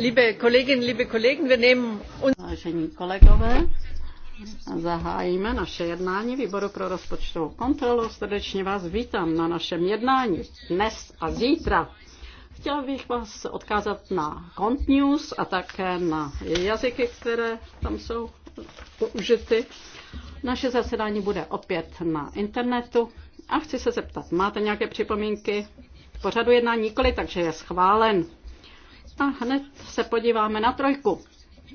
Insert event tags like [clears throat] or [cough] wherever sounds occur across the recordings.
Liebe Kolleginnen, liebe Kollegen, wir nehmen Vážení kolegové, zahájíme naše jednání výboru pro rozpočtovou kontrolu. Srdečně vás vítám na našem jednání dnes a zítra. Chtěl bych vás odkázat na Cont News a také na jazyky, které tam jsou použity. Naše zasedání bude opět na internetu a chci se zeptat, máte nějaké připomínky? Pořadu jednání nikoli, takže je schválen. A hned se podíváme na trojku.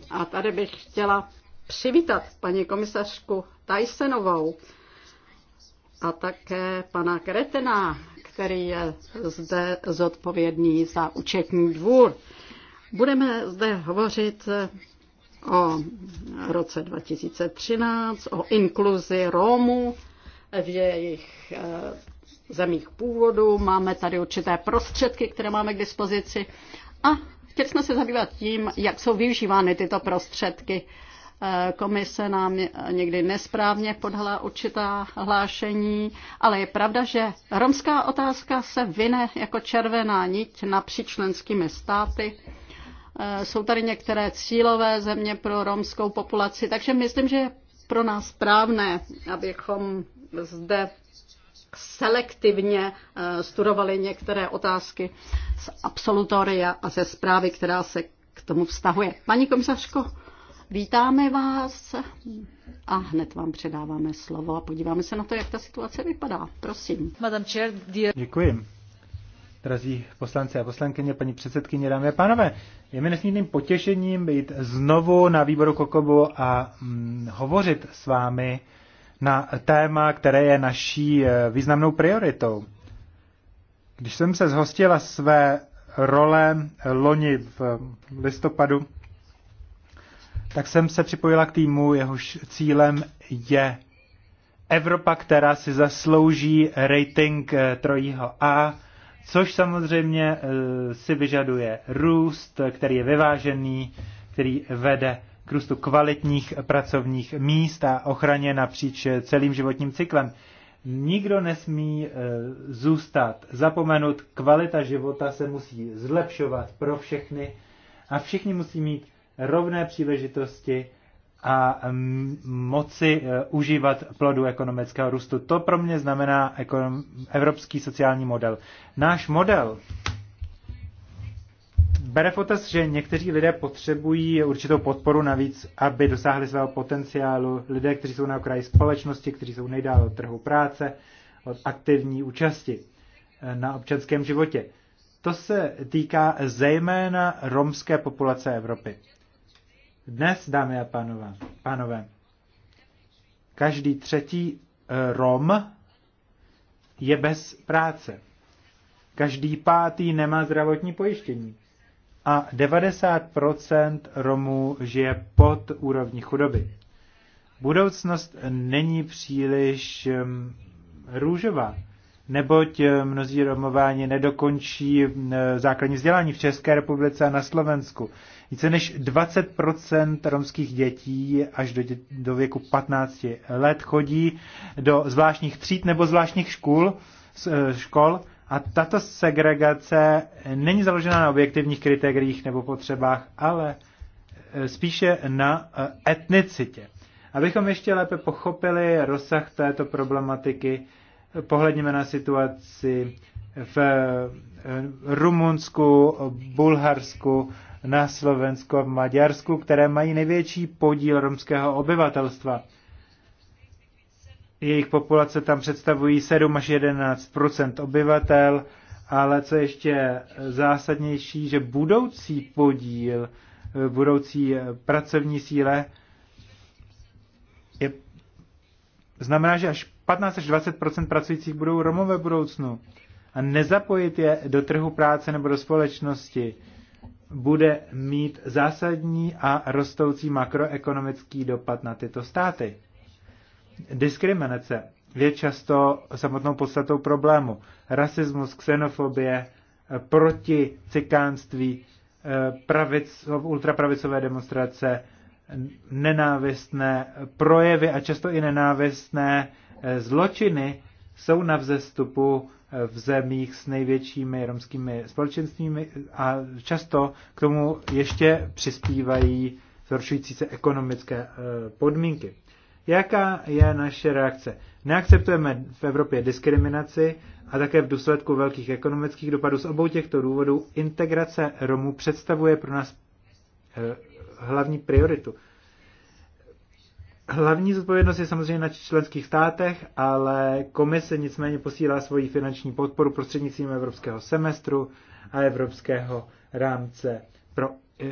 A tady bych chtěla přivítat paní komisařku Tysonovou a také pana Kretena, který je zde zodpovědný za účetní dvůr. Budeme zde hovořit o roce 2013, o inkluzi Rómů v jejich eh, zemích původu. Máme tady určité prostředky, které máme k dispozici a Chtěli jsme se zabývat tím, jak jsou využívány tyto prostředky. Eh, komise nám eh, někdy nesprávně podala určitá hlášení, ale je pravda, že romská otázka se vyne jako červená niť napříč členskými státy. Eh, jsou tady některé cílové země pro romskou populaci, takže myslím, že je pro nás správné, abychom zde selektivně eh, studovali některé otázky z absolutoria a ze zprávy, která se k tomu vztahuje. Paní komisařko, vítáme vás a hned vám předáváme slovo a podíváme se na to, jak ta situace vypadá. Prosím. Děkuji. Drazí poslanci a poslankyně, paní předsedkyně, dámy a pánové, je mi nesmírným potěšením být znovu na výboru Kokobu a hm, hovořit s vámi na téma, které je naší eh, významnou prioritou. Když jsem se zhostila své role eh, loni v listopadu, tak jsem se připojila k týmu, jehož cílem je Evropa, která si zaslouží rating eh, trojího A, což samozřejmě si vyžaduje růst, který je vyvážený, který vede k růstu kvalitních pracovních míst a ochraně napříč celým životním cyklem. Nikdo nesmí e, zůstat zapomenut, kvalita života se musí zlepšovat pro všechny a všichni musí mít rovné příležitosti a moci e, užívat plodu ekonomického růstu. To pro mě znamená evropský sociální model. Náš model bere v otaz, že někteří lidé potřebují určitou podporu navíc, aby dosáhli svého potenciálu. Lidé, kteří jsou na okraji společnosti, kteří jsou nejdále od trhu práce, od aktivní účasti eh, na občanském životě. To se týká zejména romské populace Evropy. Dnes, dámy a pánové, pánové každý třetí eh, Rom je bez práce. Každý pátý nemá zdravotní pojištění a 90 Romů žije pod úrovní chudoby. Budoucnost není příliš růžová, neboť mnozí Romováni nedokončí základní vzdělání v České republice a na Slovensku. Více než 20 romských dětí až do, dě- do věku 15 let chodí do zvláštních tříd nebo zvláštních škůl, eh, škol a tato segregace není založena na objektivních kritériích nebo potřebách, ale e, spíše na e, etnicitě. Abychom ještě lépe pochopili rozsah této problematiky, pohledněme na situaci v e, Rumunsku, Bulharsku, na Slovensku a v Maďarsku, které mají největší podíl romského obyvatelstva jejich populace tam představují 7 až 11 obyvatel, ale co ještě zásadnější, že budoucí podíl, budoucí pracovní síle je, znamená, že až 15 až 20 pracujících budou Romové v budoucnu. A nezapojit je do trhu práce nebo do společnosti bude mít zásadní a rostoucí makroekonomický dopad na tyto státy. Diskriminace je často samotnou podstatou problému. Rasismus, xenofobie, eh, proti cikánství, eh, ultrapravicové demonstrace, nenávistné projevy a často i nenávistné eh, zločiny jsou na vzestupu v zemích s největšími romskými společenstvími a často k tomu ještě přispívají zhoršující se ekonomické podmínky. Jaká je naše reakce? Neakceptujeme v Evropě diskriminaci a také v důsledku velkých ekonomických dopadů z obou těchto důvodů integrace Romů představuje pro nás eh, hlavní prioritu. Hlavní zodpovědnost je samozřejmě na členských státech, ale komise nicméně posílá svoji finanční podporu prostřednictvím evropského semestru a evropského rámce pro eh,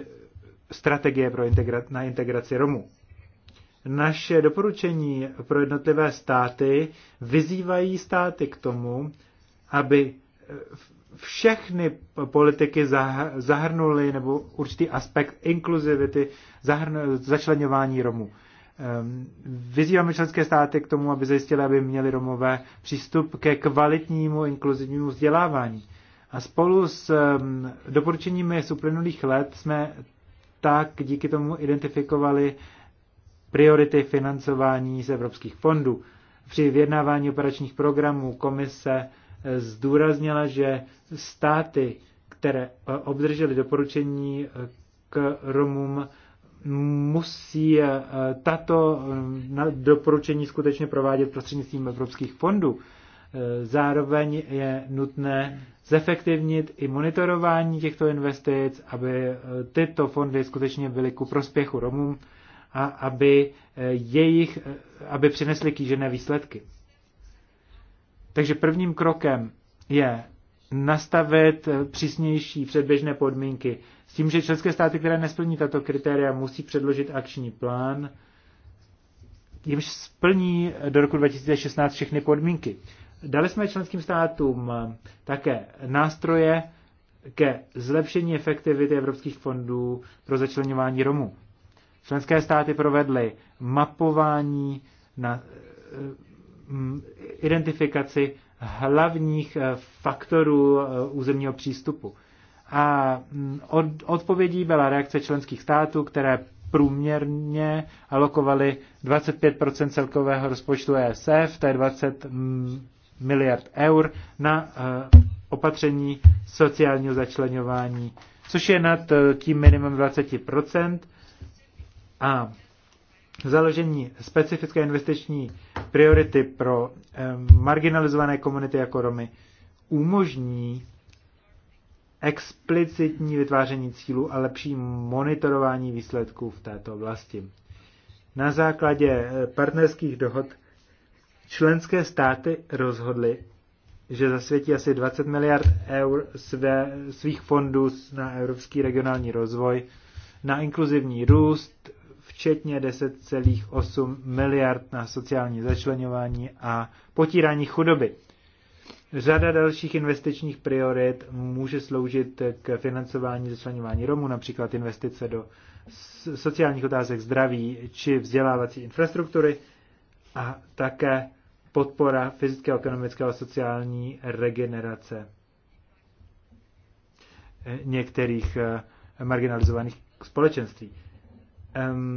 strategie pro integra- na integraci Romů. Naše doporučení pro jednotlivé státy vyzývají státy k tomu, aby eh, všechny politiky zahrnuly, nebo určitý aspekt inkluzivity, začlenování Romů. Ehm, vyzýváme členské státy k tomu, aby zajistili, aby měli Romové přístup ke kvalitnímu inkluzivnímu vzdělávání. A spolu s ehm, doporučeními z uplynulých let jsme tak díky tomu identifikovali priority financování z evropských fondů. Při vyjednávání operačních programů komise eh, zdůraznila, že státy, které eh, obdržely doporučení eh, k Romům, musí tato doporučení skutečně provádět prostřednictvím evropských fondů. Zároveň je nutné zefektivnit i monitorování těchto investic, aby tyto fondy skutečně byly ku prospěchu Romům a aby, eh, jejich, eh, aby přinesli kýžené výsledky. Takže prvním krokem je nastavit eh, přísnější předběžné podmínky s tím, že členské státy, které nesplní tato kritéria, musí předložit akční plán, jimž splní do roku 2016 všechny podmínky. Dali jsme členským státům také nástroje ke zlepšení efektivity evropských fondů pro začlenování Romů. Členské státy provedly mapování na eh, identifikaci hlavních eh, faktorů eh, územního přístupu. A mm, od, odpovědí byla reakce členských států, které průměrně alokovaly 25 celkového rozpočtu ESF, to je 20 mm, miliard eur, na opatření sociálního začlenování, což je nad tím minimum 20 a založení specifické investiční priority pro marginalizované komunity jako Romy umožní explicitní vytváření cílů a lepší monitorování výsledků v této oblasti. Na základě e, partnerských dohod členské státy rozhodly, že zasvětí asi 20 miliard eur své, svých fondů na Evropský regionální rozvoj, na inkluzivní růst, včetně 10,8 miliard na sociální začlenování a potírání chudoby. Řada dalších investičních priorit může sloužit k financování začlenování Romů, například investice do sociálních otázek zdraví či vzdělávací infrastruktury a také podpora fyzického, ekonomického a sociální regenerace e, některých e, marginalizovaných společenství.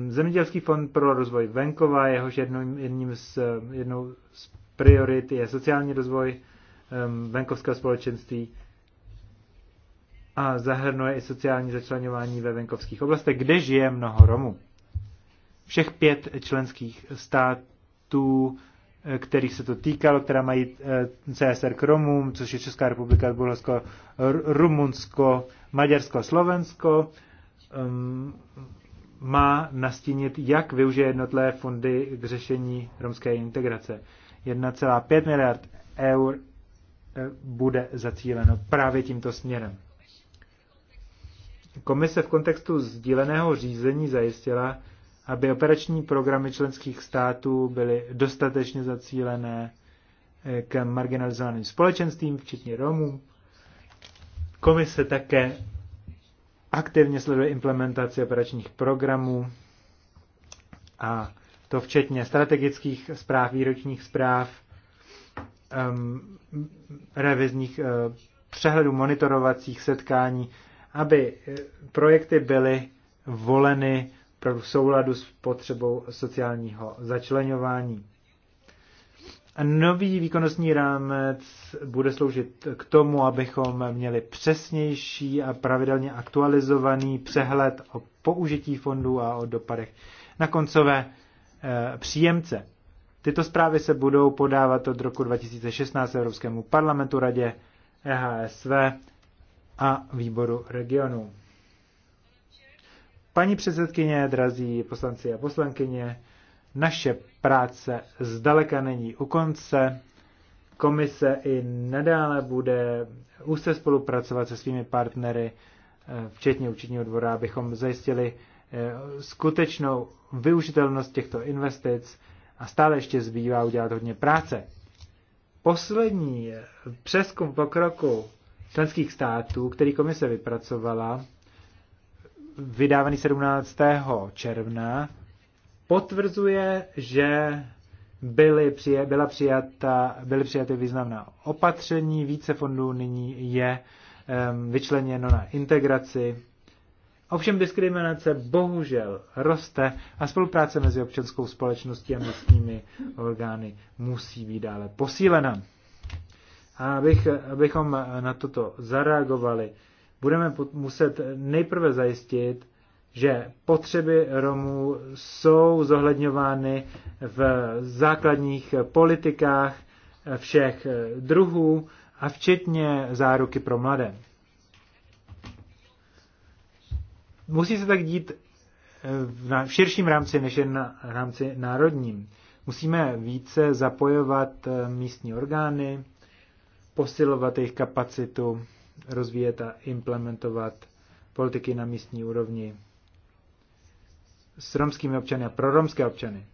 Zemědělský fond pro rozvoj venkova, jehož jednou, jedním z, jednou z priority je sociální rozvoj venkovského společenství a zahrnuje i sociální začlenování ve venkovských oblastech, kde žije mnoho Romů. Všech pět členských států, e, kterých se to týkalo, která mají e, CSR k Romům, což je Česká republika, Bulharsko, Rumunsko, Maďarsko, Slovensko, má nastínit, jak využije jednotlé fondy k řešení romské integrace. 1,5 miliard eur eh, bude zacíleno právě tímto směrem. Komise v kontextu sdíleného řízení zajistila, aby operační programy členských států byly dostatečně zacílené eh, k marginalizovaným společenstvím, včetně Romů. Komise také aktivně sleduje implementaci operačních programů a to včetně strategických zpráv, výročních zpráv, um, revizních uh, přehledů, monitorovacích setkání, aby eh, projekty byly voleny pro souladu s potřebou sociálního začlenování. Nový výkonnostní rámec bude sloužit k tomu, abychom měli přesnější a pravidelně aktualizovaný přehled o použití fondů a o dopadech na koncové e, příjemce. Tyto zprávy se budou podávat od roku 2016 Evropskému parlamentu, radě EHSV a výboru regionů. Paní předsedkyně, drazí poslanci a poslankyně, naše práce zdaleka není u konce. Komise i nadále bude úzce spolupracovat se svými partnery, eh, včetně účetního dvora, abychom zajistili eh, skutečnou využitelnost těchto investic a stále ještě zbývá udělat hodně práce. Poslední eh, přeskum pokroku členských států, který komise vypracovala, vydávaný 17. června, potvrzuje, že byly, přijat, byla přijata, byly přijaty významná opatření, více fondů nyní je um, vyčleněno na integraci. Ovšem diskriminace bohužel roste a spolupráce mezi občanskou společností a místními orgány musí být dále posílena. A abych, abychom na toto zareagovali, budeme muset nejprve zajistit, že potřeby Romů jsou zohledňovány v základních politikách všech druhů a včetně záruky pro mladé. Musí se tak dít eh, v širším rámci než jen na rámci národním. Musíme více zapojovat eh, místní orgány, posilovat jejich kapacitu, rozvíjet a implementovat politiky na místní úrovni s romskými občany a pro romské občany.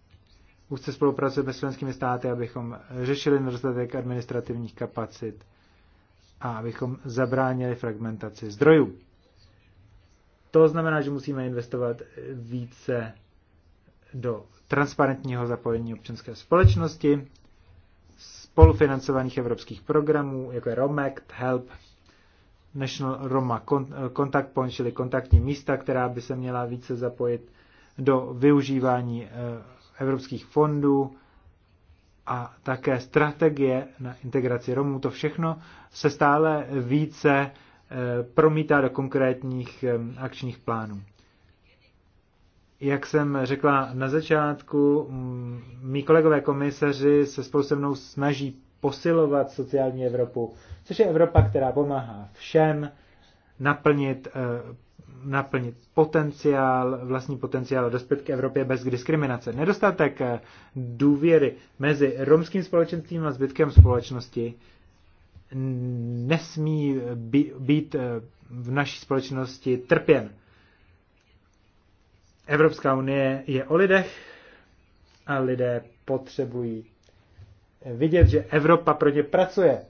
Úzce spolupracujeme s členskými státy, abychom řešili nedostatek administrativních kapacit a abychom zabránili fragmentaci zdrojů. To znamená, že musíme investovat více do transparentního zapojení občanské společnosti, spolufinancovaných evropských programů, jako je Romact, Help, National Roma Contact Point, čili kontaktní místa, která by se měla více zapojit do využívání eh, evropských fondů a také strategie na integraci Romů. To všechno se stále více eh, promítá do konkrétních eh, akčních plánů. Jak jsem řekla na začátku, mm, mý kolegové komisaři se spolu se mnou snaží posilovat sociální Evropu, což je Evropa, která pomáhá všem naplnit naplnit potenciál, vlastní potenciál dospět k Evropě bez diskriminace. Nedostatek eh, důvěry mezi romským společenstvím a zbytkem společnosti nesmí být eh, v naší společnosti trpěn. Evropská unie je o lidech a lidé potřebují vidět, že Evropa pro ně pracuje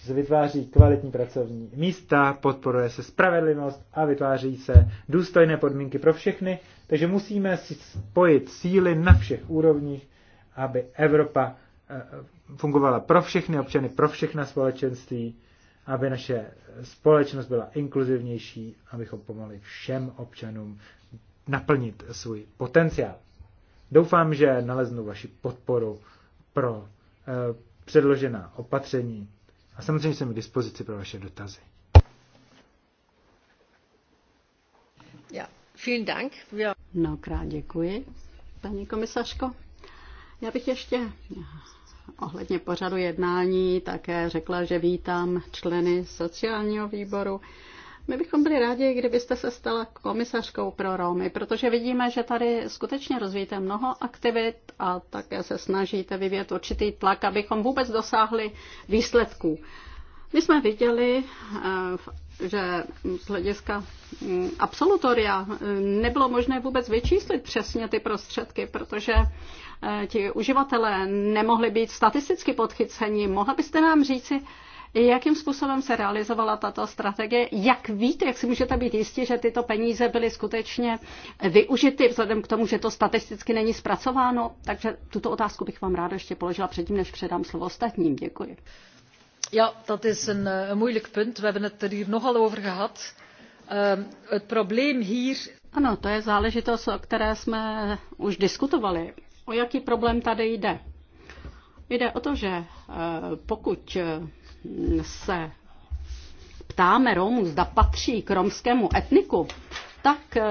že se vytváří kvalitní pracovní místa, podporuje se spravedlivost a vytváří se důstojné podmínky pro všechny. Takže musíme si spojit síly na všech úrovních, aby Evropa eh, fungovala pro všechny občany, pro všechna společenství, aby naše společnost byla inkluzivnější, abychom pomohli všem občanům naplnit svůj potenciál. Doufám, že naleznu vaši podporu pro eh, předložená opatření a samozřejmě jsem k dispozici pro vaše dotazy. Ja, vielen Dank. Ja. Mnohokrát děkuji, paní komisařko. Já bych ještě ohledně pořadu jednání také řekla, že vítám členy sociálního výboru. My bychom byli rádi, kdybyste se stala komisařkou pro Romy, protože vidíme, že tady skutečně rozvíjíte mnoho aktivit a také se snažíte vyvíjet určitý tlak, abychom vůbec dosáhli výsledků. My jsme viděli, eh, že z hlediska mm, absolutoria eh, nebylo možné vůbec vyčíslit přesně ty prostředky, protože eh, ti uživatelé nemohli být statisticky podchyceni. Mohla byste nám říci, jakým způsobem se realizovala tato strategie, jak víte, jak si můžete být jistí, že tyto peníze byly skutečně využity, vzhledem k tomu, že to statisticky není zpracováno. Takže tuto otázku bych vám ráda ještě položila předtím, než předám slovo ostatním. Děkuji. Ja, dat is een, eh, een moeilijk punt. We hebben het er hier nogal over gehad. Uh, het probleem hier. Ano, to je záležitost, o které jsme už diskutovali. O jaký problém tady jde? Jde o to, že eh, pokud eh, se ptáme Romů, zda patří k romskému etniku, tak um,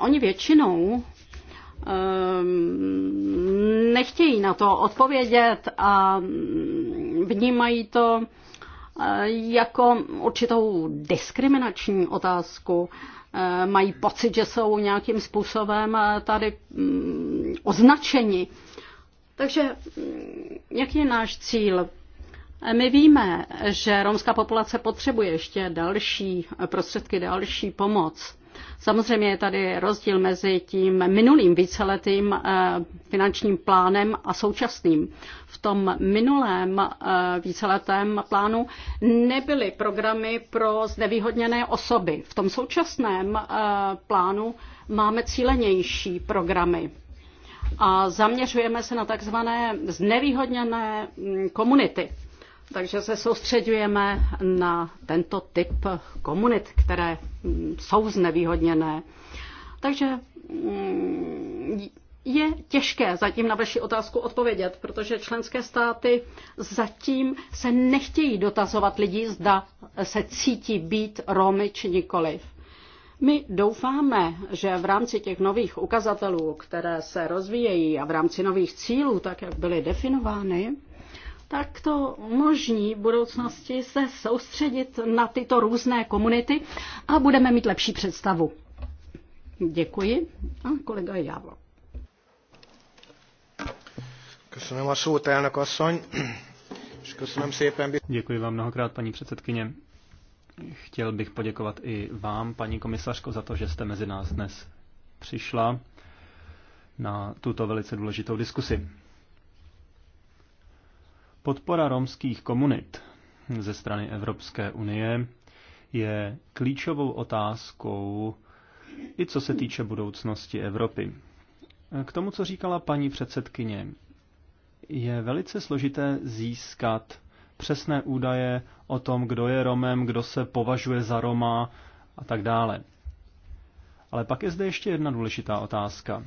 oni většinou um, nechtějí na to odpovědět a vnímají to eh, jako určitou diskriminační otázku. Eh, mají pocit, že jsou nějakým způsobem eh, tady mm, označeni. Takže mm, jaký je náš cíl? My víme, že romská populace potřebuje ještě další prostředky, další pomoc. Samozřejmě je tady rozdíl mezi tím minulým víceletým eh, finančním plánem a současným. V tom minulém eh, víceletém plánu nebyly programy pro znevýhodněné osoby. V tom současném eh, plánu máme cílenější programy a zaměřujeme se na takzvané znevýhodněné mm, komunity. Takže se soustředujeme na tento typ komunit, které mm, jsou znevýhodněné. Takže mm, je těžké zatím na vaši otázku odpovědět, protože členské státy zatím se nechtějí dotazovat lidí, zda se cítí být Romy či nikoliv. My doufáme, že v rámci těch nových ukazatelů, které se rozvíjejí a v rámci nových cílů, tak jak byly definovány, tak to umožní v budoucnosti se soustředit na tyto různé komunity a budeme mít lepší představu. Děkuji. A kolega Jávo. Děkuji vám mnohokrát, paní předsedkyně. Chtěl bych poděkovat i vám, paní komisařko, za to, že jste mezi nás dnes přišla na tuto velice důležitou diskusi. Podpora romských komunit ze strany Evropské unie je klíčovou otázkou i co se týče budoucnosti Evropy. K tomu, co říkala paní předsedkyně, je velice složité získat přesné údaje o tom, kdo je Romem, kdo se považuje za Roma a tak dále. Ale pak je zde ještě jedna důležitá otázka.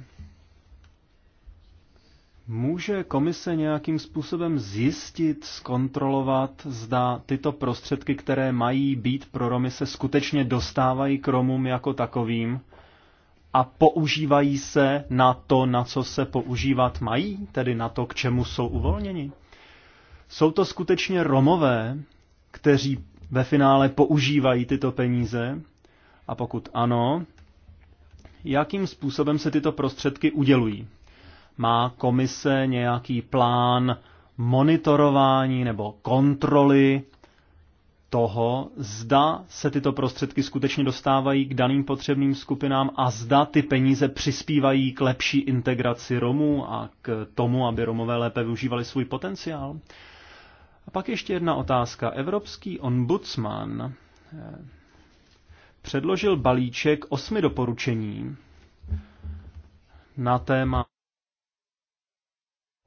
Může komise nějakým způsobem zjistit, zkontrolovat, zda tyto prostředky, které mají být pro Romy, se skutečně dostávají k Romům jako takovým a používají se na to, na co se používat mají, tedy na to, k čemu jsou uvolněni? Jsou to skutečně Romové, kteří ve finále používají tyto peníze? A pokud ano, jakým způsobem se tyto prostředky udělují? Má komise nějaký plán monitorování nebo kontroly toho, zda se tyto prostředky skutečně dostávají k daným potřebným skupinám a zda ty peníze přispívají k lepší integraci Romů a k tomu, aby Romové lépe využívali svůj potenciál. A pak ještě jedna otázka. Evropský ombudsman eh, předložil balíček osmi doporučení na téma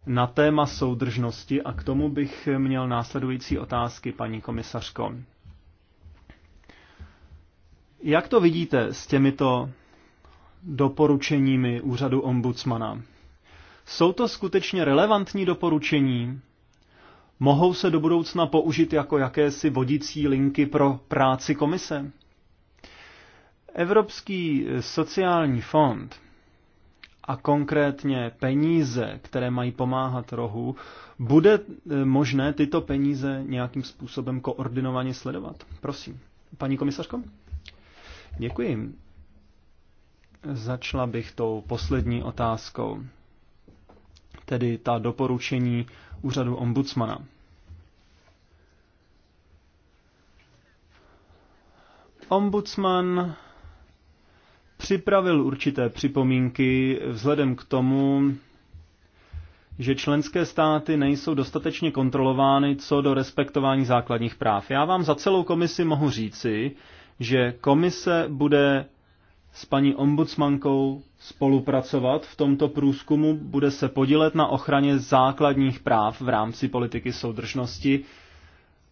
na téma soudržnosti a k tomu bych měl následující otázky, paní komisařko. Jak to vidíte s těmito doporučeními úřadu ombudsmana? Jsou to skutečně relevantní doporučení? Mohou se do budoucna použít jako jakési vodicí linky pro práci komise? Evropský sociální fond a konkrétně peníze, které mají pomáhat rohu, bude eh, možné tyto peníze nějakým způsobem koordinovaně sledovat? Prosím. Paní komisařko? Děkuji. Začala bych tou poslední otázkou, tedy ta doporučení úřadu ombudsmana. Ombudsman připravil určité připomínky vzhledem k tomu, že členské státy nejsou dostatečně kontrolovány co do respektování základních práv. Já vám za celou komisi mohu říci, že komise bude s paní ombudsmankou spolupracovat v tomto průzkumu, bude se podílet na ochraně základních práv v rámci politiky soudržnosti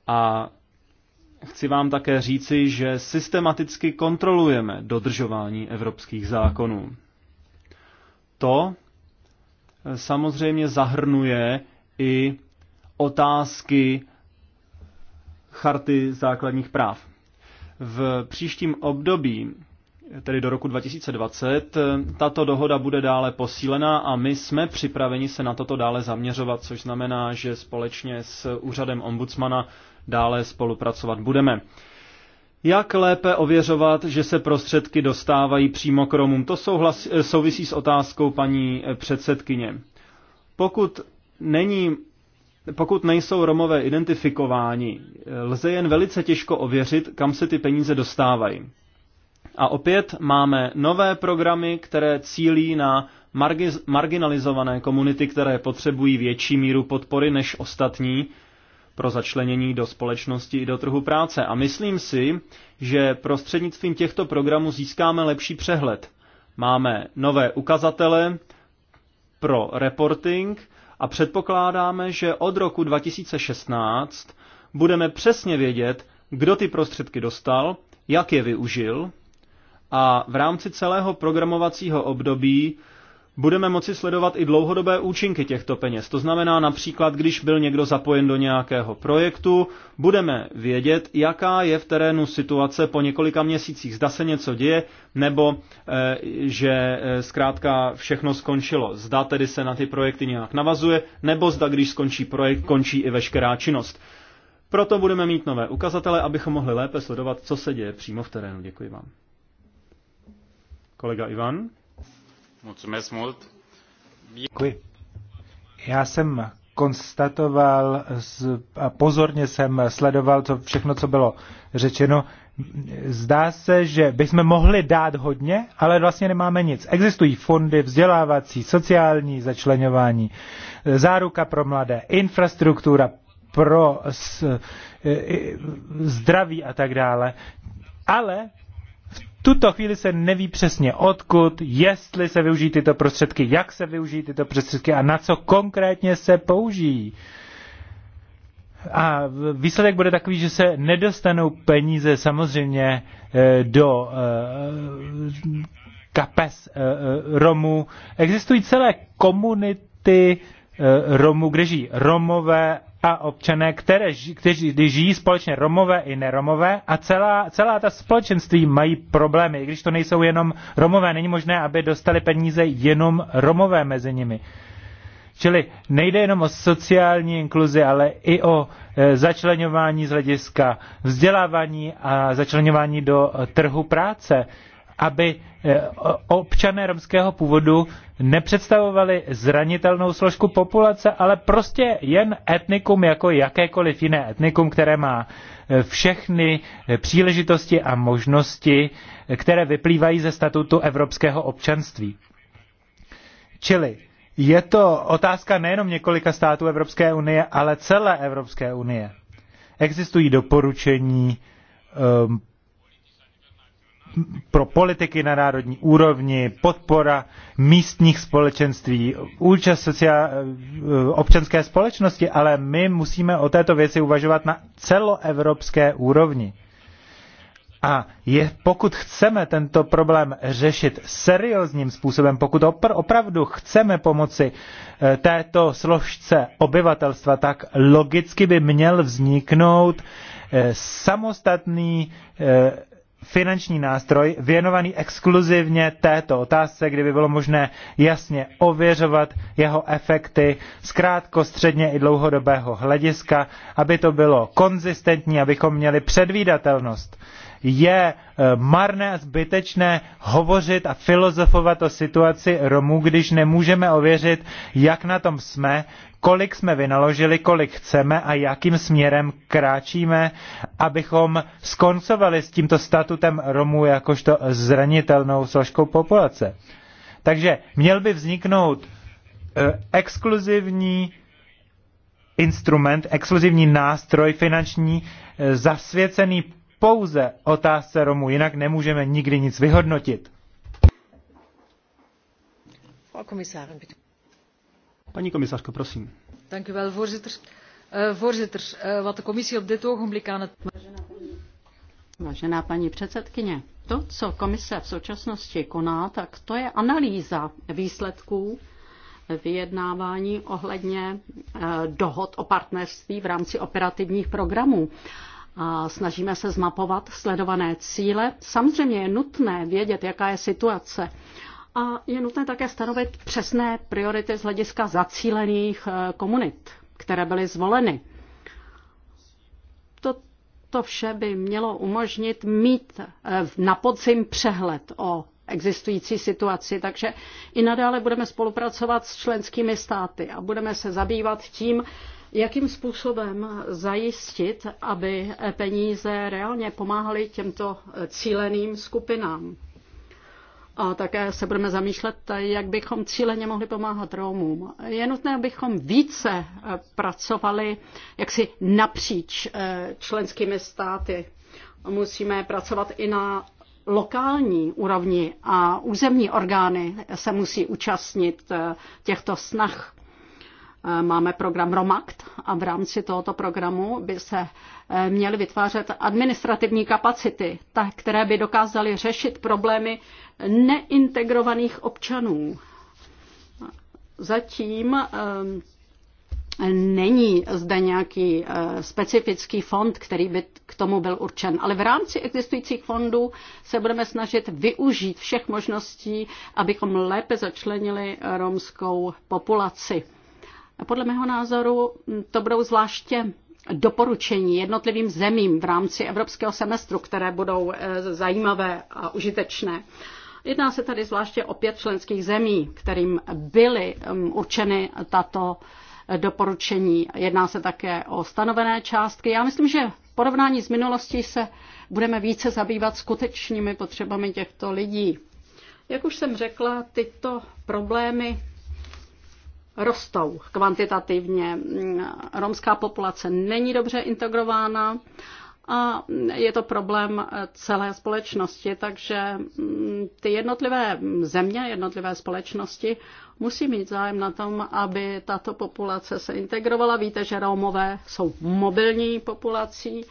a Chci vám také říci, že systematicky kontrolujeme dodržování evropských zákonů. To eh, samozřejmě zahrnuje i otázky charty základních práv. V příštím období, tedy do roku 2020, eh, tato dohoda bude dále posílená a my jsme připraveni se na toto dále zaměřovat, což znamená, že společně s úřadem ombudsmana dále spolupracovat budeme. Jak lépe ověřovat, že se prostředky dostávají přímo k Romům? To souhlas, eh, souvisí s otázkou paní eh, předsedkyně. Pokud, není, pokud nejsou Romové identifikováni, eh, lze jen velice těžko ověřit, kam se ty peníze dostávají. A opět máme nové programy, které cílí na marginalizované komunity, které potřebují větší míru podpory než ostatní, pro začlenění do společnosti i do trhu práce. A myslím si, že prostřednictvím těchto programů získáme lepší přehled. Máme nové ukazatele pro reporting a předpokládáme, že od roku 2016 budeme přesně vědět, kdo ty prostředky dostal, jak je využil a v rámci celého programovacího období budeme moci sledovat i dlouhodobé účinky těchto peněz. To znamená například, když byl někdo zapojen do nějakého projektu, budeme vědět, jaká je v terénu situace po několika měsících, zda se něco děje, nebo e, že eh, zkrátka všechno skončilo. Zda tedy se na ty projekty nějak navazuje, nebo zda když skončí projekt, končí i veškerá činnost. Proto budeme mít nové ukazatele, abychom mohli lépe sledovat, co se děje přímo v terénu. Děkuji vám. Kolega Ivan. Děkuji. Já jsem konstatoval a pozorně jsem sledoval to všechno, co bylo řečeno. Zdá se, že bychom mohli dát hodně, ale vlastně nemáme nic. Existují fondy vzdělávací, sociální začlenování, záruka pro mladé, infrastruktura pro zdraví a tak dále. Ale v tuto chvíli se neví přesně odkud, jestli se využijí tyto prostředky, jak se využijí tyto prostředky a na co konkrétně se použijí. A výsledek bude takový, že se nedostanou peníze samozřejmě eh, do eh, kapes eh, Romů. Existují celé komunity, Eh, Romů, kde žijí Romové a občané, které, kteří žijí společně Romové i neromové a celá, celá ta společenství mají problémy, i když to nejsou jenom Romové. Není možné, aby dostali peníze jenom Romové mezi nimi. Čili nejde jenom o sociální inkluzi, ale i o eh, začlenování z hlediska vzdělávání a začlenování do eh, trhu práce, aby Eh, občané romského původu nepředstavovali zranitelnou složku populace, ale prostě jen etnikum jako jakékoliv jiné etnikum, které má eh, všechny eh, příležitosti a možnosti, které vyplývají ze statutu evropského občanství. Čili je to otázka nejenom několika států Evropské unie, ale celé Evropské unie. Existují doporučení ehm, pro politiky na národní úrovni, podpora místních společenství, účast sociál, eh, občanské společnosti, ale my musíme o této věci uvažovat na celoevropské úrovni. A je, pokud chceme tento problém řešit seriózním způsobem, pokud opr- opravdu chceme pomoci eh, této složce obyvatelstva, tak logicky by měl vzniknout eh, samostatný finanční nástroj věnovaný exkluzivně této otázce, kdyby bylo možné jasně ověřovat jeho efekty z krátko, středně i dlouhodobého hlediska, aby to bylo konzistentní, abychom měli předvídatelnost je eh, marné a zbytečné hovořit a filozofovat o situaci Romů, když nemůžeme ověřit, jak na tom jsme, kolik jsme vynaložili, kolik chceme a jakým směrem kráčíme, abychom skoncovali s tímto statutem Romů jakožto zranitelnou složkou populace. Takže měl by vzniknout eh, exkluzivní instrument, exkluzivní nástroj finanční, eh, zasvěcený pouze otázce Romů, jinak nemůžeme nikdy nic vyhodnotit. Paní komisářko, prosím. Dank u wel, voorzitter. Uh, voorzitter, uh, wat de commissie op dit ogenblik aan het... Vážená paní předsedkyně, to, co komise v současnosti koná, tak to je analýza výsledků vyjednávání ohledně eh, dohod o partnerství v rámci operativních programů a snažíme se zmapovat sledované cíle. Samozřejmě je nutné vědět, jaká je situace. A je nutné také stanovit přesné priority z hlediska zacílených eh, komunit, které byly zvoleny. To, to vše by mělo umožnit mít eh, na podzim přehled o existující situaci, takže i nadále budeme spolupracovat s členskými státy a budeme se zabývat tím, jakým způsobem zajistit, aby peníze reálně pomáhaly těmto cíleným skupinám. A také se budeme zamýšlet, jak bychom cíleně mohli pomáhat Rómům. Je nutné, abychom více pracovali jaksi napříč eh, členskými státy. Musíme pracovat i na lokální úrovni a územní orgány se musí účastnit eh, těchto snah. Eh, máme program Romact a v rámci tohoto programu by se eh, měly vytvářet administrativní kapacity, které by dokázaly řešit problémy neintegrovaných občanů. Zatím eh, není zde nějaký specifický fond, který by k tomu byl určen. Ale v rámci existujících fondů se budeme snažit využít všech možností, abychom lépe začlenili romskou populaci podle mého názoru to budou zvláště doporučení jednotlivým zemím v rámci evropského semestru, které budou e, zajímavé a užitečné. Jedná se tady zvláště o pět členských zemí, kterým byly určeny tato e, doporučení. Jedná se také o stanovené částky. Já myslím, že v porovnání s minulostí se budeme více zabývat skutečnými potřebami těchto lidí. Jak už jsem řekla, tyto problémy rostou kvantitativně. Mm, romská populace není dobře integrována a je to problém celé společnosti, takže mm, ty jednotlivé země, jednotlivé společnosti musí mít zájem na tom, aby tato populace se integrovala. Víte, že Romové jsou mobilní populací,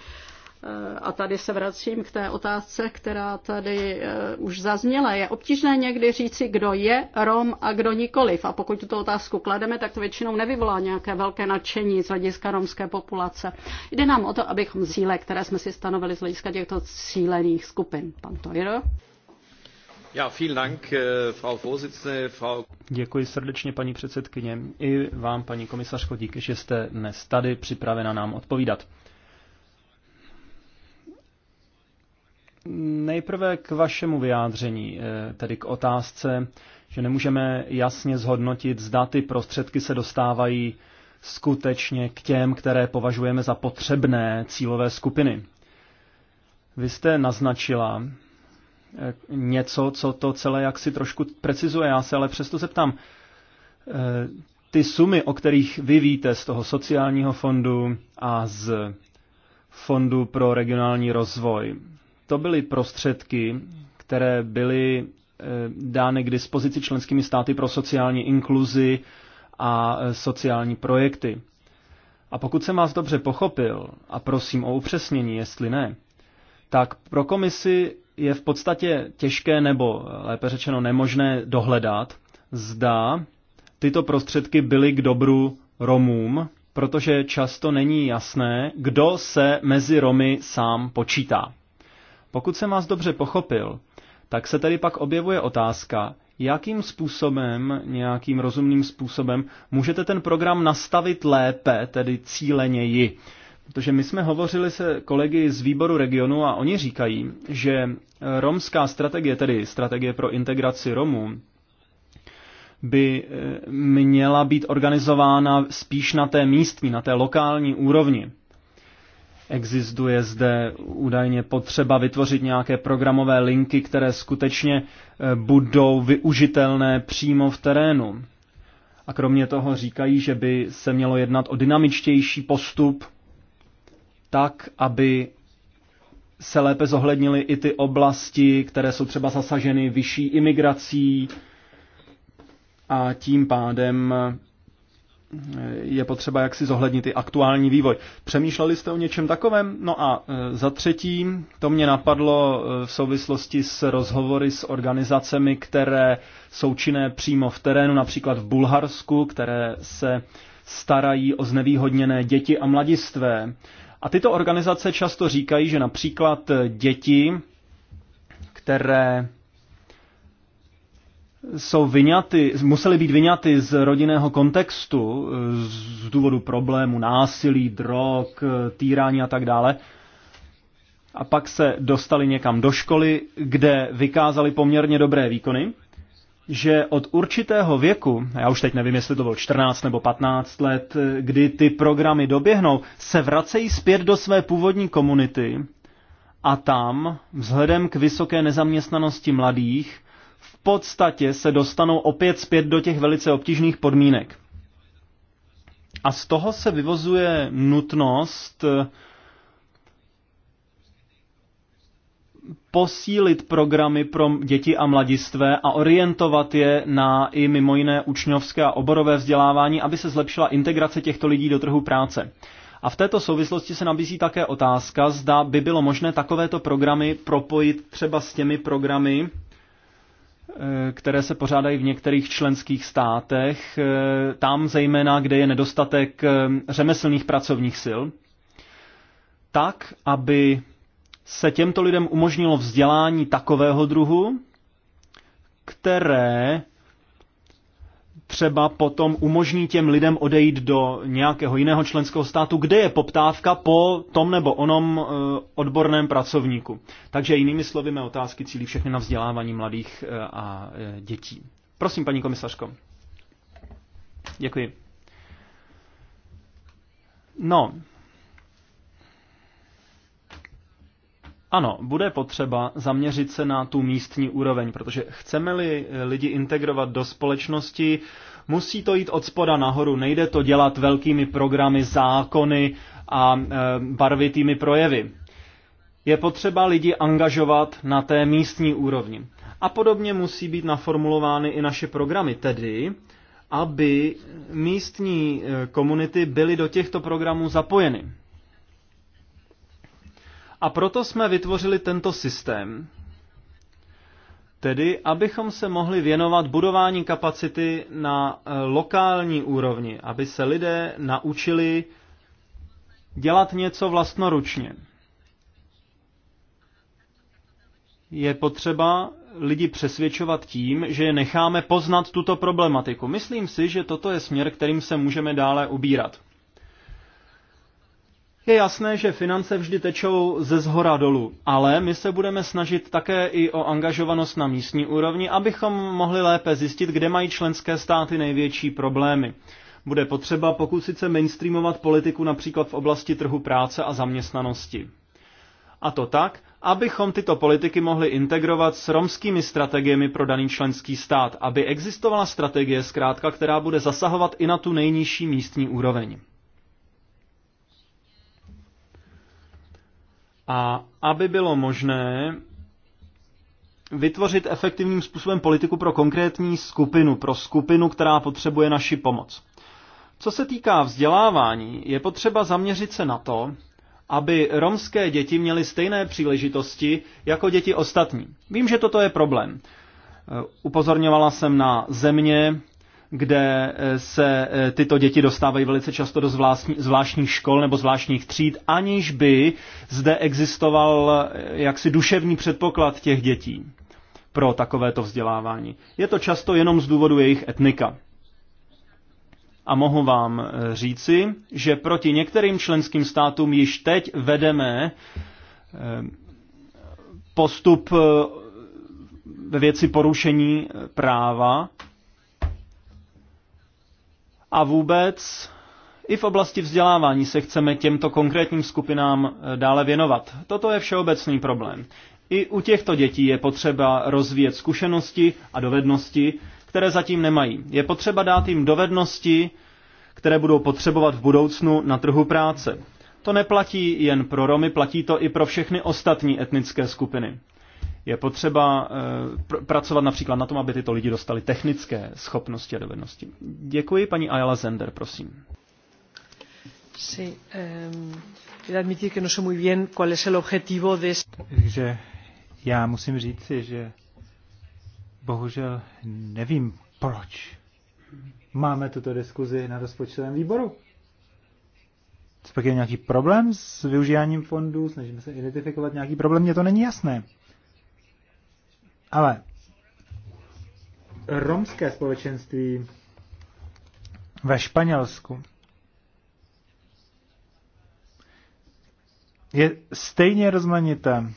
a tady se vracím k té otázce, která tady eh, už zazněla. Je obtížné někdy říci, kdo je Rom a kdo nikoliv. A pokud tuto otázku klademe, tak to většinou nevyvolá nějaké velké nadšení z hlediska romské populace. Jde nám o to, abychom cíle, které jsme si stanovili z hlediska těchto cílených skupin. Pan Toiro. Ja, vielen Dank, eh, Frau Vorsitzende, Frau... Děkuji srdečně, paní předsedkyně. I vám, paní komisařko, díky, že jste dnes tady připravena nám odpovídat. Nejprve k vašemu vyjádření, eh, tedy k otázce, že nemůžeme jasně zhodnotit, zda ty prostředky se dostávají skutečně k těm, které považujeme za potřebné cílové skupiny. Vy jste naznačila eh, něco, co to celé jaksi trošku precizuje. Já se ale přesto zeptám, eh, ty sumy, o kterých vy víte z toho sociálního fondu a z fondu pro regionální rozvoj, to byly prostředky, které byly eh, dány k dispozici členskými státy pro sociální inkluzi a eh, sociální projekty. A pokud jsem vás dobře pochopil, a prosím o upřesnění, jestli ne, tak pro komisi je v podstatě těžké nebo lépe řečeno nemožné dohledat, zda tyto prostředky byly k dobru Romům, protože často není jasné, kdo se mezi Romy sám počítá. Pokud jsem vás dobře pochopil, tak se tedy pak objevuje otázka, jakým způsobem, nějakým rozumným způsobem, můžete ten program nastavit lépe, tedy cíleněji. Protože my jsme hovořili se kolegy z výboru regionu a oni říkají, že romská strategie, tedy strategie pro integraci Romů, by eh, měla být organizována spíš na té místní, na té lokální úrovni. Existuje zde údajně potřeba vytvořit nějaké programové linky, které skutečně eh, budou využitelné přímo v terénu. A kromě toho říkají, že by se mělo jednat o dynamičtější postup, tak, aby se lépe zohlednily i ty oblasti, které jsou třeba zasaženy vyšší imigrací a tím pádem je potřeba jak si zohlednit i aktuální vývoj. Přemýšleli jste o něčem takovém? No a e, za třetí, to mě napadlo e, v souvislosti s rozhovory s organizacemi, které jsou činné přímo v terénu, například v Bulharsku, které se starají o znevýhodněné děti a mladistvé. A tyto organizace často říkají, že například děti, které jsou vyňaty, museli být vyňaty z rodinného kontextu z důvodu problému násilí, drog, týrání a tak dále. A pak se dostali někam do školy, kde vykázali poměrně dobré výkony, že od určitého věku, já už teď nevím, jestli to bylo 14 nebo 15 let, kdy ty programy doběhnou, se vracejí zpět do své původní komunity a tam, vzhledem k vysoké nezaměstnanosti mladých, podstatě se dostanou opět zpět do těch velice obtížných podmínek. A z toho se vyvozuje nutnost eh, posílit programy pro děti a mladistvé a orientovat je na i mimo jiné učňovské a oborové vzdělávání, aby se zlepšila integrace těchto lidí do trhu práce. A v této souvislosti se nabízí také otázka, zda by bylo možné takovéto programy propojit třeba s těmi programy, Eh, které se pořádají v některých členských státech, eh, tam zejména, kde je nedostatek eh, řemeslných pracovních sil, tak, aby se těmto lidem umožnilo vzdělání takového druhu, které třeba potom umožní těm lidem odejít do nějakého jiného členského státu, kde je poptávka po tom nebo onom eh, odborném pracovníku. Takže jinými slovy, mé otázky cílí všechny na vzdělávání mladých eh, a eh, dětí. Prosím, paní komisařko. Děkuji. No, Ano, bude potřeba zaměřit se na tu místní úroveň, protože chceme-li lidi integrovat do společnosti, musí to jít od spoda nahoru. Nejde to dělat velkými programy, zákony a e, barvitými projevy. Je potřeba lidi angažovat na té místní úrovni. A podobně musí být naformulovány i naše programy, tedy aby místní e, komunity byly do těchto programů zapojeny. A proto jsme vytvořili tento systém. Tedy, abychom se mohli věnovat budování kapacity na eh, lokální úrovni, aby se lidé naučili dělat něco vlastnoručně. Je potřeba lidi přesvědčovat tím, že je necháme poznat tuto problematiku. Myslím si, že toto je směr, kterým se můžeme dále ubírat. Je jasné, že finance vždy tečou ze zhora dolů, ale my se budeme snažit také i o angažovanost na místní úrovni, abychom mohli lépe zjistit, kde mají členské státy největší problémy. Bude potřeba pokusit se mainstreamovat politiku například v oblasti trhu práce a zaměstnanosti. A to tak, abychom tyto politiky mohli integrovat s romskými strategiemi pro daný členský stát, aby existovala strategie zkrátka, která bude zasahovat i na tu nejnižší místní úroveň. a aby bylo možné vytvořit efektivním způsobem politiku pro konkrétní skupinu, pro skupinu, která potřebuje naši pomoc. Co se týká vzdělávání, je potřeba zaměřit se na to, aby romské děti měly stejné příležitosti jako děti ostatní. Vím, že toto je problém. Upozorňovala jsem na země, kde eh, se eh, tyto děti dostávají velice často do zvláštních škol nebo zvláštních tříd, aniž by zde existoval eh, jaksi duševní předpoklad těch dětí pro takovéto vzdělávání. Je to často jenom z důvodu jejich etnika. A mohu vám říci, že proti některým členským státům již teď vedeme postup ve věci porušení práva a vůbec i v oblasti vzdělávání se chceme těmto konkrétním skupinám eh, dále věnovat. Toto je všeobecný problém. I u těchto dětí je potřeba rozvíjet zkušenosti a dovednosti, které zatím nemají. Je potřeba dát jim dovednosti, které budou potřebovat v budoucnu na trhu práce. To neplatí jen pro Romy, platí to i pro všechny ostatní etnické skupiny. Je potřeba eh, pr- pracovat například na tom, aby tyto lidi dostali technické schopnosti a dovednosti. Děkuji, paní Ayala Zender, prosím. admitir que no sé muy bien cuál es el objetivo de... Takže já musím říci, že bohužel nevím, proč máme tuto diskuzi na rozpočtovém výboru. Pak je nějaký problém s využíváním fondů, snažíme se identifikovat nějaký problém, mně to není jasné. Ale romské společenství ve Španělsku je stejně rozmanité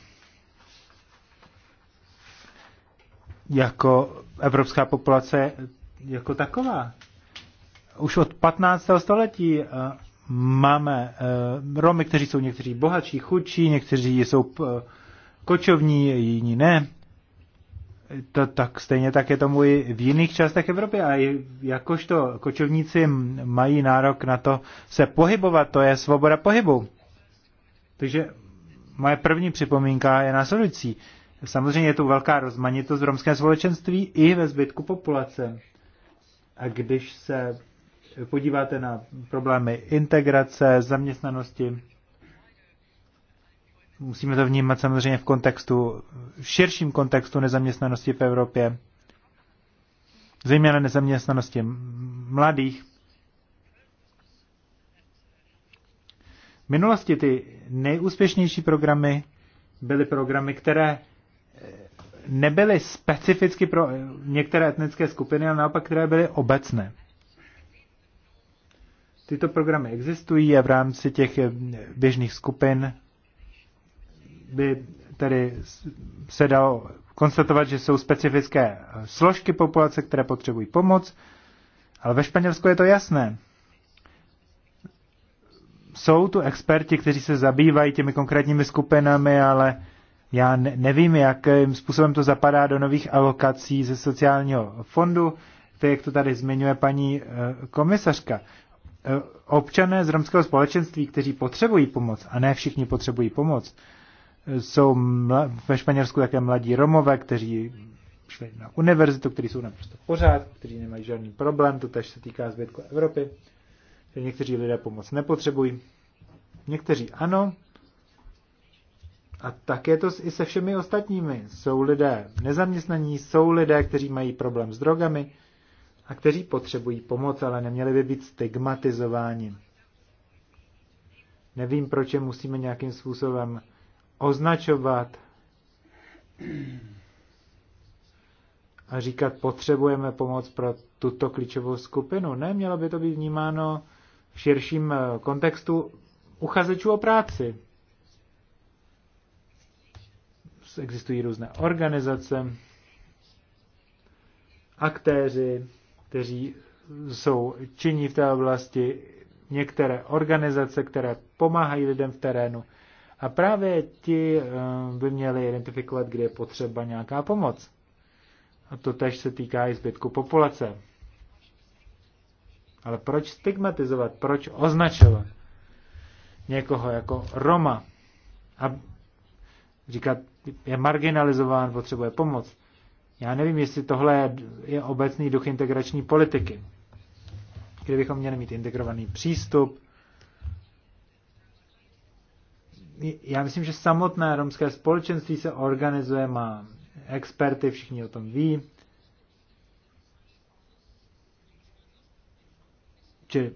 jako evropská populace jako taková. Už od 15. století eh, máme eh, Romy, kteří jsou někteří bohatší, chudší, někteří jsou eh, kočovní, jiní ne to, tak stejně tak je tomu i v jiných částech Evropy. A jakožto kočovníci mají nárok na to se pohybovat, to je svoboda pohybu. Takže moje první připomínka je následující. Samozřejmě je tu velká rozmanitost v romském společenství i ve zbytku populace. A když se podíváte na problémy integrace, zaměstnanosti, Musíme to vnímat samozřejmě v kontextu, v širším kontextu nezaměstnanosti v Evropě, zejména nezaměstnanosti mladých. V minulosti ty nejúspěšnější programy byly programy, které eh, nebyly specificky pro eh, některé etnické skupiny, ale naopak, které byly obecné. Tyto programy existují a v rámci těch eh, běžných skupin by tedy se dalo konstatovat, že jsou specifické složky populace, které potřebují pomoc, ale ve Španělsku je to jasné. Jsou tu experti, kteří se zabývají těmi konkrétními skupinami, ale já nevím, jakým způsobem to zapadá do nových alokací ze sociálního fondu, tak jak to tady zmiňuje paní eh, komisařka. Eh, občané z romského společenství, kteří potřebují pomoc, a ne všichni potřebují pomoc, jsou ve Španělsku také mladí Romové, kteří šli na univerzitu, kteří jsou naprosto pořád, kteří nemají žádný problém, to tež se týká zbytku Evropy, že někteří lidé pomoc nepotřebují, někteří ano, a tak je to i se všemi ostatními. Jsou lidé nezaměstnaní, jsou lidé, kteří mají problém s drogami a kteří potřebují pomoc, ale neměli by být stigmatizováni. Nevím, proč je musíme nějakým způsobem označovat a říkat, potřebujeme pomoc pro tuto klíčovou skupinu. Ne, mělo by to být vnímáno v širším eh, kontextu uchazečů o práci. Existují různé organizace, aktéři, kteří jsou činní v té oblasti, některé organizace, které pomáhají lidem v terénu. A právě ti eh, by měli identifikovat, kde je potřeba nějaká pomoc. A to tež se týká i zbytku populace. Ale proč stigmatizovat, proč označovat někoho jako Roma a říkat, je marginalizován, potřebuje pomoc? Já nevím, jestli tohle je obecný duch integrační politiky. Kdybychom měli mít integrovaný přístup, já myslím, že samotné romské společenství se organizuje, má experty, všichni o tom ví. Čili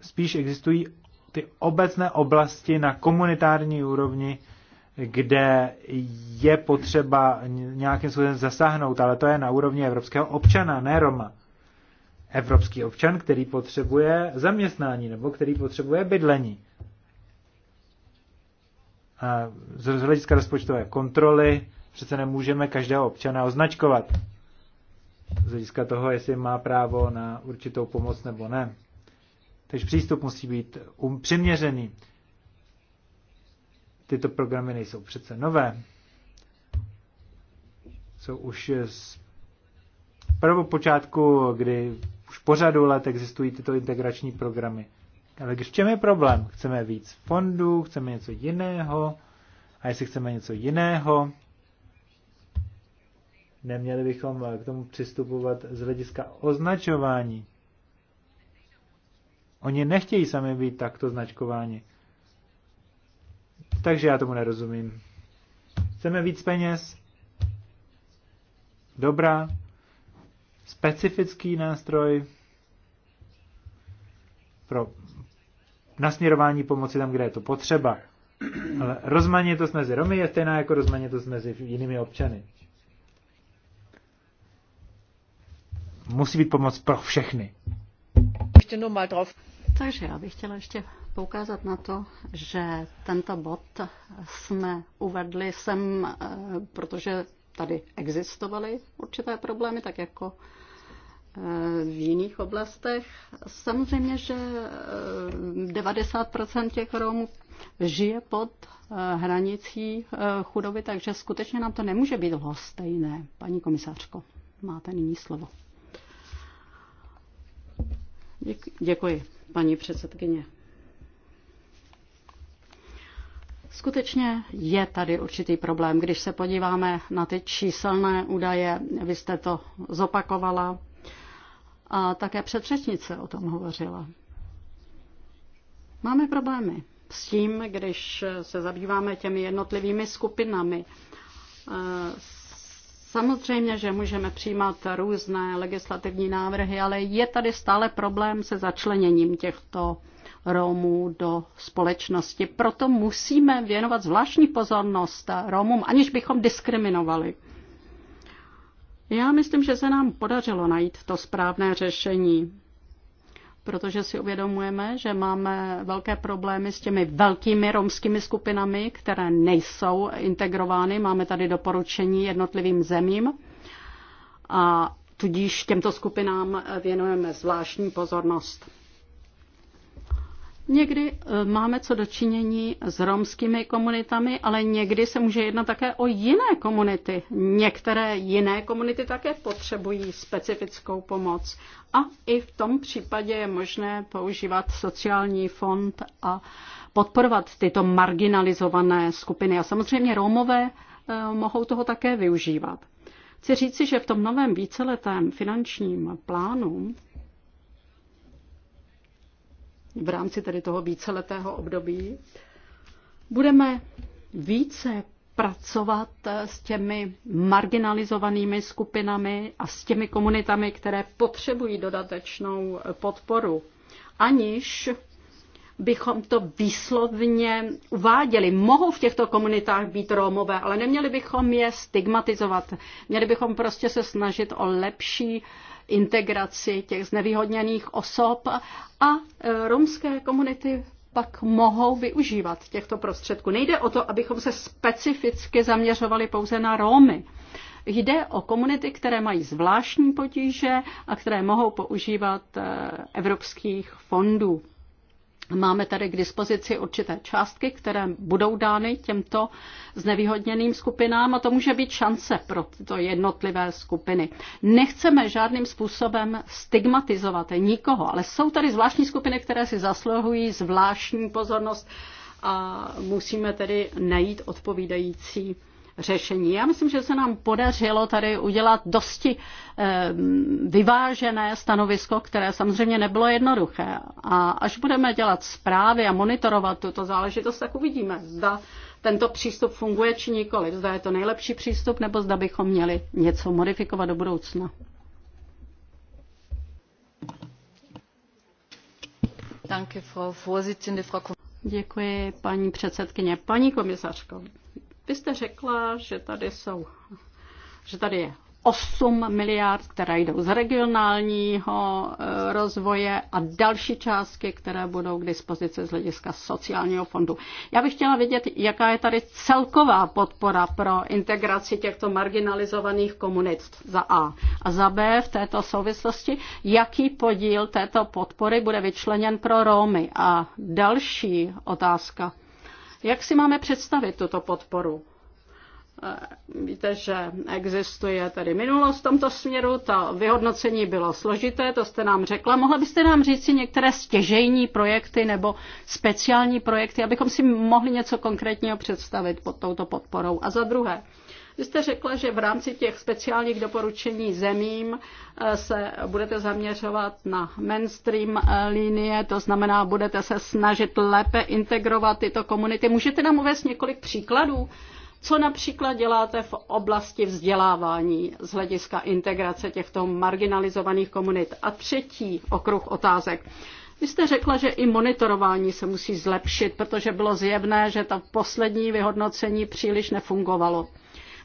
spíš existují ty obecné oblasti na komunitární úrovni, kde je potřeba nějakým způsobem zasáhnout, ale to je na úrovni evropského občana, ne Roma. Evropský občan, který potřebuje zaměstnání nebo který potřebuje bydlení z hlediska rozpočtové kontroly přece nemůžeme každého občana označkovat z hlediska toho, jestli má právo na určitou pomoc nebo ne. Takže přístup musí být um, přiměřený. Tyto programy nejsou přece nové. Jsou už z prvopočátku, kdy už po řadu let existují tyto integrační programy. Ale v čem je problém? Chceme víc fondů, chceme něco jiného. A jestli chceme něco jiného, neměli bychom eh, k tomu přistupovat z hlediska označování. Oni nechtějí sami být takto značkováni. Takže já tomu nerozumím. Chceme víc peněz? Dobrá. Specifický nástroj pro nasměrování pomoci tam, kde je to potřeba. Ale rozmanitost mezi Romy je stejná jako rozmanitost mezi jinými občany. Musí být pomoc pro všechny. Ještě mal drauf. Takže já bych chtěla ještě poukázat na to, že tento bod jsme uvedli sem, eh, protože tady existovaly určité problémy, tak jako v jiných oblastech. Samozřejmě, že 90% eh, těch Romů žije pod eh, hranicí eh, chudoby, takže skutečně nám to nemůže být stejné. Paní komisářko, máte nyní slovo. Děkuji, paní předsedkyně. Skutečně je tady určitý problém. Když se podíváme na ty číselné údaje, vy jste to zopakovala, a také předřečnice o tom hovořila. Máme problémy s tím, když se zabýváme těmi jednotlivými skupinami. E, samozřejmě, že můžeme přijímat různé legislativní návrhy, ale je tady stále problém se začleněním těchto Romů do společnosti. Proto musíme věnovat zvláštní pozornost Romům, aniž bychom diskriminovali. Já myslím, že se nám podařilo najít to správné řešení, protože si uvědomujeme, že máme velké problémy s těmi velkými romskými skupinami, které nejsou integrovány. Máme tady doporučení jednotlivým zemím a tudíž těmto skupinám věnujeme zvláštní pozornost. Někdy eh, máme co dočinění s romskými komunitami, ale někdy se může jednat také o jiné komunity. Některé jiné komunity také potřebují specifickou pomoc. A i v tom případě je možné používat sociální fond a podporovat tyto marginalizované skupiny. A samozřejmě Romové eh, mohou toho také využívat. Chci říci, že v tom novém víceletém finančním plánu v rámci tedy toho víceletého období budeme více pracovat s těmi marginalizovanými skupinami a s těmi komunitami, které potřebují dodatečnou podporu, aniž bychom to výslovně uváděli. Mohou v těchto komunitách být Rómové, ale neměli bychom je stigmatizovat. Měli bychom prostě se snažit o lepší uh, integraci těch znevýhodněných osob a e, romské komunity pak mohou využívat těchto prostředků. Nejde o to, abychom se specificky zaměřovali pouze na Rómy. Jde o komunity, které mají zvláštní potíže a které mohou používat e, evropských fondů. Máme tady k dispozici určité částky, které budou dány těmto znevýhodněným skupinám a to může být šance pro tyto jednotlivé skupiny. Nechceme žádným způsobem stigmatizovat nikoho, ale jsou tady zvláštní skupiny, které si zasluhují zvláštní pozornost a musíme tedy najít odpovídající řešení. Já myslím, že se nám podařilo tady udělat dosti eh, vyvážené stanovisko, které samozřejmě nebylo jednoduché. A až budeme dělat zprávy a monitorovat tuto záležitost, tak uvidíme, zda tento přístup funguje či nikoli. Zda je to nejlepší přístup, nebo zda bychom měli něco modifikovat do budoucna. Děkuji, paní předsedkyně. Paní komisařko, vy jste řekla, že tady jsou, že tady je 8 miliard, které jdou z regionálního e, rozvoje a další částky, které budou k dispozici z hlediska sociálního fondu. Já bych chtěla vědět, jaká je tady celková podpora pro integraci těchto marginalizovaných komunit za A. A za B v této souvislosti, jaký podíl této podpory bude vyčleněn pro Rómy. A další otázka jak si máme představit tuto podporu? Eh, víte, že existuje tady minulost v tomto směru, to vyhodnocení bylo složité, to jste nám řekla. Mohla byste nám říct si některé stěžejní projekty nebo speciální projekty, abychom si mohli něco konkrétního představit pod touto podporou? A za druhé, vy jste řekla, že v rámci těch speciálních doporučení zemím eh, se budete zaměřovat na mainstream eh, linie, to znamená, budete se snažit lépe integrovat tyto komunity. Můžete nám uvést několik příkladů? Co například děláte v oblasti vzdělávání z hlediska integrace těchto marginalizovaných komunit? A třetí okruh otázek. Vy jste řekla, že i monitorování se musí zlepšit, protože bylo zjevné, že to poslední vyhodnocení příliš nefungovalo.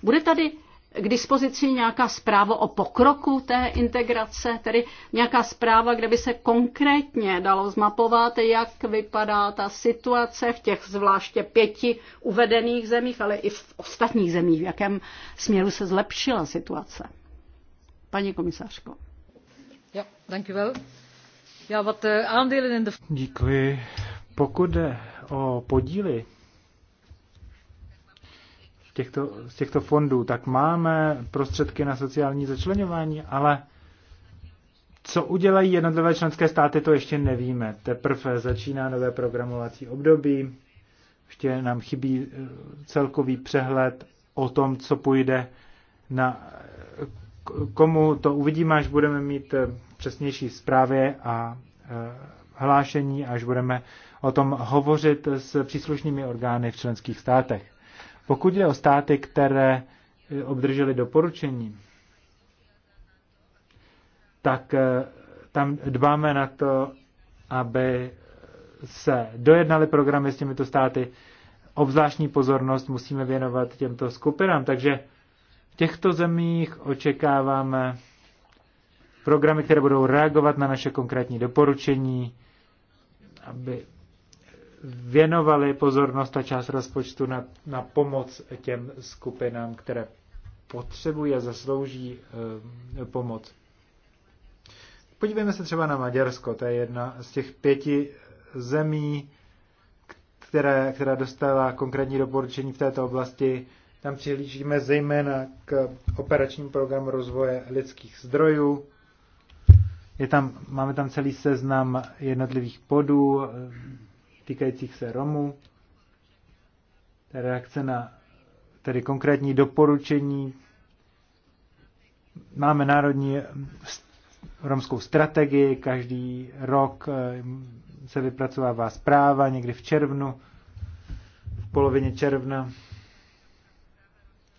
Bude tady k dispozici nějaká zpráva o pokroku té integrace, tedy nějaká zpráva, kde by se konkrétně dalo zmapovat, jak vypadá ta situace v těch zvláště pěti uvedených zemích, ale i v ostatních zemích, v jakém směru se zlepšila situace. Paní komisařko. Ja, dankjewel. Ja, wat eh, aandelen in de... Děkuji. Pokud jde o podíly těchto, z těchto fondů, tak máme prostředky na sociální začlenování, ale co udělají jednotlivé členské státy, to ještě nevíme. Teprve začíná nové programovací období, ještě nám chybí eh, celkový přehled o tom, co půjde na komu to uvidíme, až budeme mít eh, přesnější zprávy a eh, hlášení, až budeme o tom hovořit s příslušnými orgány v členských státech. Pokud jde o státy, které eh, obdržely doporučení, tak eh, tam dbáme na to, aby se dojednaly programy s těmito státy. Obzvláštní pozornost musíme věnovat těmto skupinám, takže v těchto zemích očekáváme programy, které budou reagovat na naše konkrétní doporučení, aby věnovali pozornost a část rozpočtu na, na pomoc těm skupinám, které potřebují a zaslouží e, pomoc. Podívejme se třeba na Maďarsko, to je jedna z těch pěti zemí, které, která dostala konkrétní doporučení v této oblasti. Tam přihlížíme zejména k operačním programu rozvoje lidských zdrojů. Je tam, máme tam celý seznam jednotlivých podů týkajících se Romů. Ta reakce na tedy konkrétní doporučení. Máme národní romskou strategii, každý rok eh, se vypracovává zpráva, někdy v červnu, v polovině června,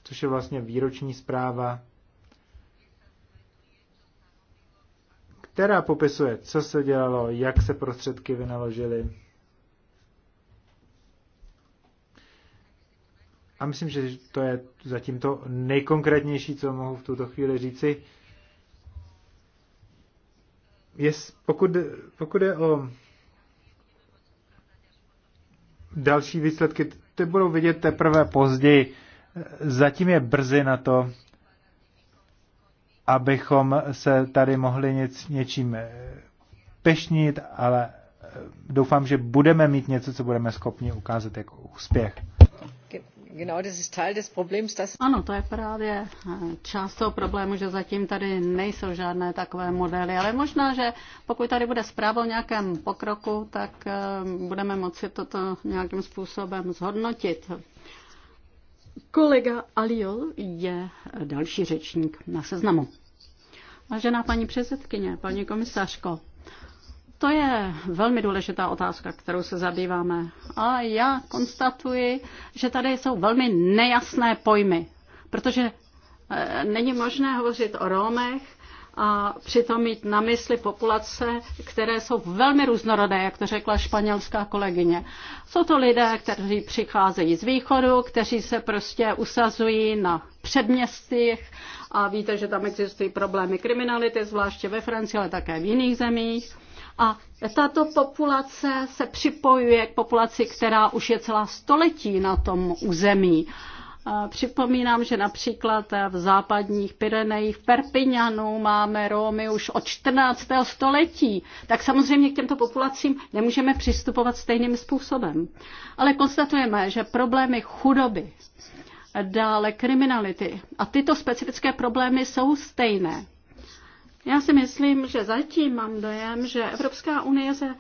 což je vlastně výroční zpráva, která popisuje, co se dělalo, jak se prostředky vynaložily, A myslím, že to je zatím to nejkonkrétnější, co mohu v tuto chvíli říci. Je, pokud, pokud je o další výsledky, ty budou vidět teprve později. Zatím je brzy na to, abychom se tady mohli něc, něčím eh, pešnit, ale eh, doufám, že budeme mít něco, co budeme schopni ukázat jako úspěch. Ano, to je právě eh, část toho problému, že zatím tady nejsou žádné takové modely, ale možná, že pokud tady bude zpráva o nějakém pokroku, tak eh, budeme moci toto nějakým způsobem zhodnotit. Kolega Aliol je další řečník na seznamu. Vážená paní předsedkyně, paní komisařko, to je velmi důležitá otázka, kterou se zabýváme. A já konstatuji, že tady jsou velmi nejasné pojmy, protože eh, není možné hovořit o Rómech a přitom mít na mysli populace, které jsou velmi různorodé, jak to řekla španělská kolegyně. Jsou to lidé, kteří přicházejí z východu, kteří se prostě usazují na předměstích a víte, že tam existují problémy kriminality, zvláště ve Francii, ale také v jiných zemích a tato populace se připojuje k populaci, která už je celá století na tom území. Připomínám, že například v západních Pyrenejích, v Perpignanu máme Rómy už od 14. století, tak samozřejmě k těmto populacím nemůžeme přistupovat stejným způsobem. Ale konstatujeme, že problémy chudoby, dále kriminality a tyto specifické problémy jsou stejné. Já si myslím, že zatím mám dojem, že Evropská unie se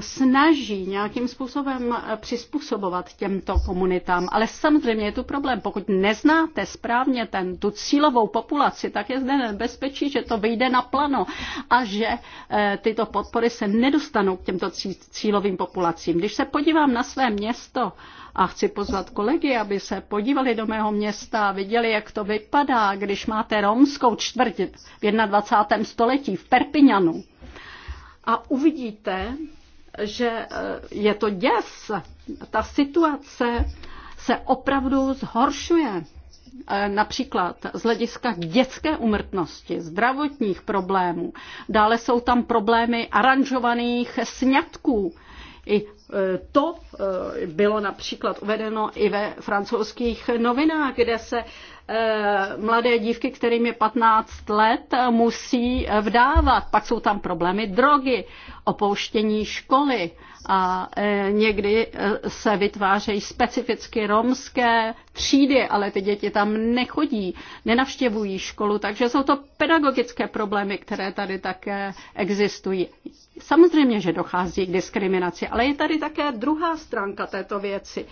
snaží nějakým způsobem přizpůsobovat těmto komunitám. Ale samozřejmě je tu problém. Pokud neznáte správně ten, tu cílovou populaci, tak je zde nebezpečí, že to vyjde na plano a že e, tyto podpory se nedostanou k těmto cí, cílovým populacím. Když se podívám na své město, a chci pozvat kolegy, aby se podívali do mého města a viděli, jak to vypadá, když máte romskou čtvrť v 21. století v Perpiňanu. A uvidíte, že eh, je to děs. Ta situace se opravdu zhoršuje. Eh, například z hlediska dětské umrtnosti, zdravotních problémů. Dále jsou tam problémy aranžovaných sňatků. I Eh, to eh, bylo například uvedeno i ve francouzských novinách, kde se eh, mladé dívky, kterým je 15 let, musí vdávat. Pak jsou tam problémy drogy, opouštění školy a e, někdy e, se vytvářejí specificky romské třídy, ale ty děti tam nechodí, nenavštěvují školu, takže jsou to pedagogické problémy, které tady také existují. Samozřejmě, že dochází k diskriminaci, ale je tady také druhá stránka této věci.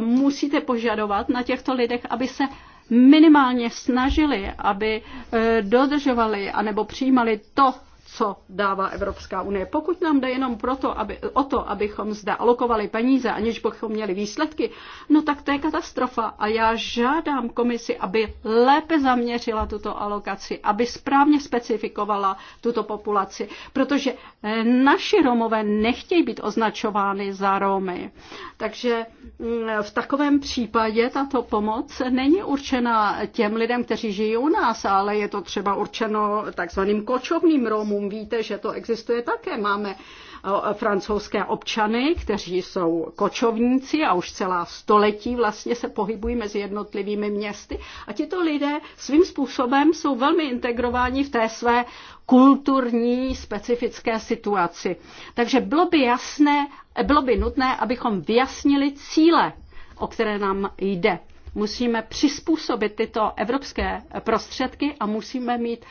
Musíte požadovat na těchto lidech, aby se minimálně snažili, aby e, dodržovali anebo přijímali to, co dává Evropská unie. Pokud nám jde jenom proto, aby, o to, abychom zde alokovali peníze, aniž bychom měli výsledky, no tak to je katastrofa. A já žádám komisi, aby lépe zaměřila tuto alokaci, aby správně specifikovala tuto populaci, protože eh, naši Romové nechtějí být označovány za Romy. Takže mm, v takovém případě tato pomoc není určena těm lidem, kteří žijí u nás, ale je to třeba určeno takzvaným kočovným Romům, občanům. Víte, že to existuje také. Máme eh, francouzské občany, kteří jsou kočovníci a už celá století vlastně se pohybují mezi jednotlivými městy. A tito lidé svým způsobem jsou velmi integrováni v té své kulturní specifické situaci. Takže bylo by jasné, bylo by nutné, abychom vyjasnili cíle, o které nám jde musíme přizpůsobit tyto evropské prostředky a musíme mít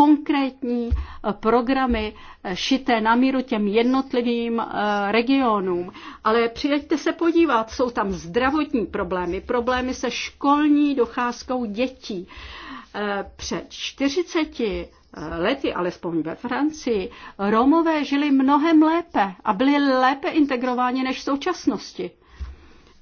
konkrétní eh, programy eh, šité na míru těm jednotlivým eh, regionům. Ale přijďte se podívat, jsou tam zdravotní problémy, problémy se školní docházkou dětí. Před 40 lety, alespoň ve Francii, Romové žili mnohem lépe a byli lépe integrováni než v současnosti.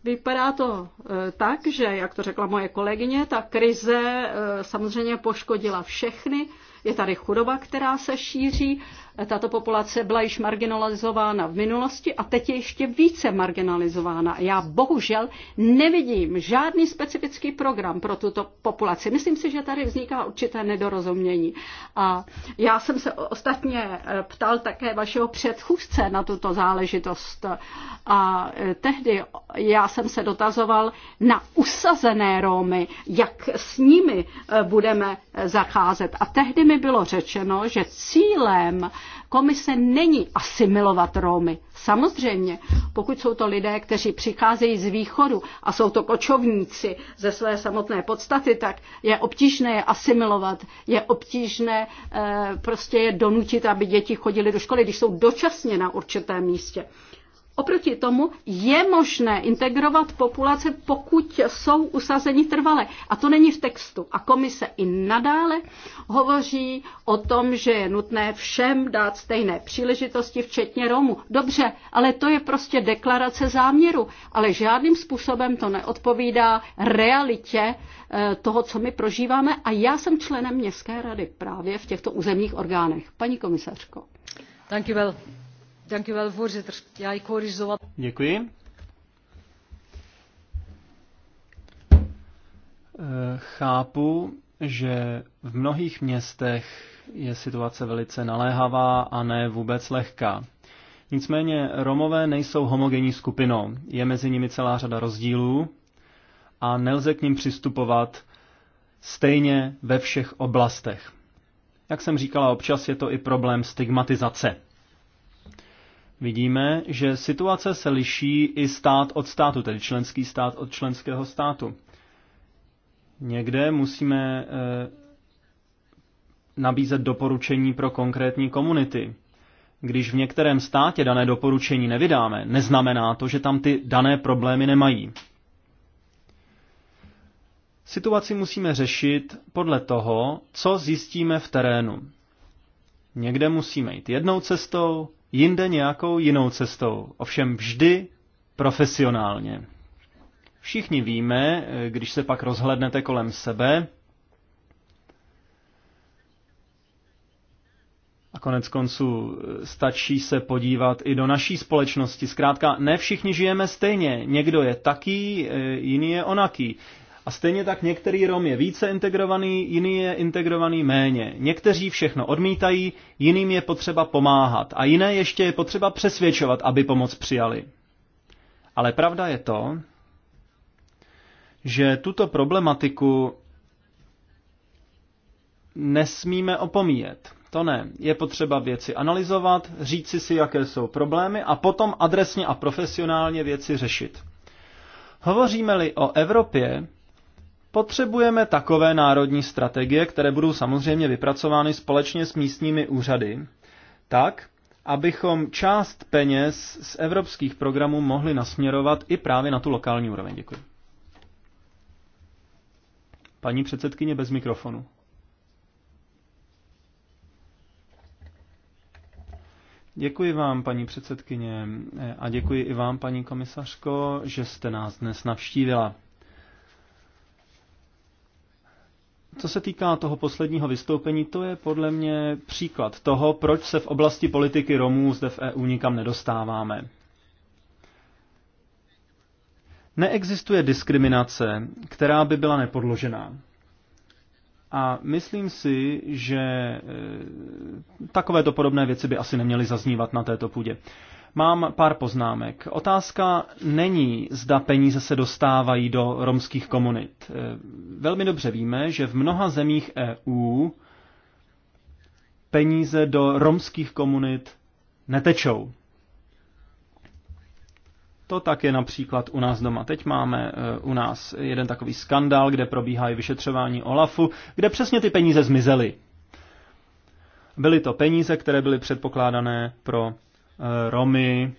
Vypadá to tak, že, jak to řekla moje kolegyně, ta krize samozřejmě poškodila všechny, je tady chudoba, která se šíří tato populace byla již marginalizována v minulosti a teď je ještě více marginalizována. Já bohužel nevidím žádný specifický program pro tuto populaci. Myslím si, že tady vzniká určité nedorozumění. A já jsem se ostatně eh, ptal také vašeho předchůdce na tuto záležitost. A eh, tehdy já jsem se dotazoval na usazené Rómy, jak s nimi eh, budeme zacházet. A tehdy mi bylo řečeno, že cílem Komise není asimilovat Rómy. Samozřejmě, pokud jsou to lidé, kteří přicházejí z východu a jsou to kočovníci ze své samotné podstaty, tak je obtížné je asimilovat, je obtížné eh, prostě je donutit, aby děti chodili do školy, když jsou dočasně na určitém místě. Oproti tomu je možné integrovat populace, pokud jsou usazeni trvale. A to není v textu. A komise i nadále hovoří o tom, že je nutné všem dát stejné příležitosti, včetně Romů. Dobře, ale to je prostě deklarace záměru. Ale žádným způsobem to neodpovídá realitě eh, toho, co my prožíváme. A já jsem členem městské rady právě v těchto územních orgánech. Paní komisařko. Thank you well voorzitter ik hoor hier zowat. Eh, chápu, že v mnohých městech je situace velice naléhavá a ne vůbec lehká. Nicméně Romové nejsou homogenní skupinou. Je mezi nimi celá řada rozdílů a nelze k ním přistupovat stejně ve všech oblastech. Jak jsem říkala, občas je to i problém stigmatizace vidíme, že situace se liší i stát od státu, tedy členský stát od členského státu. Někde musíme eh, nabízet doporučení pro konkrétní komunity. Když v některém státě dané doporučení nevydáme, neznamená to, že tam ty dané problémy nemají. Situaci musíme řešit podle toho, co zjistíme v terénu. Někde musíme jít jednou cestou, jinde nějakou jinou cestou, ovšem vždy profesionálně. Všichni víme, když se pak rozhlednete kolem sebe, a konec konců e, stačí se podívat i do naší společnosti. Zkrátka, ne všichni žijeme stejně. Někdo je taký, e, jiný je onaký. A stejně tak některý Rom je více integrovaný, jiný je integrovaný méně. Někteří všechno odmítají, jiným je potřeba pomáhat a jiné ještě je potřeba přesvědčovat, aby pomoc přijali. Ale pravda je to, že tuto problematiku nesmíme opomíjet. To ne. Je potřeba věci analyzovat, říci si, jaké jsou problémy a potom adresně a profesionálně věci řešit. Hovoříme-li o Evropě, Potřebujeme takové národní strategie, které budou samozřejmě vypracovány společně s místními úřady, tak, abychom část peněz z evropských programů mohli nasměrovat i právě na tu lokální úroveň. Děkuji. Paní předsedkyně bez mikrofonu. Děkuji vám, paní předsedkyně, a děkuji i vám, paní komisařko, že jste nás dnes navštívila. Co se týká toho posledního vystoupení, to je podle mě příklad toho, proč se v oblasti politiky Romů zde v EU nikam nedostáváme. Neexistuje diskriminace, která by byla nepodložená. A myslím si, že eh, takovéto podobné věci by asi neměly zaznívat na této půdě. Mám pár poznámek. Otázka není, zda peníze se dostávají do romských komunit. Eh, velmi dobře víme, že v mnoha zemích EU peníze do romských komunit netečou. To tak je například u nás doma. Teď máme eh, u nás jeden takový skandál, kde probíhá i vyšetřování OLAFu, kde přesně ty peníze zmizely. Byly to peníze, které byly předpokládané pro Eh, Romy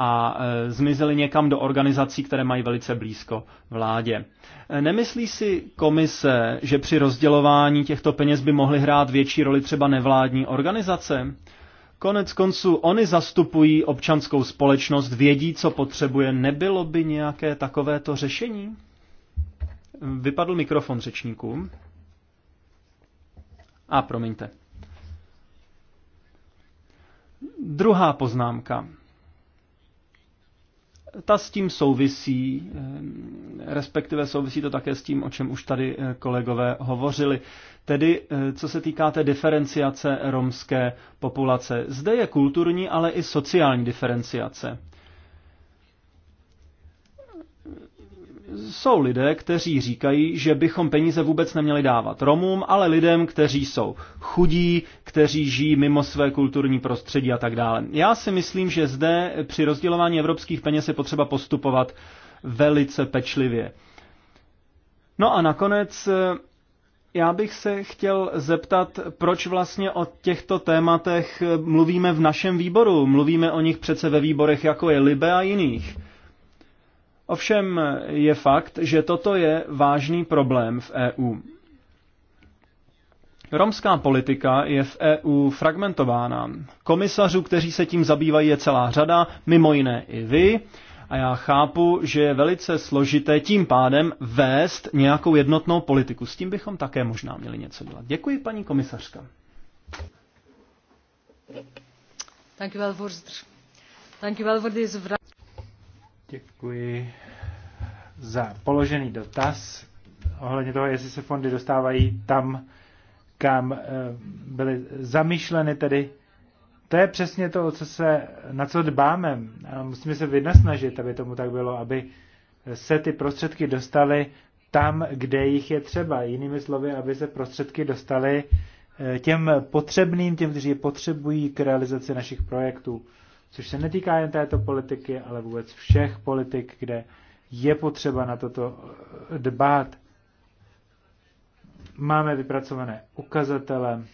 a eh, zmizeli někam do organizací, které mají velice blízko vládě. Eh, nemyslí si komise, že při rozdělování těchto peněz by mohly hrát větší roli třeba nevládní organizace? Konec konců, oni zastupují občanskou společnost, vědí, co potřebuje. Nebylo by nějaké takovéto řešení? Vypadl mikrofon řečníkům. A promiňte. Druhá poznámka. Ta s tím souvisí, eh, respektive souvisí to také s tím, o čem už tady eh, kolegové hovořili. Tedy, eh, co se týká té diferenciace romské populace. Zde je kulturní, ale i sociální diferenciace. jsou lidé, kteří říkají, že bychom peníze vůbec neměli dávat Romům, ale lidem, kteří jsou chudí, kteří žijí mimo své kulturní prostředí a tak dále. Já si myslím, že zde při rozdělování evropských peněz je potřeba postupovat velice pečlivě. No a nakonec eh, já bych se chtěl zeptat, proč vlastně o těchto tématech mluvíme v našem výboru. Mluvíme o nich přece ve výborech, jako je Libe a jiných. Ovšem je fakt, že toto je vážný problém v EU. Romská politika je v EU fragmentována. Komisařů, kteří se tím zabývají, je celá řada, mimo jiné i vy. A já chápu, že je velice složité tím pádem vést nějakou jednotnou politiku. S tím bychom také možná měli něco dělat. Děkuji, paní komisařka. Thank you well for... Dank u wel voor deze Děkuji za položený dotaz ohledně toho, jestli se fondy dostávají tam, kam eh, byly zamýšleny, tedy to je přesně to, co se, na co dbáme. Musíme se vynasnažit, aby tomu tak bylo, aby se ty prostředky dostaly tam, kde jich je třeba. Jinými slovy, aby se prostředky dostaly eh, těm potřebným, těm, kteří je potřebují k realizaci našich projektů což se netýká jen této politiky, ale vůbec všech politik, kde je potřeba na toto eh, dbát. Máme vypracované ukazatele,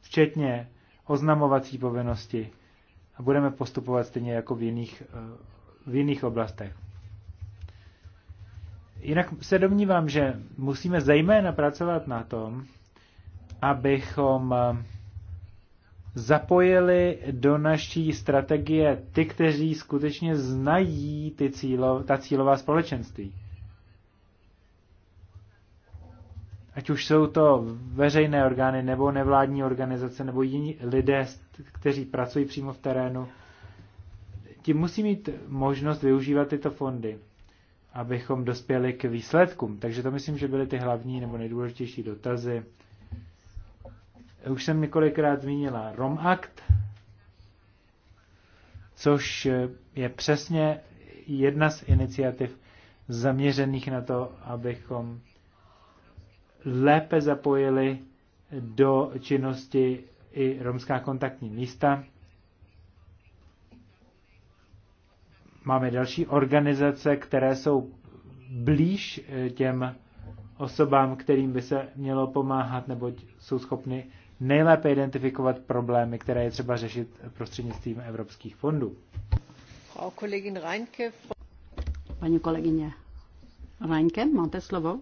včetně oznamovací povinnosti a budeme postupovat stejně jako v jiných, eh, v jiných oblastech. Jinak se domnívám, že musíme zejména pracovat na tom, abychom eh, zapojili do naší strategie ty, kteří skutečně znají ty cílo, ta cílová společenství. Ať už jsou to veřejné orgány nebo nevládní organizace nebo jiní lidé, kteří pracují přímo v terénu, ti musí mít možnost využívat tyto fondy, abychom dospěli k výsledkům. Takže to myslím, že byly ty hlavní nebo nejdůležitější dotazy už jsem několikrát zmínila ROM Act, což je přesně jedna z iniciativ zaměřených na to, abychom lépe zapojili do činnosti i romská kontaktní místa. Máme další organizace, které jsou blíž eh, těm osobám, kterým by se mělo pomáhat, nebo jsou schopny nejlépe identifikovat problémy, které je třeba řešit prostřednictvím evropských fondů. Paní kolegyně Reinke, máte slovo.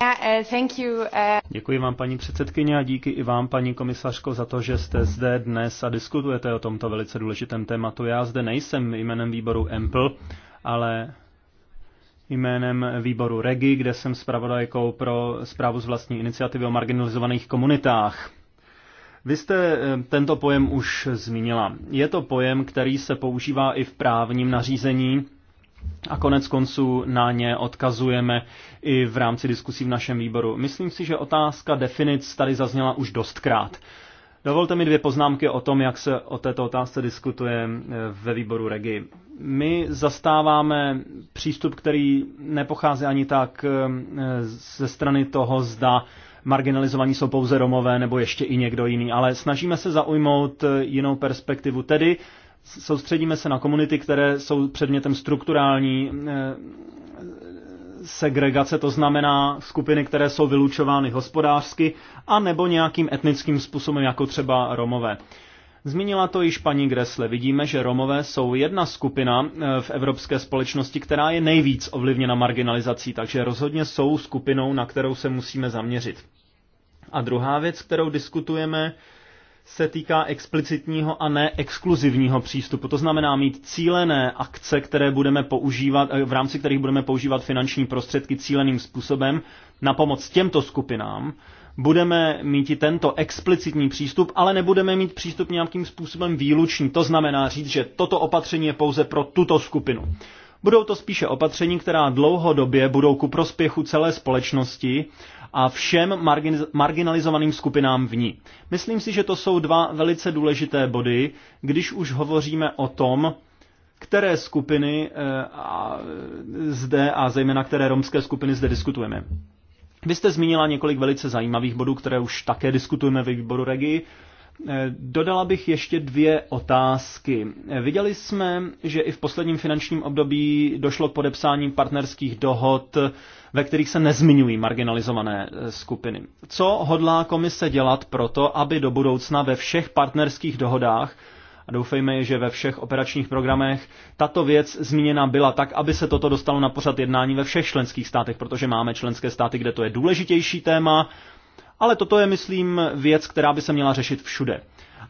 Uh, uh, Děkuji vám, paní předsedkyně, a díky i vám, paní komisařko, za to, že jste zde dnes a diskutujete o tomto velice důležitém tématu. Já zde nejsem jménem výboru EMPL, ale jménem výboru REGI, kde jsem zpravodajkou pro zprávu z vlastní iniciativy o marginalizovaných komunitách. Vy jste eh, tento pojem už zmínila. Je to pojem, který se používá i v právním nařízení a konec konců na ně odkazujeme i v rámci diskusí v našem výboru. Myslím si, že otázka definic tady zazněla už dostkrát. Dovolte mi dvě poznámky o tom, jak se o této otázce diskutuje eh, ve výboru Regi. My zastáváme přístup, který nepochází ani tak eh, ze strany toho, zda marginalizovaní jsou pouze Romové nebo ještě i někdo jiný, ale snažíme se zaujmout eh, jinou perspektivu, tedy soustředíme se na komunity, které jsou předmětem strukturální segregace, to znamená skupiny, které jsou vylučovány hospodářsky, a nebo nějakým etnickým způsobem, jako třeba Romové. Zmínila to již paní Gresle. Vidíme, že Romové jsou jedna skupina eh, v evropské společnosti, která je nejvíc ovlivněna marginalizací, takže rozhodně jsou skupinou, na kterou se musíme zaměřit. A druhá věc, kterou diskutujeme, se týká explicitního a ne exkluzivního přístupu. To znamená mít cílené akce, které budeme používat, eh, v rámci kterých budeme používat finanční prostředky cíleným způsobem na pomoc těmto skupinám. Budeme mít i tento explicitní přístup, ale nebudeme mít přístup nějakým způsobem výlučný. To znamená říct, že toto opatření je pouze pro tuto skupinu. Budou to spíše opatření, která dlouhodobě budou ku prospěchu celé společnosti a všem margin, marginalizovaným skupinám v ní. Myslím si, že to jsou dva velice důležité body, když už hovoříme o tom, které skupiny eh, a zde a zejména které romské skupiny zde diskutujeme. Vy jste zmínila několik velice zajímavých bodů, které už také diskutujeme ve výboru Regii. Eh, dodala bych ještě dvě otázky. Eh, viděli jsme, že i v posledním finančním období došlo k podepsání partnerských dohod, ve kterých se nezmiňují marginalizované eh, skupiny. Co hodlá komise dělat proto, aby do budoucna ve všech partnerských dohodách a doufejme, že ve všech operačních programech tato věc zmíněna byla tak, aby se toto dostalo na pořad jednání ve všech členských státech, protože máme členské státy, kde to je důležitější téma ale toto je, myslím, věc, která by se měla řešit všude.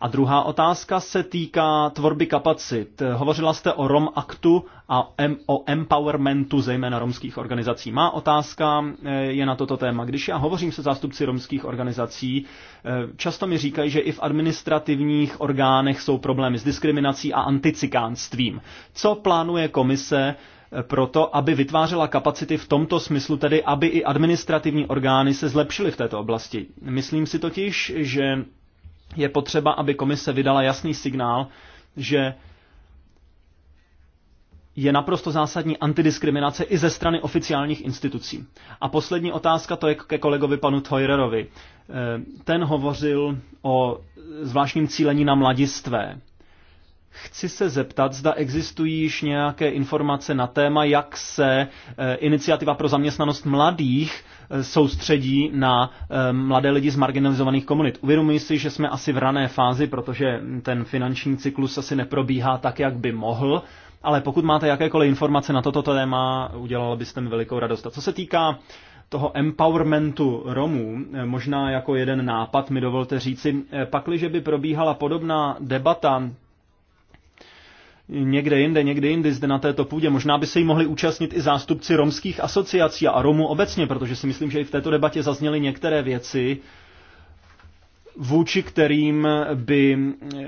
A druhá otázka se týká tvorby kapacit. Hovořila jste o Rom Aktu a o empowermentu zejména romských organizací. Má otázka eh, je na toto téma. Když já hovořím se zástupci romských organizací, eh, často mi říkají, že i v administrativních orgánech jsou problémy s diskriminací a anticikánstvím. Co plánuje komise proto, aby vytvářela kapacity v tomto smyslu, tedy aby i administrativní orgány se zlepšily v této oblasti. Myslím si totiž, že je potřeba, aby komise vydala jasný signál, že je naprosto zásadní antidiskriminace i ze strany oficiálních institucí. A poslední otázka to je ke kolegovi panu Toirerovi. Eh, ten hovořil o zvláštním cílení na mladistvé. Chci se zeptat, zda existují již nějaké informace na téma, jak se eh, iniciativa pro zaměstnanost mladých eh, soustředí na eh, mladé lidi z marginalizovaných komunit. Uvědomuji si, že jsme asi v rané fázi, protože ten finanční cyklus asi neprobíhá tak, jak by mohl, ale pokud máte jakékoliv informace na toto téma, udělala byste mi velikou radost. A co se týká toho empowermentu Romů, možná jako jeden nápad mi dovolte říci, pakliže by probíhala podobná debata někde jinde, někde jinde zde na této půdě. Možná by se jí mohli účastnit i zástupci romských asociací a Romů obecně, protože si myslím, že i v této debatě zazněly některé věci, vůči kterým by eh,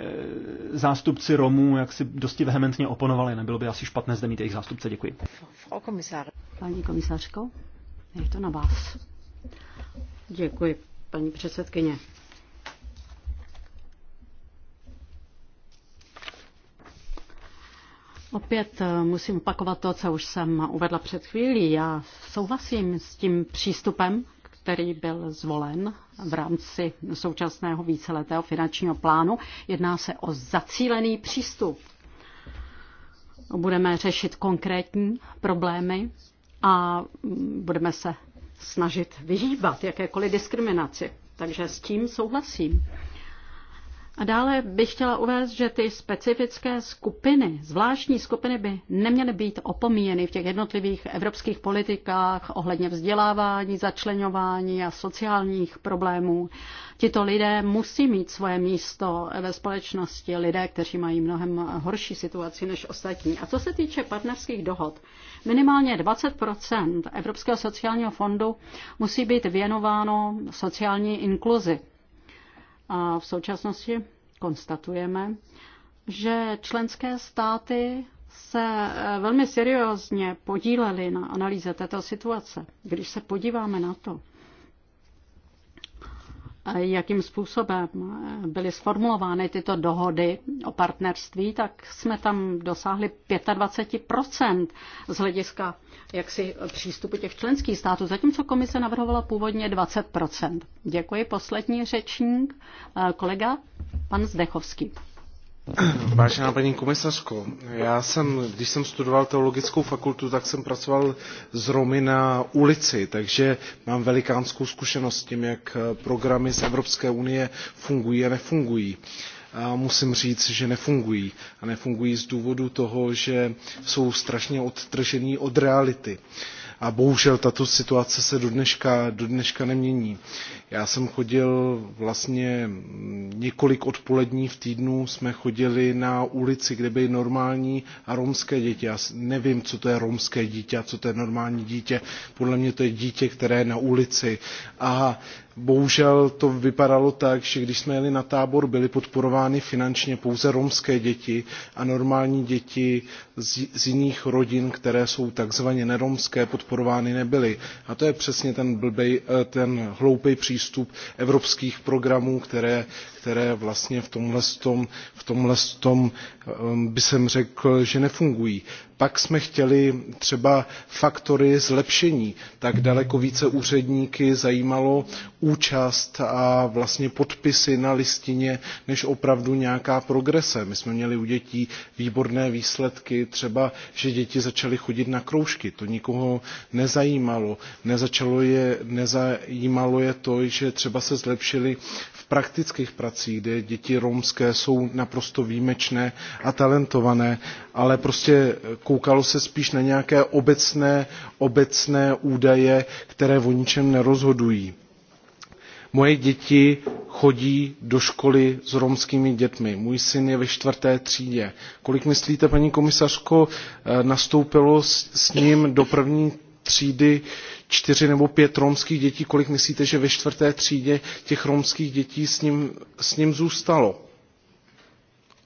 zástupci Romů jaksi dosti vehementně oponovali. Nebylo by asi špatné zde mít jejich zástupce. Děkuji. Paní komisářko, je to na vás. Děkuji, paní předsedkyně. Opět eh, musím opakovat to, co už jsem uvedla před chvílí. Já souhlasím s tím přístupem, který byl zvolen v rámci současného víceletého finančního plánu. Jedná se o zacílený přístup. Budeme řešit konkrétní problémy a mm, budeme se snažit vyhýbat jakékoliv diskriminaci. Takže s tím souhlasím. A dále bych chtěla uvést, že ty specifické skupiny, zvláštní skupiny by neměly být opomíjeny v těch jednotlivých evropských politikách ohledně vzdělávání, začlenování a sociálních problémů. Tito lidé musí mít svoje místo ve společnosti, lidé, kteří mají mnohem horší situaci než ostatní. A co se týče partnerských dohod, minimálně 20 Evropského sociálního fondu musí být věnováno sociální inkluzi a v současnosti konstatujeme, že členské státy se eh, velmi seriózně podílely na analýze této situace. Když se podíváme na to, jakým způsobem byly sformulovány tyto dohody o partnerství, tak jsme tam dosáhli 25% z hlediska jaksi přístupu těch členských států, zatímco komise navrhovala původně 20%. Děkuji, poslední řečník, eh, kolega pan Zdechovský. Vážená paní komisařko, já jsem, když jsem studoval teologickou fakultu, tak jsem pracoval s Romy na ulici, takže mám velikánskou zkušenost s tím, jak programy z Evropské unie fungují a nefungují. A musím říct, že nefungují. A nefungují z důvodu toho, že jsou strašně odtržení od reality. Uh, a bohužel tato situace se do dneška, do dneška nemění. Já jsem chodil vlastně mm, několik odpolední v týdnu, jsme chodili na ulici, kde byly normální a romské děti. Já nevím, co to je romské dítě a co to je normální dítě. Podle mě to je dítě, které je na ulici. A bohužel to vypadalo tak, že když jsme jeli na tábor, byly podporovány finančně pouze romské děti a normální děti z, z jiných rodin, které jsou takzvaně neromské, podporovány nebyly. A to je přesně ten, blbej, eh, ten hloupý přístup evropských programů, které, které vlastně v tomhle, tom, v tomhle tom, eh, by jsem řekl, že nefungují pak jsme chtěli třeba faktory zlepšení tak daleko více úředníky zajímalo účast a vlastně podpisy na listině než opravdu nějaká progrese. my jsme měli u dětí výborné výsledky třeba že děti začaly chodit na kroužky to nikoho nezajímalo nezačalo je, nezajímalo je to že třeba se zlepšily praktických prací, kde děti romské jsou naprosto výjimečné a talentované, ale prostě koukalo se spíš na nějaké obecné, obecné údaje, které o ničem nerozhodují. Moje děti chodí do školy s romskými dětmi. Můj syn je ve čtvrté třídě. Kolik myslíte, paní komisařko, eh, nastoupilo s, ním do první třídy uh, čtyři nebo pět romských dětí, kolik myslíte, že ve čtvrté třídě těch romských dětí s ním, s ním zůstalo?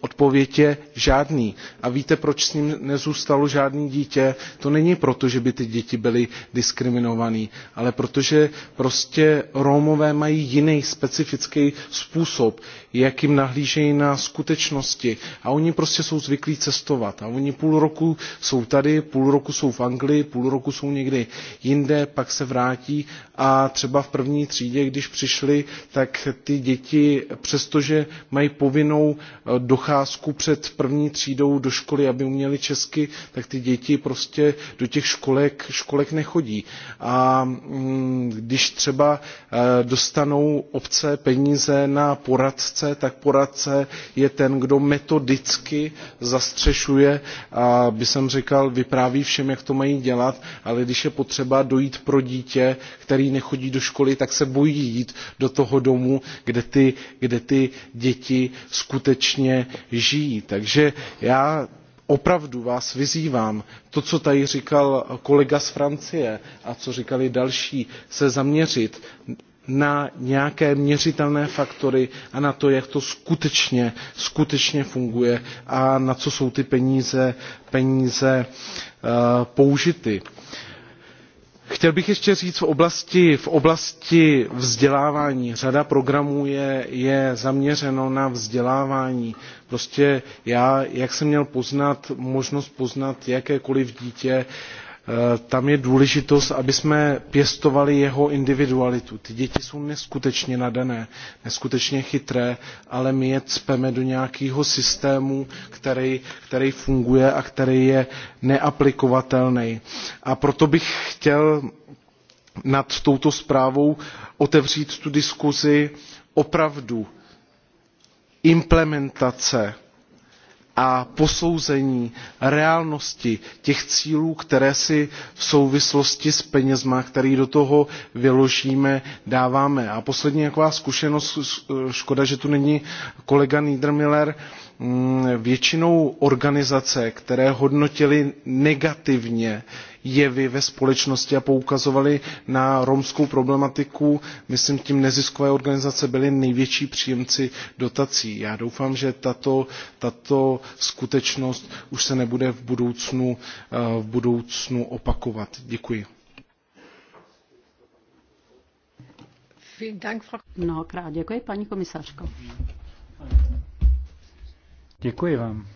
Odpověď je žádný. A víte, proč s ním nezůstalo žádný dítě? To není proto, že by ty děti byly diskriminované, ale protože prostě Rómové mají jiný specifický způsob, Jakým nahlížejí na skutečnosti. A oni prostě jsou zvyklí cestovat. A oni půl roku jsou tady, půl roku jsou v Anglii, půl roku jsou někdy jinde, pak se vrátí a třeba v první třídě, když přišli, tak ty děti, přestože mají povinnou eh, docházku před první třídou do školy, aby uměli česky, tak ty děti prostě do těch školek, školek nechodí. A mm, když třeba eh, dostanou obce peníze na poradce, poradce tak poradce je ten kdo metodicky zastřešuje a by jsem řekl vypráví všem jak to mají dělat ale když je potřeba dojít pro dítě který nechodí do školy tak se bojí jít do toho domu kde ty, kde ty děti skutečně žijí. takže já opravdu vás vyzývám to co tady říkal kolega z francie a co říkali další se zaměřit na nějaké měřitelné faktory a na to, jak to skutečně, skutečně funguje a na co jsou ty peníze, peníze eh, použity. Chtěl bych ještě říct v oblasti, v oblasti vzdělávání. Řada programů je, je zaměřeno na vzdělávání. Prostě já, jak jsem měl poznat, možnost poznat jakékoliv dítě, Eh, tam je důležitost aby jsme pěstovali jeho individualitu. ty děti jsou neskutečně nadané neskutečně chytré ale my je cpeme do nějakého systému který, který funguje a který je neaplikovatelný. a proto bych chtěl nad touto zprávou otevřít tu diskuzi opravdu implementace a posouzení reálnosti těch cílů které si v souvislosti s penězma, které do toho vyložíme, dáváme. a poslední taková zkušenost škoda že tu není kolega niedermiller mm, většinou organizace které hodnotily negativně jevy ve společnosti a poukazovali na romskou problematiku. Myslím, tím neziskové organizace byly největší příjemci dotací. Já doufám, že tato, tato skutečnost už se nebude v budoucnu, eh, v budoucnu opakovat. Děkuji. Mnohokrát děkuji, paní komisařko. Děkuji vám.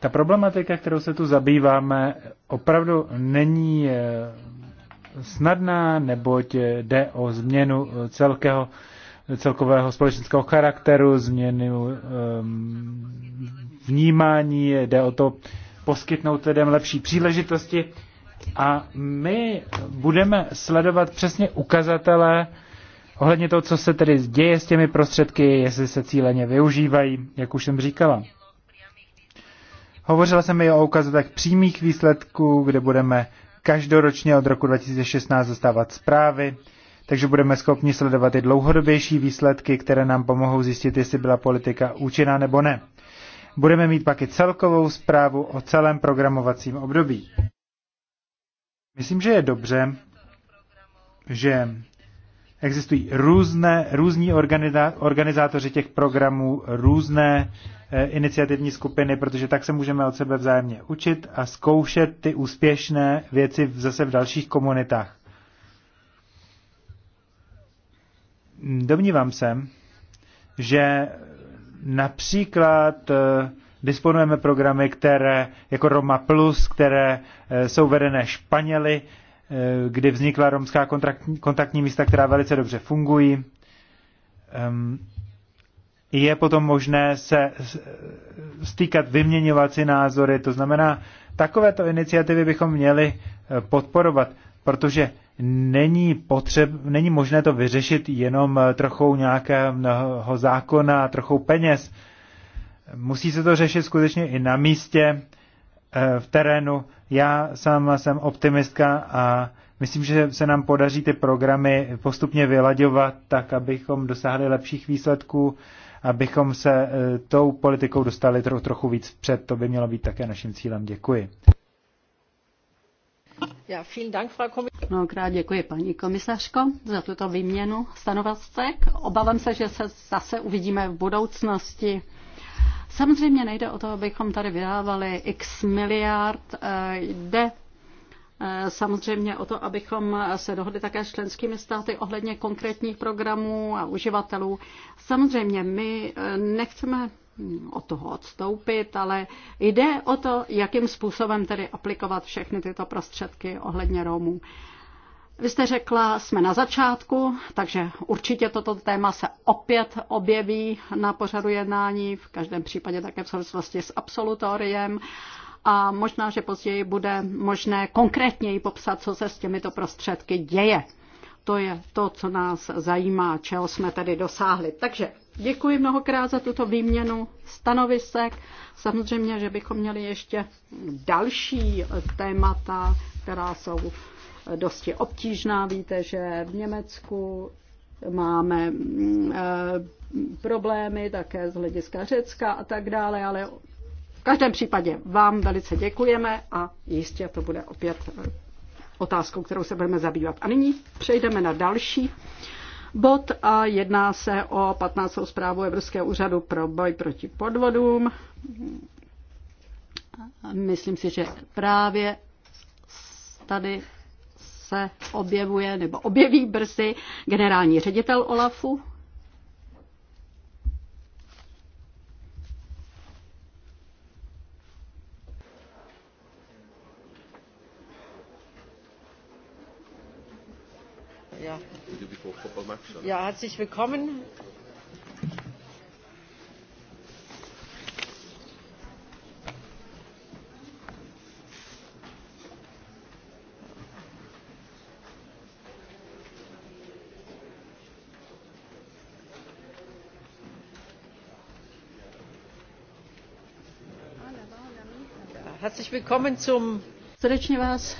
ta problematika, kterou se tu zabýváme, opravdu není eh, snadná, neboť eh, jde o změnu eh, celkého, celkového společenského charakteru, změnu um, vnímání, jde o to poskytnout lidem lepší příležitosti. A my budeme sledovat přesně ukazatele ohledně toho, co se tedy děje s těmi prostředky, jestli se cíleně využívají, jak už jsem říkala. Hovořila jsem i o ukazatelech přímých výsledků, kde budeme každoročně od roku 2016 zastávat zprávy, takže budeme schopni sledovat i dlouhodobější výsledky, které nám pomohou zjistit, jestli byla politika účinná nebo ne. Budeme mít pak i celkovou zprávu o celém programovacím období. Myslím, že je dobře, že existují různé, různí organizátoři těch programů, různé Eh, iniciativní skupiny, protože tak se můžeme od sebe vzájemně učit a zkoušet ty úspěšné věci zase v dalších komunitách. Domnívám se, že například eh, disponujeme programy, které jako Roma Plus, které eh, jsou vedené Španěly, kdy vznikla romská kontaktní, místa, která velice dobře fungují. Ehm, je potom možné se stýkat, vyměňovat si názory. To znamená, takovéto iniciativy bychom měli eh, podporovat, protože není, potřeb, není možné to vyřešit jenom eh, trochou nějakého zákona, trochou peněz. Musí se to řešit skutečně i na místě, eh, v terénu. Já sama jsem optimistka a myslím, že se nám podaří ty programy postupně vyladěvat tak, abychom dosáhli lepších výsledků abychom se eh, tou politikou dostali tro, trochu víc před. To by mělo být také naším cílem. Děkuji. Ja, Dank, Frau Mnohokrát děkuji, paní komisařko, za tuto výměnu stanovisek. Obávám se, že se zase uvidíme v budoucnosti. Samozřejmě nejde o to, abychom tady vydávali x miliard. Eh, jde samozřejmě o to, abychom se dohodli také s členskými státy ohledně konkrétních programů a uživatelů. Samozřejmě my eh, nechceme od toho odstoupit, ale jde o to, jakým způsobem tedy aplikovat všechny tyto prostředky ohledně Romů. Vy jste řekla, jsme na začátku, takže určitě toto téma se opět objeví na pořadu jednání, v každém případě také v souvislosti s absolutoriem a možná, že později bude možné konkrétněji popsat, co se s těmito prostředky děje. To je to, co nás zajímá, čeho jsme tady dosáhli. Takže děkuji mnohokrát za tuto výměnu stanovisek. Samozřejmě, že bychom měli ještě další témata, která jsou dosti obtížná. Víte, že v Německu máme e, problémy také z hlediska Řecka a tak dále, ale v každém případě vám velice děkujeme a jistě to bude opět eh, otázkou, kterou se budeme zabývat. A nyní přejdeme na další bod a jedná se o 15. zprávu Evropského úřadu pro boj proti podvodům. Myslím si, že právě tady se objevuje nebo objeví brzy generální ředitel OLAFu, Ja. ja, herzlich willkommen. Herzlich willkommen zum Srdečně vás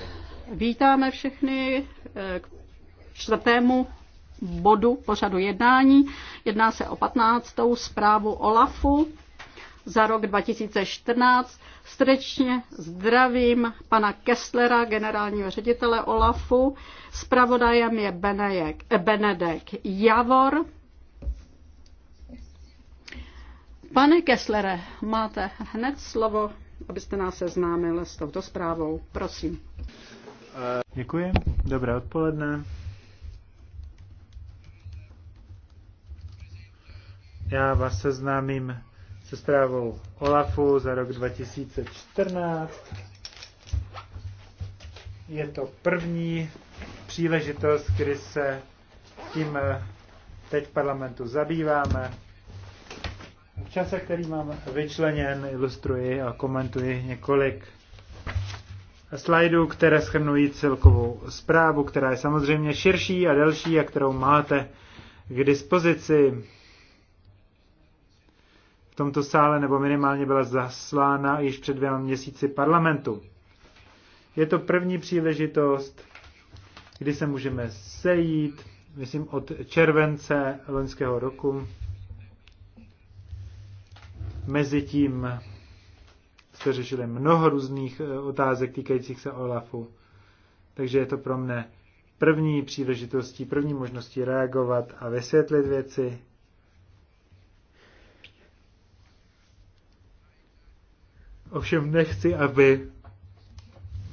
vítáme všechny k čtvrtému bodu pořadu jednání. Jedná se o 15. zprávu OLAFu za rok 2014. Srdečně zdravím pana Kesslera, generálního ředitele OLAFu. Spravodajem je Benedek, Benedek Javor. Pane Kesslere, máte hned slovo, abyste nás seznámil s touto zprávou. Prosím. Děkuji. Dobré odpoledne. Já vás seznámím se zprávou OLAFu za rok 2014. Je to první příležitost, kdy se tím eh, teď v parlamentu zabýváme. V čase, který mám vyčleněn, ilustruji a komentuji několik slajdů, které schrnují celkovou zprávu, která je samozřejmě širší a delší a kterou máte k dispozici tomto sále, nebo minimálně byla zaslána již před dvěma měsíci parlamentu. Je to první příležitost, kdy se můžeme sejít, myslím od července loňského roku. Mezitím jste řešili mnoho různých eh, otázek týkajících se OLAFu, takže je to pro mne první příležitostí, první možností reagovat a vysvětlit věci Ovšem nechci, aby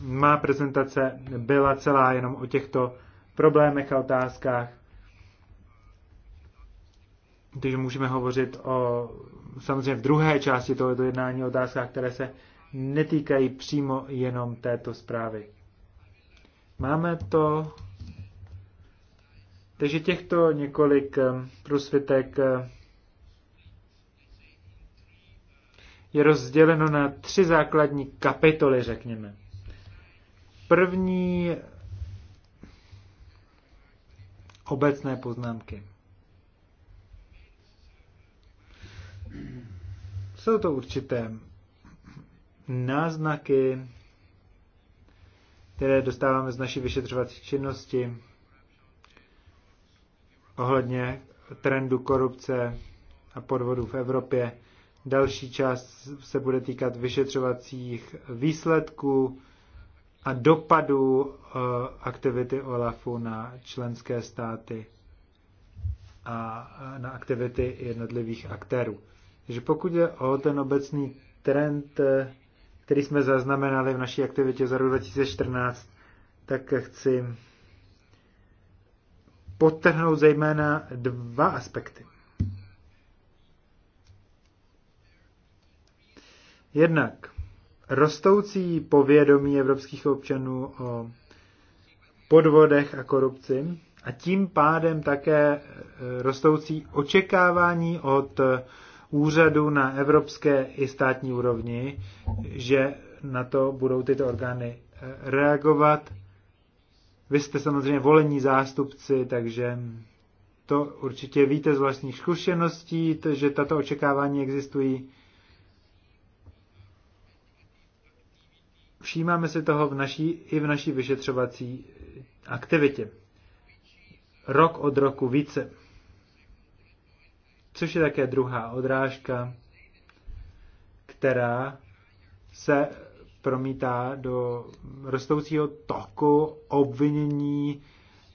má prezentace byla celá jenom o těchto problémech a otázkách. Takže můžeme hovořit o samozřejmě v druhé části tohoto jednání o otázkách, které se netýkají přímo jenom této zprávy. Máme to. Takže těchto několik eh, prosvitek eh, je rozděleno na tři základní kapitoly, řekněme. První obecné poznámky. Jsou to určité náznaky, které dostáváme z naší vyšetřovací činnosti ohledně trendu korupce a podvodů v Evropě Další část se bude týkat vyšetřovacích výsledků a dopadu eh, aktivity OLAFu na členské státy a eh, na aktivity jednotlivých aktérů. Takže pokud je o ten obecný trend, eh, který jsme zaznamenali v naší aktivitě za rok 2014, tak chci podtrhnout zejména dva aspekty. Jednak rostoucí povědomí evropských občanů o podvodech a korupci a tím pádem také e, rostoucí očekávání od úřadu na evropské i státní úrovni, že na to budou tyto orgány e, reagovat. Vy jste samozřejmě volení zástupci, takže to určitě víte z vlastních zkušeností, že tato očekávání existují. Všímáme si toho v naší, i v naší vyšetřovací aktivitě. Rok od roku více. Což je také druhá odrážka, která se promítá do rostoucího toku obvinění,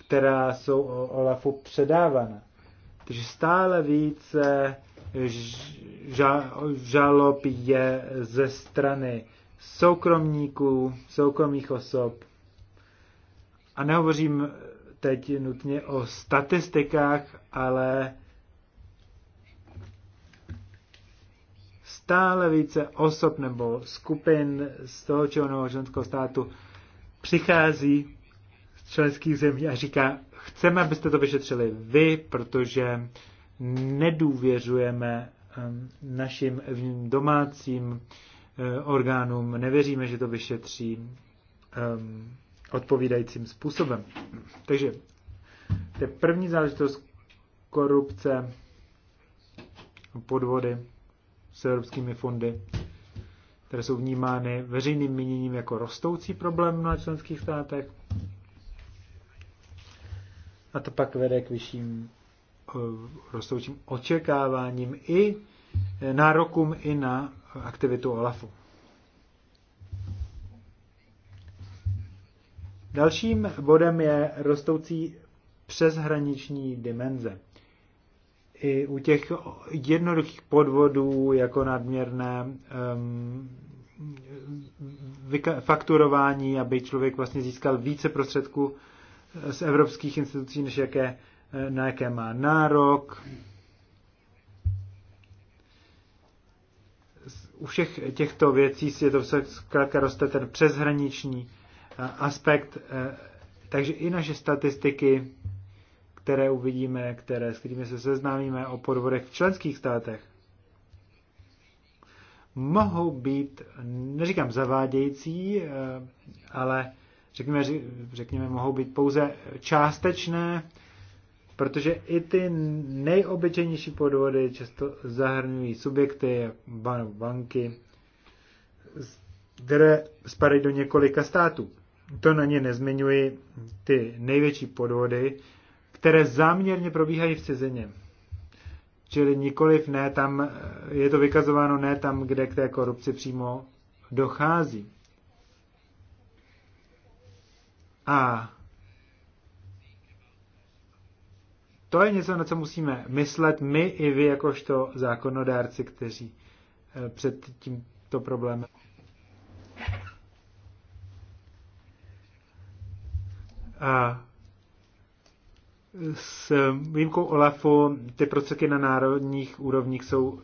která jsou Olafu předávána. Takže stále více žalob je ze strany soukromníků, soukromých osob. A nehovořím teď nutně o statistikách, ale stále více osob nebo skupin z toho či onoho státu přichází z členských zemí a říká, chceme, abyste to vyšetřili vy, protože nedůvěřujeme ehm, našim domácím Eh, orgánům, nevěříme, že to vyšetří um, odpovídajícím způsobem. Takže to je první záležitost korupce, podvody s evropskými fondy, které jsou vnímány veřejným míněním jako rostoucí problém na členských státech. A to pak vede k vyšším eh, rostoucím očekáváním i eh, nárokům i na aktivitu OLAFu. Dalším bodem je rostoucí přeshraniční dimenze. I u těch jednoduchých podvodů, jako nadměrné um, fakturování, aby člověk vlastně získal více prostředků z evropských institucí, než jaké, na jaké má nárok, u všech těchto věcí je to zkrátka roste ten přeshraniční eh, aspekt, eh, takže i naše statistiky, které uvidíme, které, s kterými se seznámíme o podvodech v členských státech, mohou být, neříkám zavádějící, eh, ale řekněme, řekněme mohou být pouze částečné, protože i ty nejobyčejnější podvody často zahrnují subjekty, jak banky, které spadají do několika států. To na ně nezmiňuji ty největší podvody, které záměrně probíhají v cizině. Čili nikoliv ne tam, je to vykazováno ne tam, kde k té korupci přímo dochází. A To je něco, na co musíme myslet my i vy, jakožto zákonodárci, kteří eh, před tímto problémem. A s výjimkou OLAFu ty prostředky na národních úrovních jsou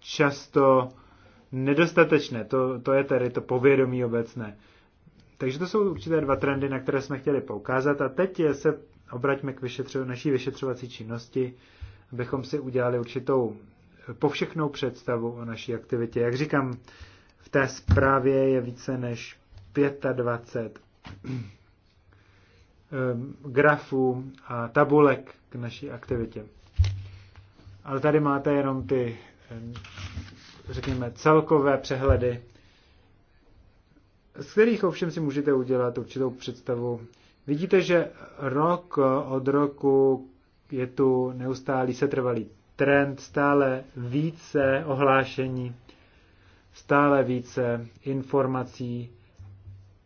často nedostatečné. To, to je tedy to povědomí obecné. Takže to jsou určité dva trendy, na které jsme chtěli poukázat. A teď se obraťme k vyšetřo- naší vyšetřovací činnosti, abychom si udělali určitou povšechnou představu o naší aktivitě. Jak říkám, v té zprávě je více než 25 ehm, grafů a tabulek k naší aktivitě. Ale tady máte jenom ty, ehm, řekněme, celkové přehledy, z kterých ovšem si můžete udělat určitou představu Vidíte, že rok od roku je tu neustálý setrvalý trend, stále více ohlášení, stále více informací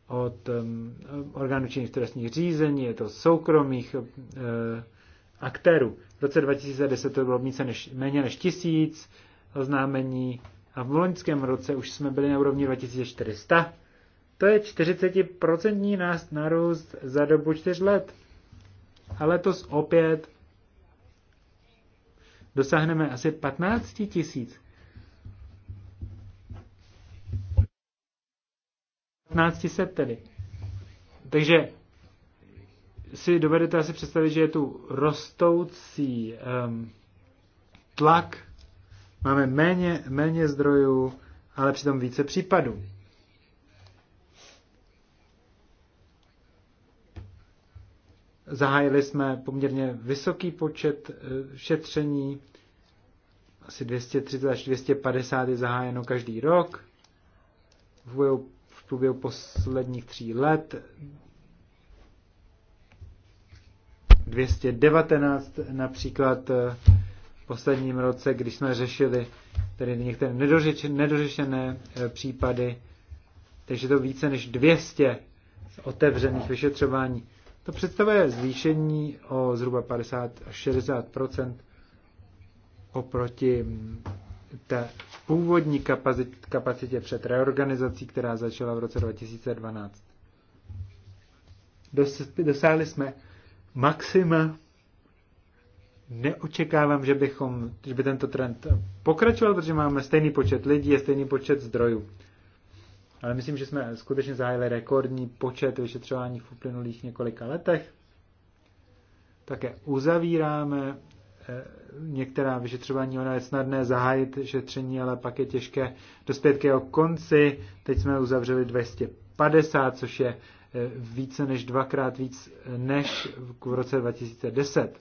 od um, orgánů činných trestních řízení, je to soukromých uh, aktérů. V roce 2010 to bylo více než, méně než tisíc oznámení a v loňském roce už jsme byli na úrovni 2400 to je 40% nárůst za dobu 4 let. A letos opět dosáhneme asi 15 tisíc. 15 set tedy. Takže si dovedete asi představit, že je tu rostoucí um, tlak, máme méně, méně zdrojů, ale přitom více případů. Zahájili jsme poměrně vysoký počet eh, šetření, asi 230 až 250 je zahájeno každý rok. V průběhu posledních tří let 219 například eh, v posledním roce, když jsme řešili tedy některé nedořešené eh, případy, takže to více než 200 otevřených vyšetřování. To představuje zvýšení o zhruba 50 až 60 oproti té původní kapacitě, před reorganizací, která začala v roce 2012. dosáhli jsme maxima. Neočekávám, že, bychom, že by tento trend pokračoval, protože máme stejný počet lidí a stejný počet zdrojů. Ale myslím, že jsme skutečně zahájili rekordní počet vyšetřování v uplynulých několika letech. Také uzavíráme eh, některá vyšetřování, ono je snadné zahájit šetření, ale pak je těžké dospět k jeho konci. Teď jsme uzavřeli 250, což je eh, více než dvakrát víc eh, než v roce 2010.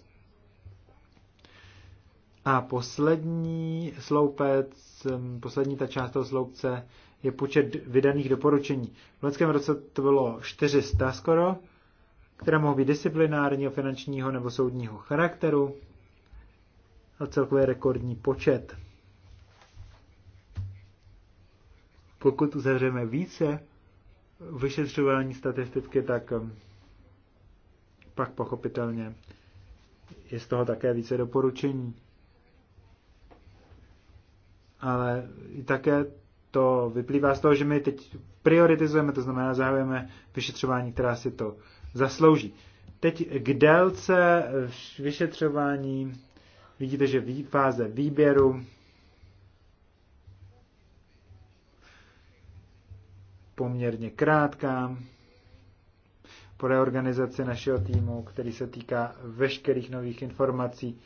A poslední sloupec, mm, poslední ta část toho sloupce je počet vydaných doporučení. V loňském roce to bylo 400 skoro, které mohou být disciplinárního, finančního nebo soudního charakteru a celkově rekordní počet. Pokud uzavřeme více vyšetřování statistiky, tak um, pak pochopitelně je z toho také více doporučení. Ale také to vyplývá z toho, že my teď prioritizujeme, to znamená zahajujeme vyšetřování, která si to zaslouží. Teď k délce eh, vyšetřování vidíte, že fáze výběru poměrně krátká. Po reorganizaci našeho týmu, který se týká veškerých nových informací.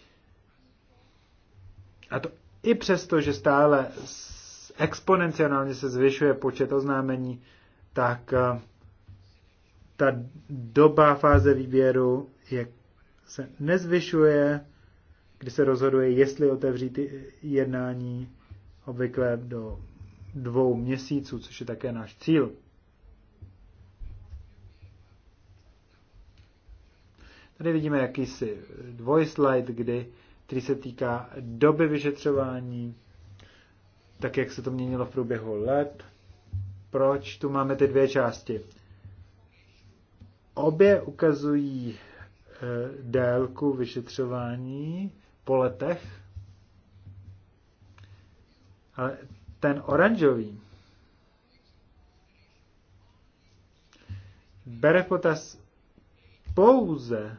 A to i přesto, že stále exponenciálně se zvyšuje počet oznámení, tak eh, ta doba fáze výběru je, se nezvyšuje, kdy se rozhoduje, jestli otevřít jednání obvykle do dvou měsíců, což je také náš cíl. Tady vidíme jakýsi dvojslide, kdy, který se týká doby vyšetřování tak jak se to měnilo v průběhu let. Proč tu máme ty dvě části? Obě ukazují eh, délku vyšetřování po letech, ale ten oranžový bere potaz pouze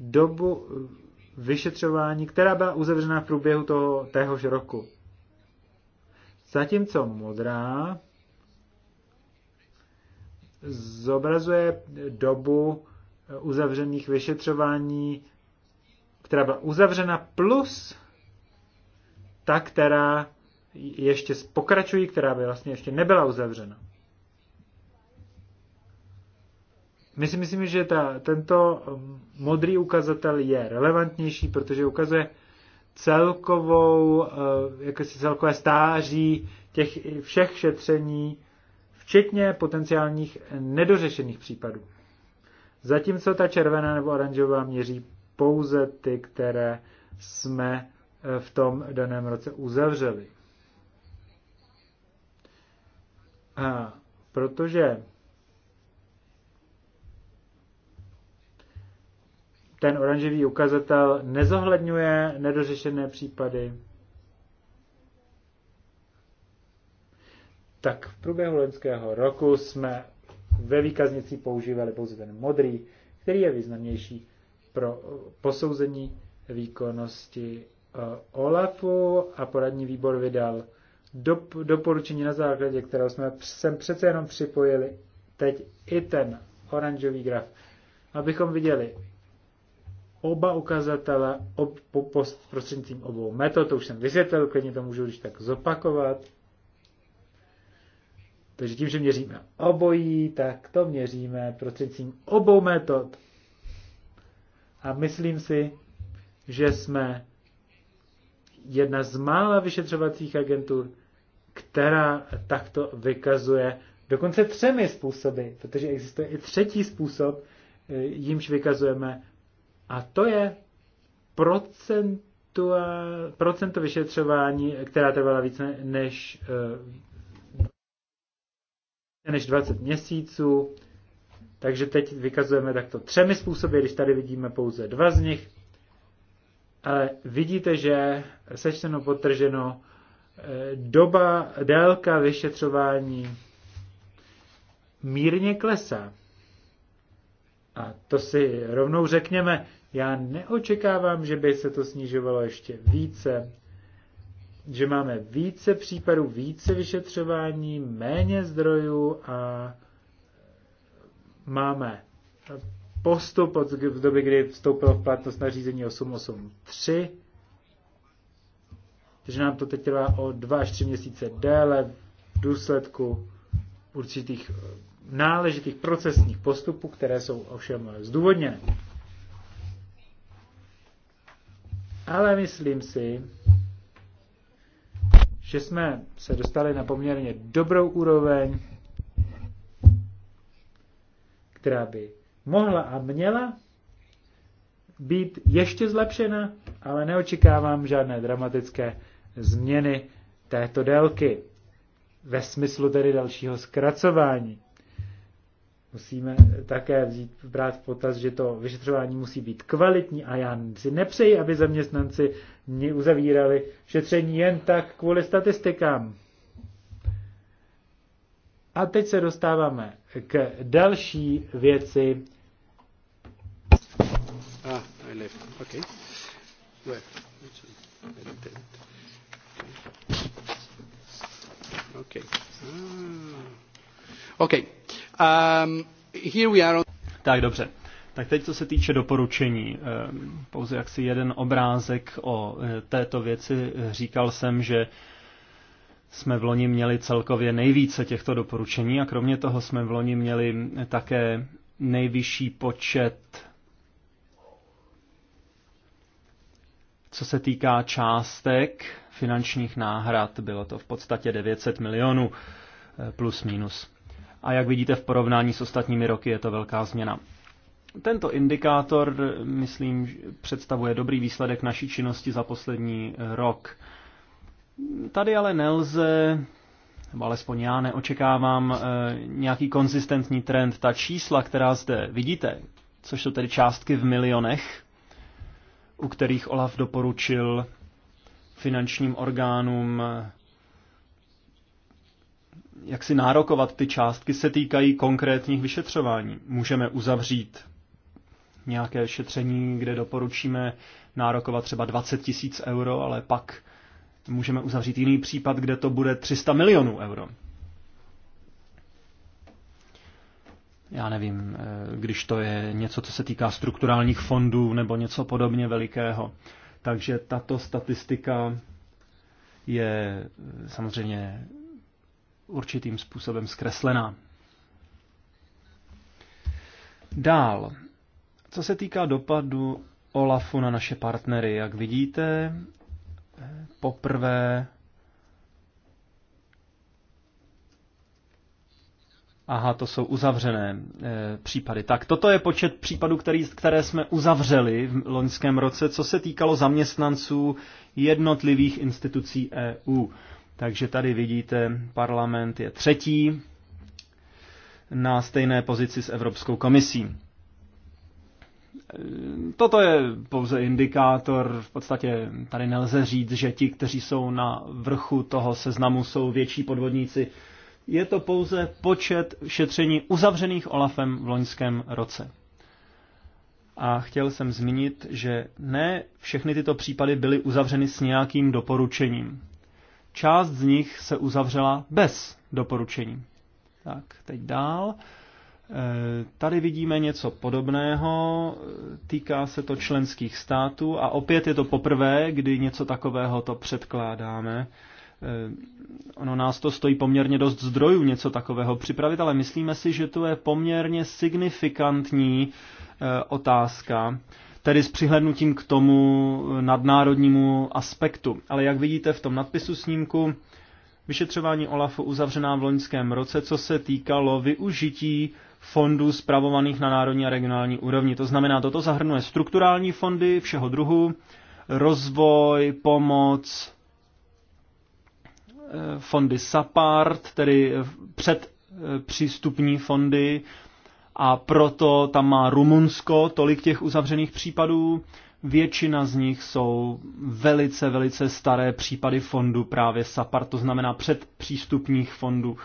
dobu eh, vyšetřování, která byla uzavřena v průběhu toho téhož roku. Zatímco modrá zobrazuje dobu uzavřených vyšetřování, která byla uzavřena plus ta, která ještě pokračují, která by vlastně ještě nebyla uzavřena. My si myslíme, že ta, tento modrý ukazatel je relevantnější, protože ukazuje, celkovou, eh, jakési celkové stáří těch všech šetření, včetně potenciálních nedořešených případů. Zatímco ta červená nebo oranžová měří pouze ty, které jsme eh, v tom daném roce uzavřeli. A protože ten oranžový ukazatel nezohledňuje nedořešené případy. Tak v průběhu loňského roku jsme ve výkaznici používali pouze ten modrý, který je významnější pro posouzení výkonnosti eh, OLAFu a poradní výbor vydal doporučení na základě, kterého jsme sem přece jenom připojili teď i ten oranžový graf, abychom viděli, oba ukazatele ob, po, prostřednictvím obou metod, to už jsem vysvětlil, klidně to můžu když tak zopakovat. Takže tím, že měříme obojí, tak to měříme prostřednictvím obou metod. A myslím si, že jsme jedna z mála vyšetřovacích agentur, která takto vykazuje dokonce třemi způsoby, protože existuje i třetí způsob, eh, jímž vykazujeme a to je procentu, procento vyšetřování, která trvala více než, eh, než 20 měsíců. Takže teď vykazujeme takto třemi způsoby, když tady vidíme pouze dva z nich. Ale vidíte, že sečteno potrženo eh, doba, délka vyšetřování mírně klesá. A to si rovnou řekněme, já neočekávám, že by se to snižovalo ještě více, že máme více případů, více vyšetřování, méně zdrojů a máme postup od v doby, kdy vstoupilo v platnost nařízení 883, takže nám to teď trvá o 2 až 3 měsíce déle v důsledku určitých náležitých procesních postupů, které jsou ovšem zdůvodněné. Ale myslím si, že jsme se dostali na poměrně dobrou úroveň, která by mohla a měla být ještě zlepšena, ale neočekávám žádné dramatické změny této délky ve smyslu tedy dalšího zkracování. Musíme také vzít, brát v potaz, že to vyšetřování musí být kvalitní a já si nepřeji, aby zaměstnanci mě uzavírali šetření jen tak kvůli statistikám. A teď se dostáváme k další věci. Ah, I left. Okay. Where? Okay. Ah. Okay. Um, here we are on... Tak dobře. Tak teď, co se týče doporučení, eh, pouze jaksi jeden obrázek o eh, této věci. Říkal jsem, že jsme v loni měli celkově nejvíce těchto doporučení a kromě toho jsme v loni měli také nejvyšší počet, co se týká částek finančních náhrad, bylo to v podstatě 900 milionů eh, plus minus a jak vidíte v porovnání s ostatními roky je to velká změna. Tento indikátor, myslím, představuje dobrý výsledek naší činnosti za poslední eh, rok. Tady ale nelze, nebo alespoň já neočekávám eh, nějaký konzistentní trend. Ta čísla, která zde vidíte, což jsou tedy částky v milionech, u kterých Olaf doporučil finančním orgánům eh, jak si nárokovat ty částky, se týkají konkrétních vyšetřování. Můžeme uzavřít nějaké šetření, kde doporučíme nárokovat třeba 20 tisíc euro, ale pak můžeme uzavřít jiný případ, kde to bude 300 milionů euro. Já nevím, eh, když to je něco, co se týká strukturálních fondů nebo něco podobně velikého. Takže tato statistika je eh, samozřejmě určitým způsobem zkreslená. Dál, co se týká dopadu OLAFu na naše partnery, jak vidíte, poprvé Aha, to jsou uzavřené e, případy. Tak, toto je počet případů, který, které jsme uzavřeli v loňském roce, co se týkalo zaměstnanců jednotlivých institucí EU. Takže tady vidíte, parlament je třetí na stejné pozici s Evropskou komisí. Toto je pouze indikátor, v podstatě tady nelze říct, že ti, kteří jsou na vrchu toho seznamu, jsou větší podvodníci. Je to pouze počet šetření uzavřených Olafem v loňském roce. A chtěl jsem zmínit, že ne všechny tyto případy byly uzavřeny s nějakým doporučením. Část z nich se uzavřela bez doporučení. Tak, teď dál. E, tady vidíme něco podobného, týká se to členských států a opět je to poprvé, kdy něco takového to předkládáme. E, ono nás to stojí poměrně dost zdrojů něco takového připravit, ale myslíme si, že to je poměrně signifikantní e, otázka tedy s přihlednutím k tomu nadnárodnímu aspektu. Ale jak vidíte v tom nadpisu snímku, vyšetřování OLAFu uzavřená v loňském roce, co se týkalo využití fondů spravovaných na národní a regionální úrovni. To znamená, toto zahrnuje strukturální fondy všeho druhu, rozvoj, pomoc, eh, fondy SAPART, tedy eh, předpřístupní fondy, a proto tam má Rumunsko tolik těch uzavřených případů. Většina z nich jsou velice, velice staré případy fondu právě SAPAR, to znamená předpřístupních fondů.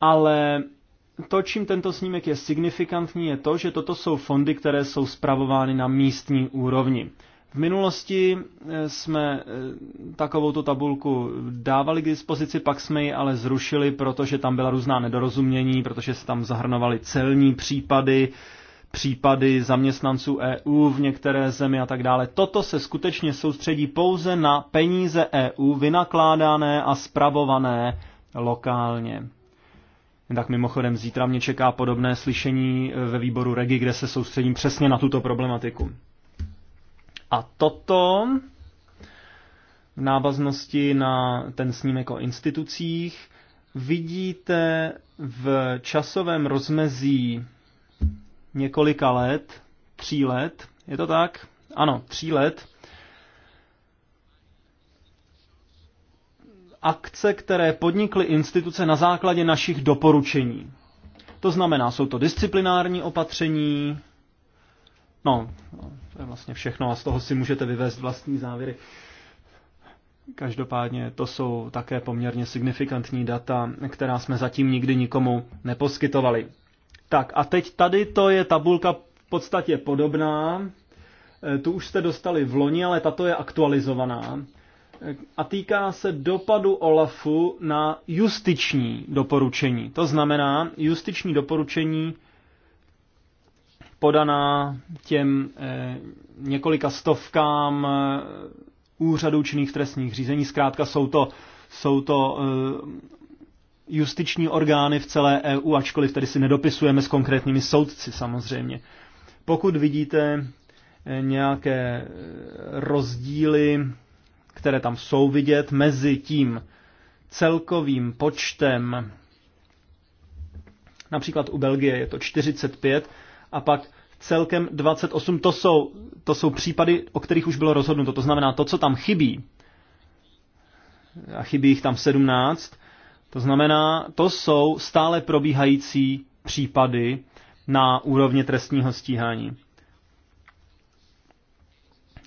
Ale to, čím tento snímek je signifikantní, je to, že toto jsou fondy, které jsou spravovány na místní úrovni. V minulosti eh, jsme eh, takovou tu tabulku dávali k dispozici, pak jsme ji ale zrušili, protože tam byla různá nedorozumění, protože se tam zahrnovaly celní případy, případy zaměstnanců EU v některé zemi a tak dále. Toto se skutečně soustředí pouze na peníze EU vynakládané a spravované lokálně. Tak mimochodem zítra mě čeká podobné slyšení eh, ve výboru Regi, kde se soustředím přesně na tuto problematiku. A toto v návaznosti na ten snímek o institucích vidíte v časovém rozmezí několika let, tří let, je to tak? Ano, tří let. Akce, které podnikly instituce na základě našich doporučení. To znamená, jsou to disciplinární opatření, No, to je vlastně všechno a z toho si můžete vyvést vlastní závěry. Každopádně to jsou také poměrně signifikantní data, která jsme zatím nikdy nikomu neposkytovali. Tak a teď tady to je tabulka v podstatě podobná. Eh, tu už jste dostali v loni, ale tato je aktualizovaná. Eh, a týká se dopadu OLAFu na justiční doporučení. To znamená, justiční doporučení podaná těm eh, několika stovkám eh, úřadů činných trestních řízení. Zkrátka jsou to, jsou to eh, justiční orgány v celé EU, ačkoliv tedy si nedopisujeme s konkrétními soudci samozřejmě. Pokud vidíte nějaké rozdíly, které tam jsou vidět, mezi tím celkovým počtem, například u Belgie je to 45, a pak celkem 28. To jsou, to jsou případy, o kterých už bylo rozhodnuto. To znamená, to, co tam chybí, a chybí jich tam 17, to znamená, to jsou stále probíhající případy na úrovni trestního stíhání.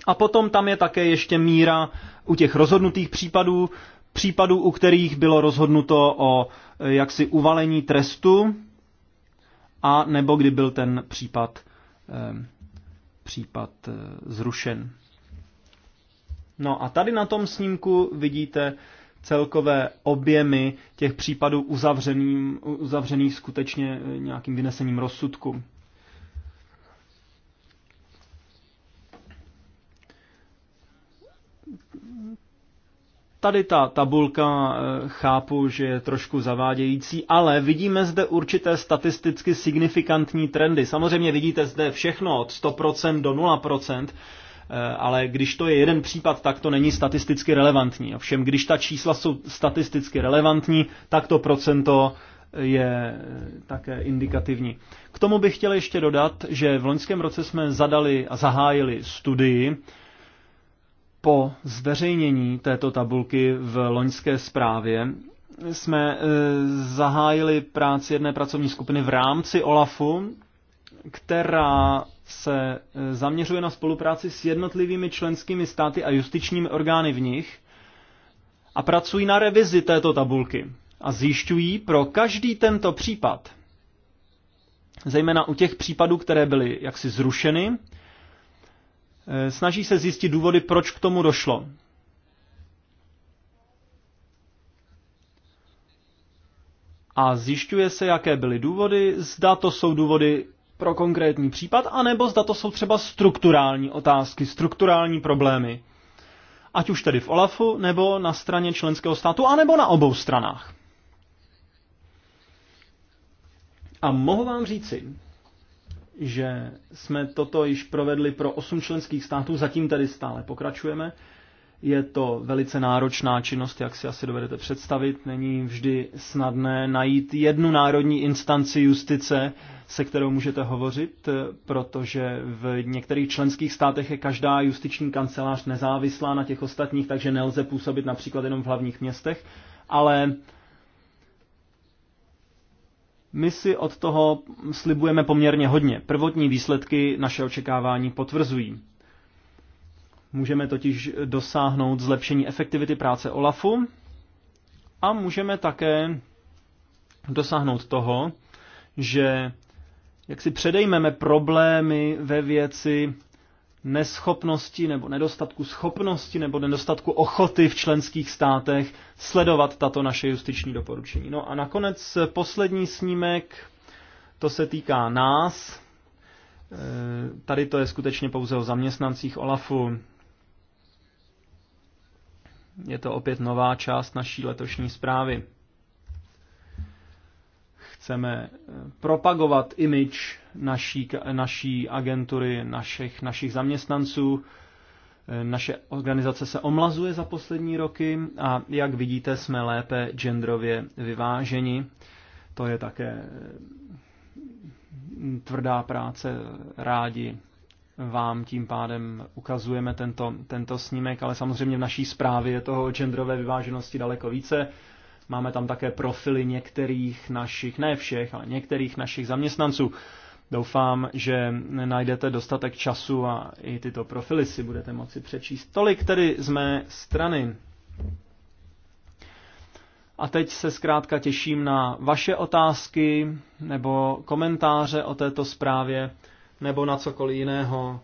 A potom tam je také ještě míra u těch rozhodnutých případů, případů, u kterých bylo rozhodnuto o eh, jaksi uvalení trestu a nebo kdy byl ten případ, eh, případ eh, zrušen. No a tady na tom snímku vidíte celkové objemy těch případů uzavřených, uzavřených skutečně eh, nějakým vynesením rozsudku. Tady ta tabulka eh, chápu, že je trošku zavádějící, ale vidíme zde určité statisticky signifikantní trendy. Samozřejmě vidíte zde všechno od 100% do 0%, eh, ale když to je jeden případ, tak to není statisticky relevantní. Ovšem, když ta čísla jsou statisticky relevantní, tak to procento je eh, také indikativní. K tomu bych chtěl ještě dodat, že v loňském roce jsme zadali a zahájili studii, po zveřejnění této tabulky v loňské zprávě jsme e, zahájili práci jedné pracovní skupiny v rámci OLAFu, která se e, zaměřuje na spolupráci s jednotlivými členskými státy a justičními orgány v nich a pracují na revizi této tabulky a zjišťují pro každý tento případ, zejména u těch případů, které byly jaksi zrušeny, Eh, snaží se zjistit důvody, proč k tomu došlo. A zjišťuje se, jaké byly důvody, zda to jsou důvody pro konkrétní případ, anebo zda to jsou třeba strukturální otázky, strukturální problémy. Ať už tedy v OLAFu, nebo na straně členského státu, anebo na obou stranách. A mohu vám říci, že jsme toto již provedli pro osm členských států, zatím tady stále pokračujeme. Je to velice náročná činnost, jak si asi dovedete představit. Není vždy snadné najít jednu národní instanci justice, se kterou můžete hovořit, protože v některých členských státech je každá justiční kancelář nezávislá na těch ostatních, takže nelze působit například jenom v hlavních městech, ale my si od toho slibujeme poměrně hodně. Prvotní výsledky naše očekávání potvrzují. Můžeme totiž dosáhnout zlepšení efektivity práce OLAFu a můžeme také dosáhnout toho, že jak si předejmeme problémy ve věci neschopnosti nebo nedostatku schopnosti nebo nedostatku ochoty v členských státech sledovat tato naše justiční doporučení. No a nakonec poslední snímek, to se týká nás. E, tady to je skutečně pouze o zaměstnancích OLAFu. Je to opět nová část naší letošní zprávy. Chceme e, propagovat image naší, naší agentury, našich, našich zaměstnanců. Naše organizace se omlazuje za poslední roky a jak vidíte, jsme lépe genderově vyváženi. To je také mm, tvrdá práce. Rádi vám tím pádem ukazujeme tento, tento snímek, ale samozřejmě v naší zprávě je toho genderové vyváženosti daleko více. Máme tam také profily některých našich, ne všech, ale některých našich zaměstnanců. Doufám, že najdete dostatek času a i tyto profily si budete moci přečíst. Tolik tedy z mé strany. A teď se zkrátka těším na vaše otázky nebo komentáře o této zprávě nebo na cokoliv jiného,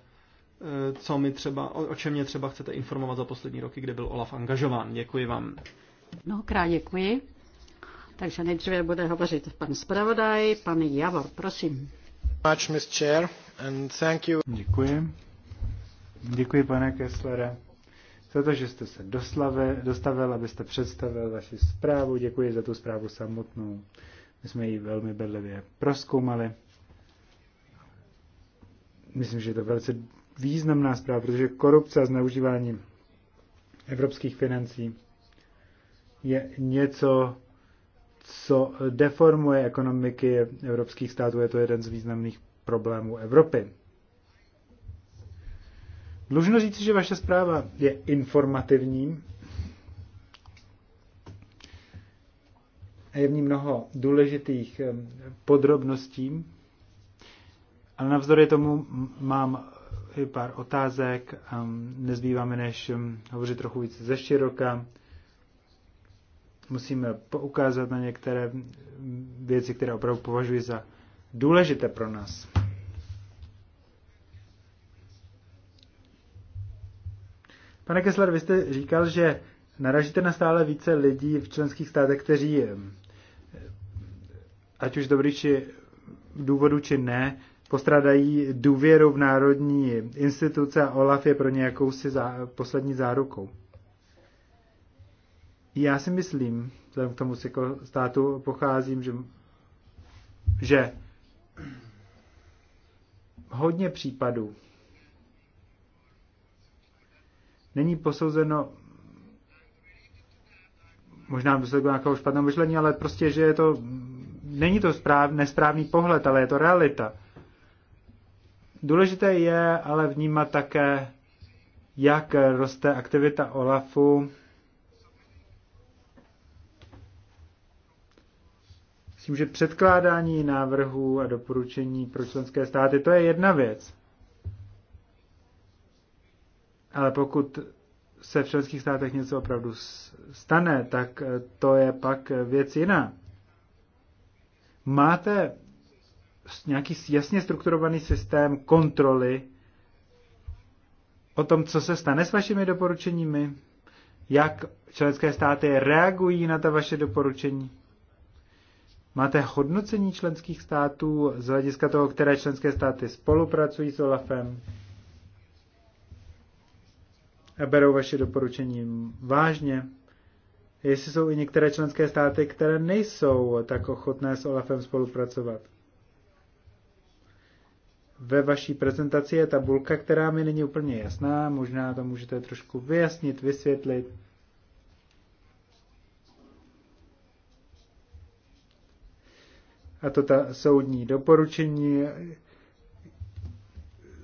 eh, co mi třeba, o čem mě třeba chcete informovat za poslední roky, kde byl Olaf angažován. Děkuji vám. No, krát děkuji. Takže nejdříve bude hovořit pan zpravodaj, pan Javor, prosím. Děkuji. Děkuji, pane Kesslere, za to, že jste se doslavil, dostavil, abyste představil vaši zprávu. Děkuji za tu zprávu samotnou. My jsme ji velmi bedlivě proskoumali. Myslím, že je to velice významná zpráva, protože korupce a zneužívání evropských financí je něco, co deformuje ekonomiky evropských států, je to jeden z významných problémů Evropy. Dlužno říci, že vaše zpráva je informativní a je v ní mnoho důležitých eh, podrobností, ale navzdory tomu mám i pár otázek. Eh, nezbývá mi, než hm, hovořit trochu víc ze široka musíme poukázat na některé věci, které opravdu považuji za důležité pro nás. Pane Kessler, vy jste říkal, že naražíte na stále více lidí v členských státech, kteří eh, ať už dobrý či důvodu či ne, postrádají důvěru v národní instituce a OLAF je pro ně jakousi zá, poslední zárukou. Já si myslím, vzhledem k tomu, z státu pocházím, že, že hodně případů není posouzeno možná to nějakého špatného myšlení, ale prostě, že je to, není to správ, nesprávný pohled, ale je to realita. Důležité je ale vnímat také, jak roste aktivita OLAFu Myslím, že předkládání návrhů a doporučení pro členské státy, to je jedna věc. Ale pokud se v členských státech něco opravdu stane, tak eh, to je pak eh, věc jiná. Máte nějaký jasně strukturovaný systém kontroly o tom, co se stane s vašimi doporučeními? Jak členské státy reagují na ta vaše doporučení? Máte hodnocení členských států z hlediska toho, které členské státy spolupracují s OLAFem a berou vaše doporučení vážně? Jestli jsou i některé členské státy, které nejsou tak ochotné s OLAFem spolupracovat? Ve vaší prezentaci je tabulka, která mi není úplně jasná, možná to můžete trošku vyjasnit, vysvětlit. a to ta soudní doporučení.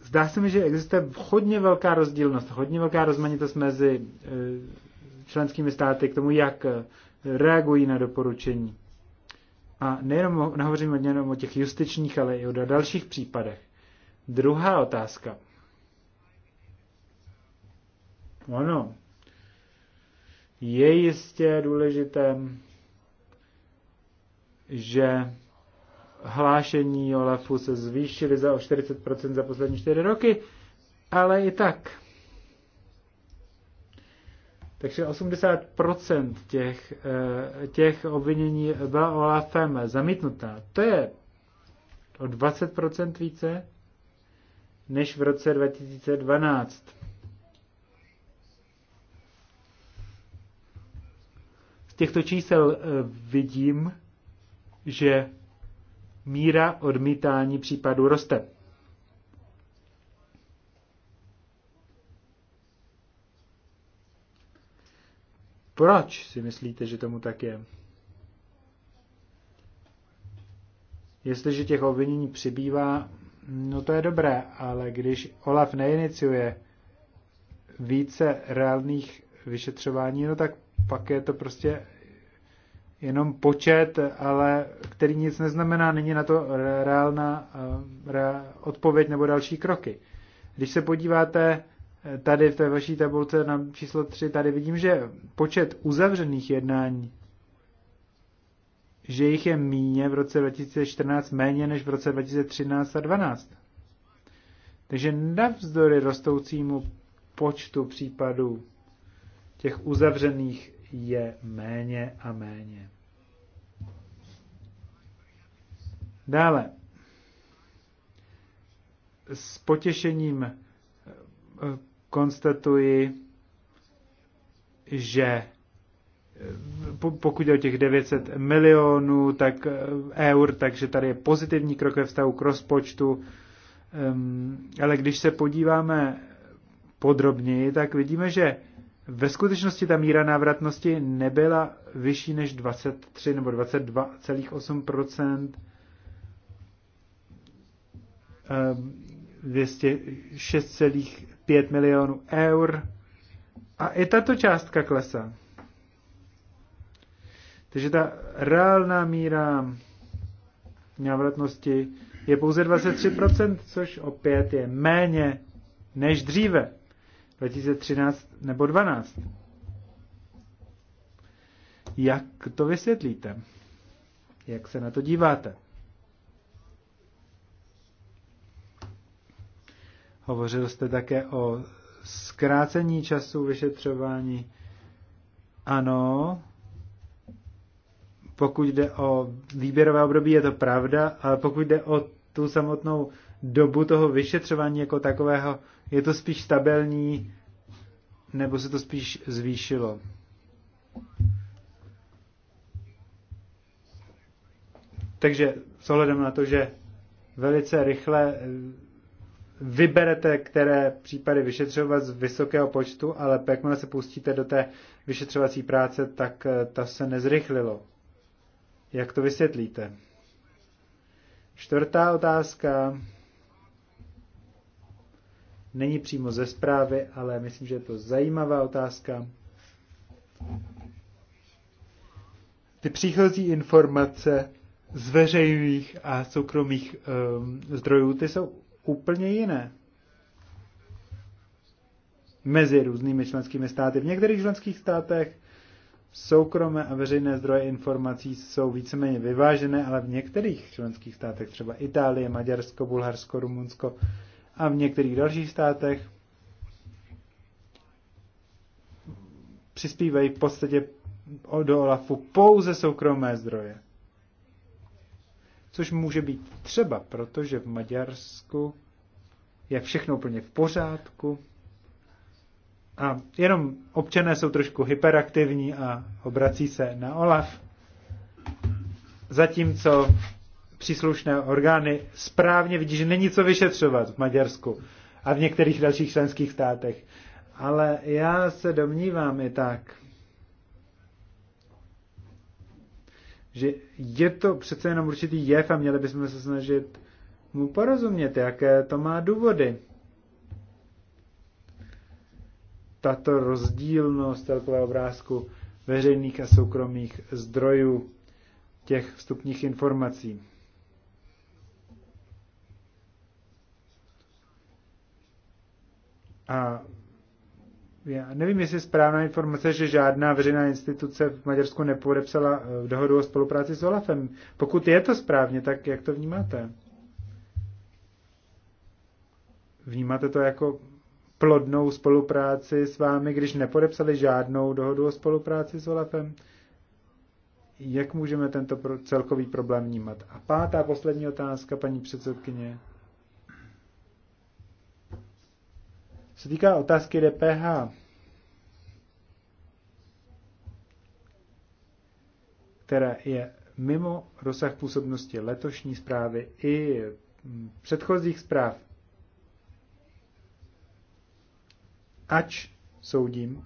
Zdá se mi, že existuje hodně velká rozdílnost, hodně velká rozmanitost mezi eh, členskými státy k tomu, jak eh, reagují na doporučení. A nejenom nehovořím hodně o těch justičních, ale i o dalších případech. Druhá otázka. Ono je jistě důležité, že hlášení OLAFu e se zvýšily za o 40% za poslední čtyři roky, ale i tak. Takže 80% těch, eh, těch obvinění byla OLAFem e zamítnutá. To je o 20% více než v roce 2012. Z těchto čísel eh, vidím, že míra odmítání případů roste. Proč si myslíte, že tomu tak je? Jestliže těch obvinění přibývá, no to je dobré, ale když Olaf neiniciuje více reálných vyšetřování, no tak pak je to prostě jenom počet, ale který nic neznamená, není na to reálná eh, odpověď nebo další kroky. Když se podíváte eh, tady v té vaší tabulce na číslo 3, tady vidím, že počet uzavřených jednání, že jich je míně v roce 2014 méně než v roce 2013 a 2012. Takže navzdory rostoucímu počtu případů těch uzavřených je méně a méně. Dále. S potěšením eh, konstatuji, že eh, pokud je o těch 900 milionů tak, eh, eur, takže tady je pozitivní krok ve vztahu k rozpočtu, ehm, ale když se podíváme podrobněji, tak vidíme, že ve skutečnosti ta míra návratnosti nebyla vyšší než 23 nebo 22,8 206,5 ehm, milionů eur. A i tato částka klesá. Takže ta reálná míra návratnosti je pouze 23%, což opět je méně než dříve. 2013 nebo 12. Jak to vysvětlíte? Jak se na to díváte? Hovořil jste také o zkrácení času vyšetřování. Ano, pokud jde o výběrové období, je to pravda, ale pokud jde o tu samotnou dobu toho vyšetřování jako takového, je to spíš stabilní, nebo se to spíš zvýšilo? Takže s ohledem na to, že velice rychle eh, vyberete, které případy vyšetřovat z vysokého počtu, ale jakmile se pustíte do té vyšetřovací práce, tak eh, ta se nezrychlilo. Jak to vysvětlíte? Čtvrtá otázka není přímo ze zprávy, ale myslím, že je to zajímavá otázka. Ty příchozí informace z veřejných a soukromých um, zdrojů, ty jsou úplně jiné mezi různými členskými státy. V některých členských státech soukromé a veřejné zdroje informací jsou víceméně vyvážené, ale v některých členských státech, třeba Itálie, Maďarsko, Bulharsko, Rumunsko, a v některých dalších státech přispívají v podstatě do OLAFu pouze soukromé zdroje. Což může být třeba, protože v Maďarsku je všechno úplně v pořádku a jenom občané jsou trošku hyperaktivní a obrací se na OLAF. Zatímco příslušné orgány správně vidí, že není co vyšetřovat v Maďarsku a v některých dalších členských státech. Ale já se domnívám i tak, že je to přece jenom určitý jev a měli bychom se snažit mu porozumět, jaké to má důvody. Tato rozdílnost celkového obrázku veřejných a soukromých zdrojů těch vstupních informací. A já nevím, jestli je správná informace, že žádná veřejná instituce v Maďarsku nepodepsala eh, dohodu o spolupráci s OLAFem. Pokud je to správně, tak jak to vnímáte? Vnímáte to jako plodnou spolupráci s vámi, když nepodepsali žádnou dohodu o spolupráci s OLAFem? Jak můžeme tento celkový problém vnímat? A pátá, poslední otázka, paní předsedkyně. se týká otázky DPH, která je mimo rozsah působnosti letošní zprávy i předchozích zpráv, ač soudím,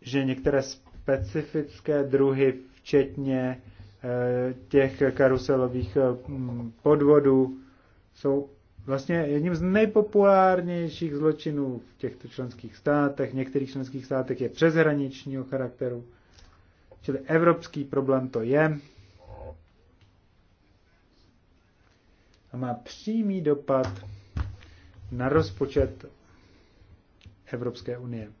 že některé specifické druhy, včetně eh, těch karuselových mm, podvodů, jsou vlastně jedním z nejpopulárnějších zločinů v těchto členských státech, v některých členských státech je přeshraničního charakteru, čili evropský problém to je. A má přímý dopad na rozpočet Evropské unie.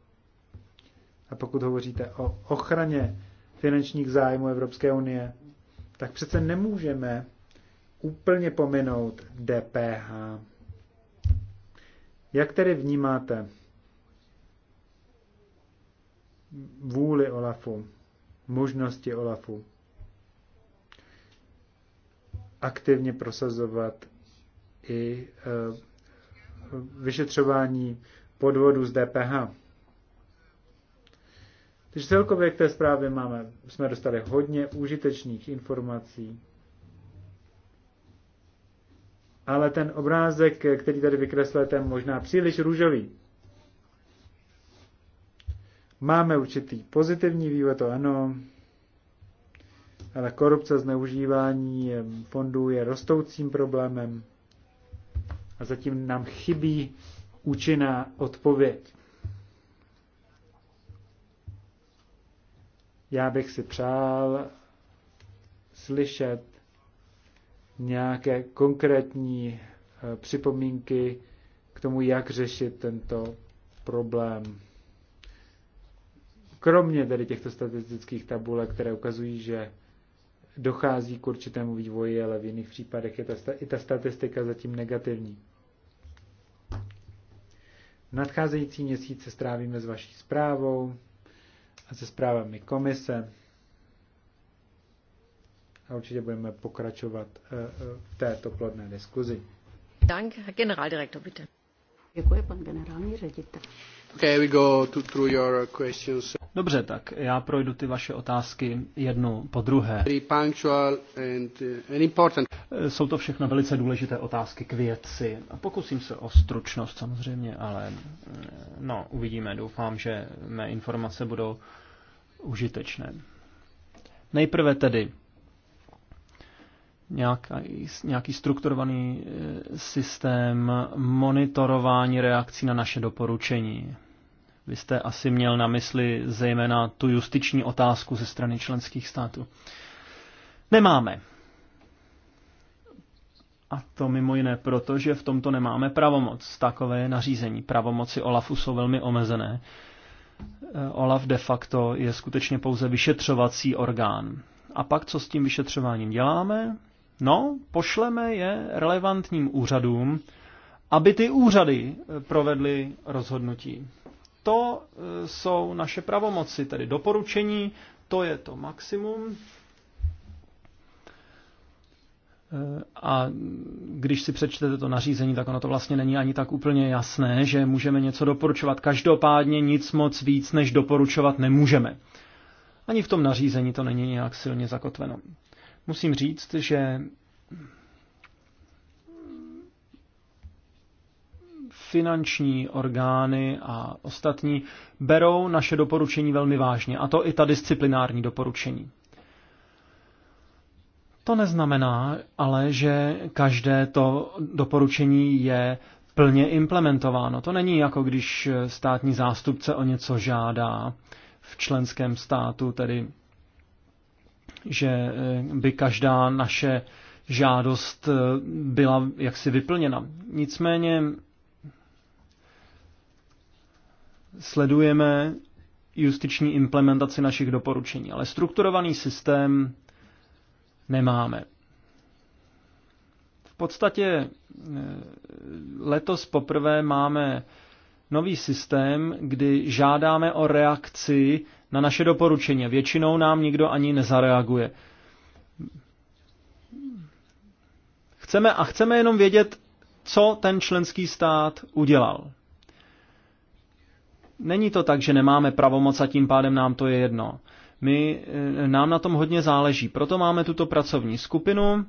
A pokud hovoříte o ochraně finančních zájmů Evropské unie, tak přece nemůžeme úplně pominout DPH. Jak tedy vnímáte vůli Olafu, možnosti Olafu aktivně prosazovat i e, vyšetřování podvodu z DPH. Takže celkově k té zprávě máme, jsme dostali hodně užitečných informací ale ten obrázek, který tady vykreslete, je možná příliš růžový. Máme určitý pozitivní vývoj, to ano, ale korupce, zneužívání fondů je rostoucím problémem a zatím nám chybí účinná odpověď. Já bych si přál slyšet nějaké konkrétní eh, připomínky k tomu, jak řešit tento problém. Kromě tedy těchto statistických tabulek, které ukazují, že dochází k určitému vývoji, ale v jiných případech je ta, i ta statistika zatím negativní. Nadcházející měsíce strávíme s vaší zprávou a se zprávami komise a určitě budeme pokračovat eh, eh, v této plodné diskuzi. Dank, generaldirektor, bitte. Děkuji, pan generální ředitel. Okay, we go to, through your questions. Dobře, tak já projdu ty vaše otázky jednu po druhé. Eh, jsou to všechno velice důležité otázky k věci. A pokusím se o stručnost samozřejmě, ale no, uvidíme. Doufám, že mé informace budou užitečné. Nejprve tedy nějaký, nějaký strukturovaný eh, systém monitorování reakcí na naše doporučení. Vy jste asi měl na mysli zejména tu justiční otázku ze strany členských států. Nemáme. A to mimo jiné proto, že v tomto nemáme pravomoc. Takové nařízení. Pravomoci OLAFu jsou velmi omezené. Eh, OLAF de facto je skutečně pouze vyšetřovací orgán. A pak co s tím vyšetřováním děláme? No, pošleme je relevantním úřadům, aby ty úřady eh, provedly rozhodnutí. To eh, jsou naše pravomoci, tedy doporučení, to je to maximum. Eh, a když si přečtete to nařízení, tak ono to vlastně není ani tak úplně jasné, že můžeme něco doporučovat. Každopádně nic moc víc, než doporučovat nemůžeme. Ani v tom nařízení to není nějak silně zakotveno. Musím říct, že finanční orgány a ostatní berou naše doporučení velmi vážně, a to i ta disciplinární doporučení. To neznamená ale, že každé to doporučení je plně implementováno. To není jako když státní zástupce o něco žádá v členském státu, tedy že eh, by každá naše žádost eh, byla jaksi vyplněna. Nicméně sledujeme justiční implementaci našich doporučení, ale strukturovaný systém nemáme. V podstatě eh, letos poprvé máme nový systém, kdy žádáme o reakci na naše doporučení. Většinou nám nikdo ani nezareaguje. Chceme a chceme jenom vědět, co ten členský stát udělal. Není to tak, že nemáme pravomoc a tím pádem nám to je jedno. My, eh, nám na tom hodně záleží, proto máme tuto pracovní skupinu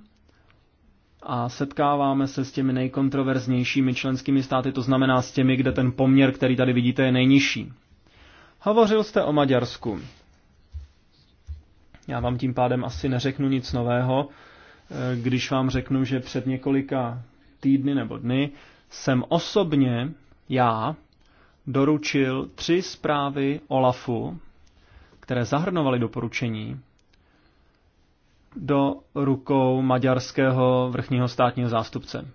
a setkáváme se s těmi nejkontroverznějšími členskými státy, to znamená s těmi, kde ten poměr, který tady vidíte, je nejnižší. Hovořil jste o Maďarsku. Já vám tím pádem asi neřeknu nic nového, eh, když vám řeknu, že před několika týdny nebo dny jsem osobně, já, doručil tři zprávy OLAFu, které zahrnovaly doporučení, do rukou maďarského vrchního státního zástupce.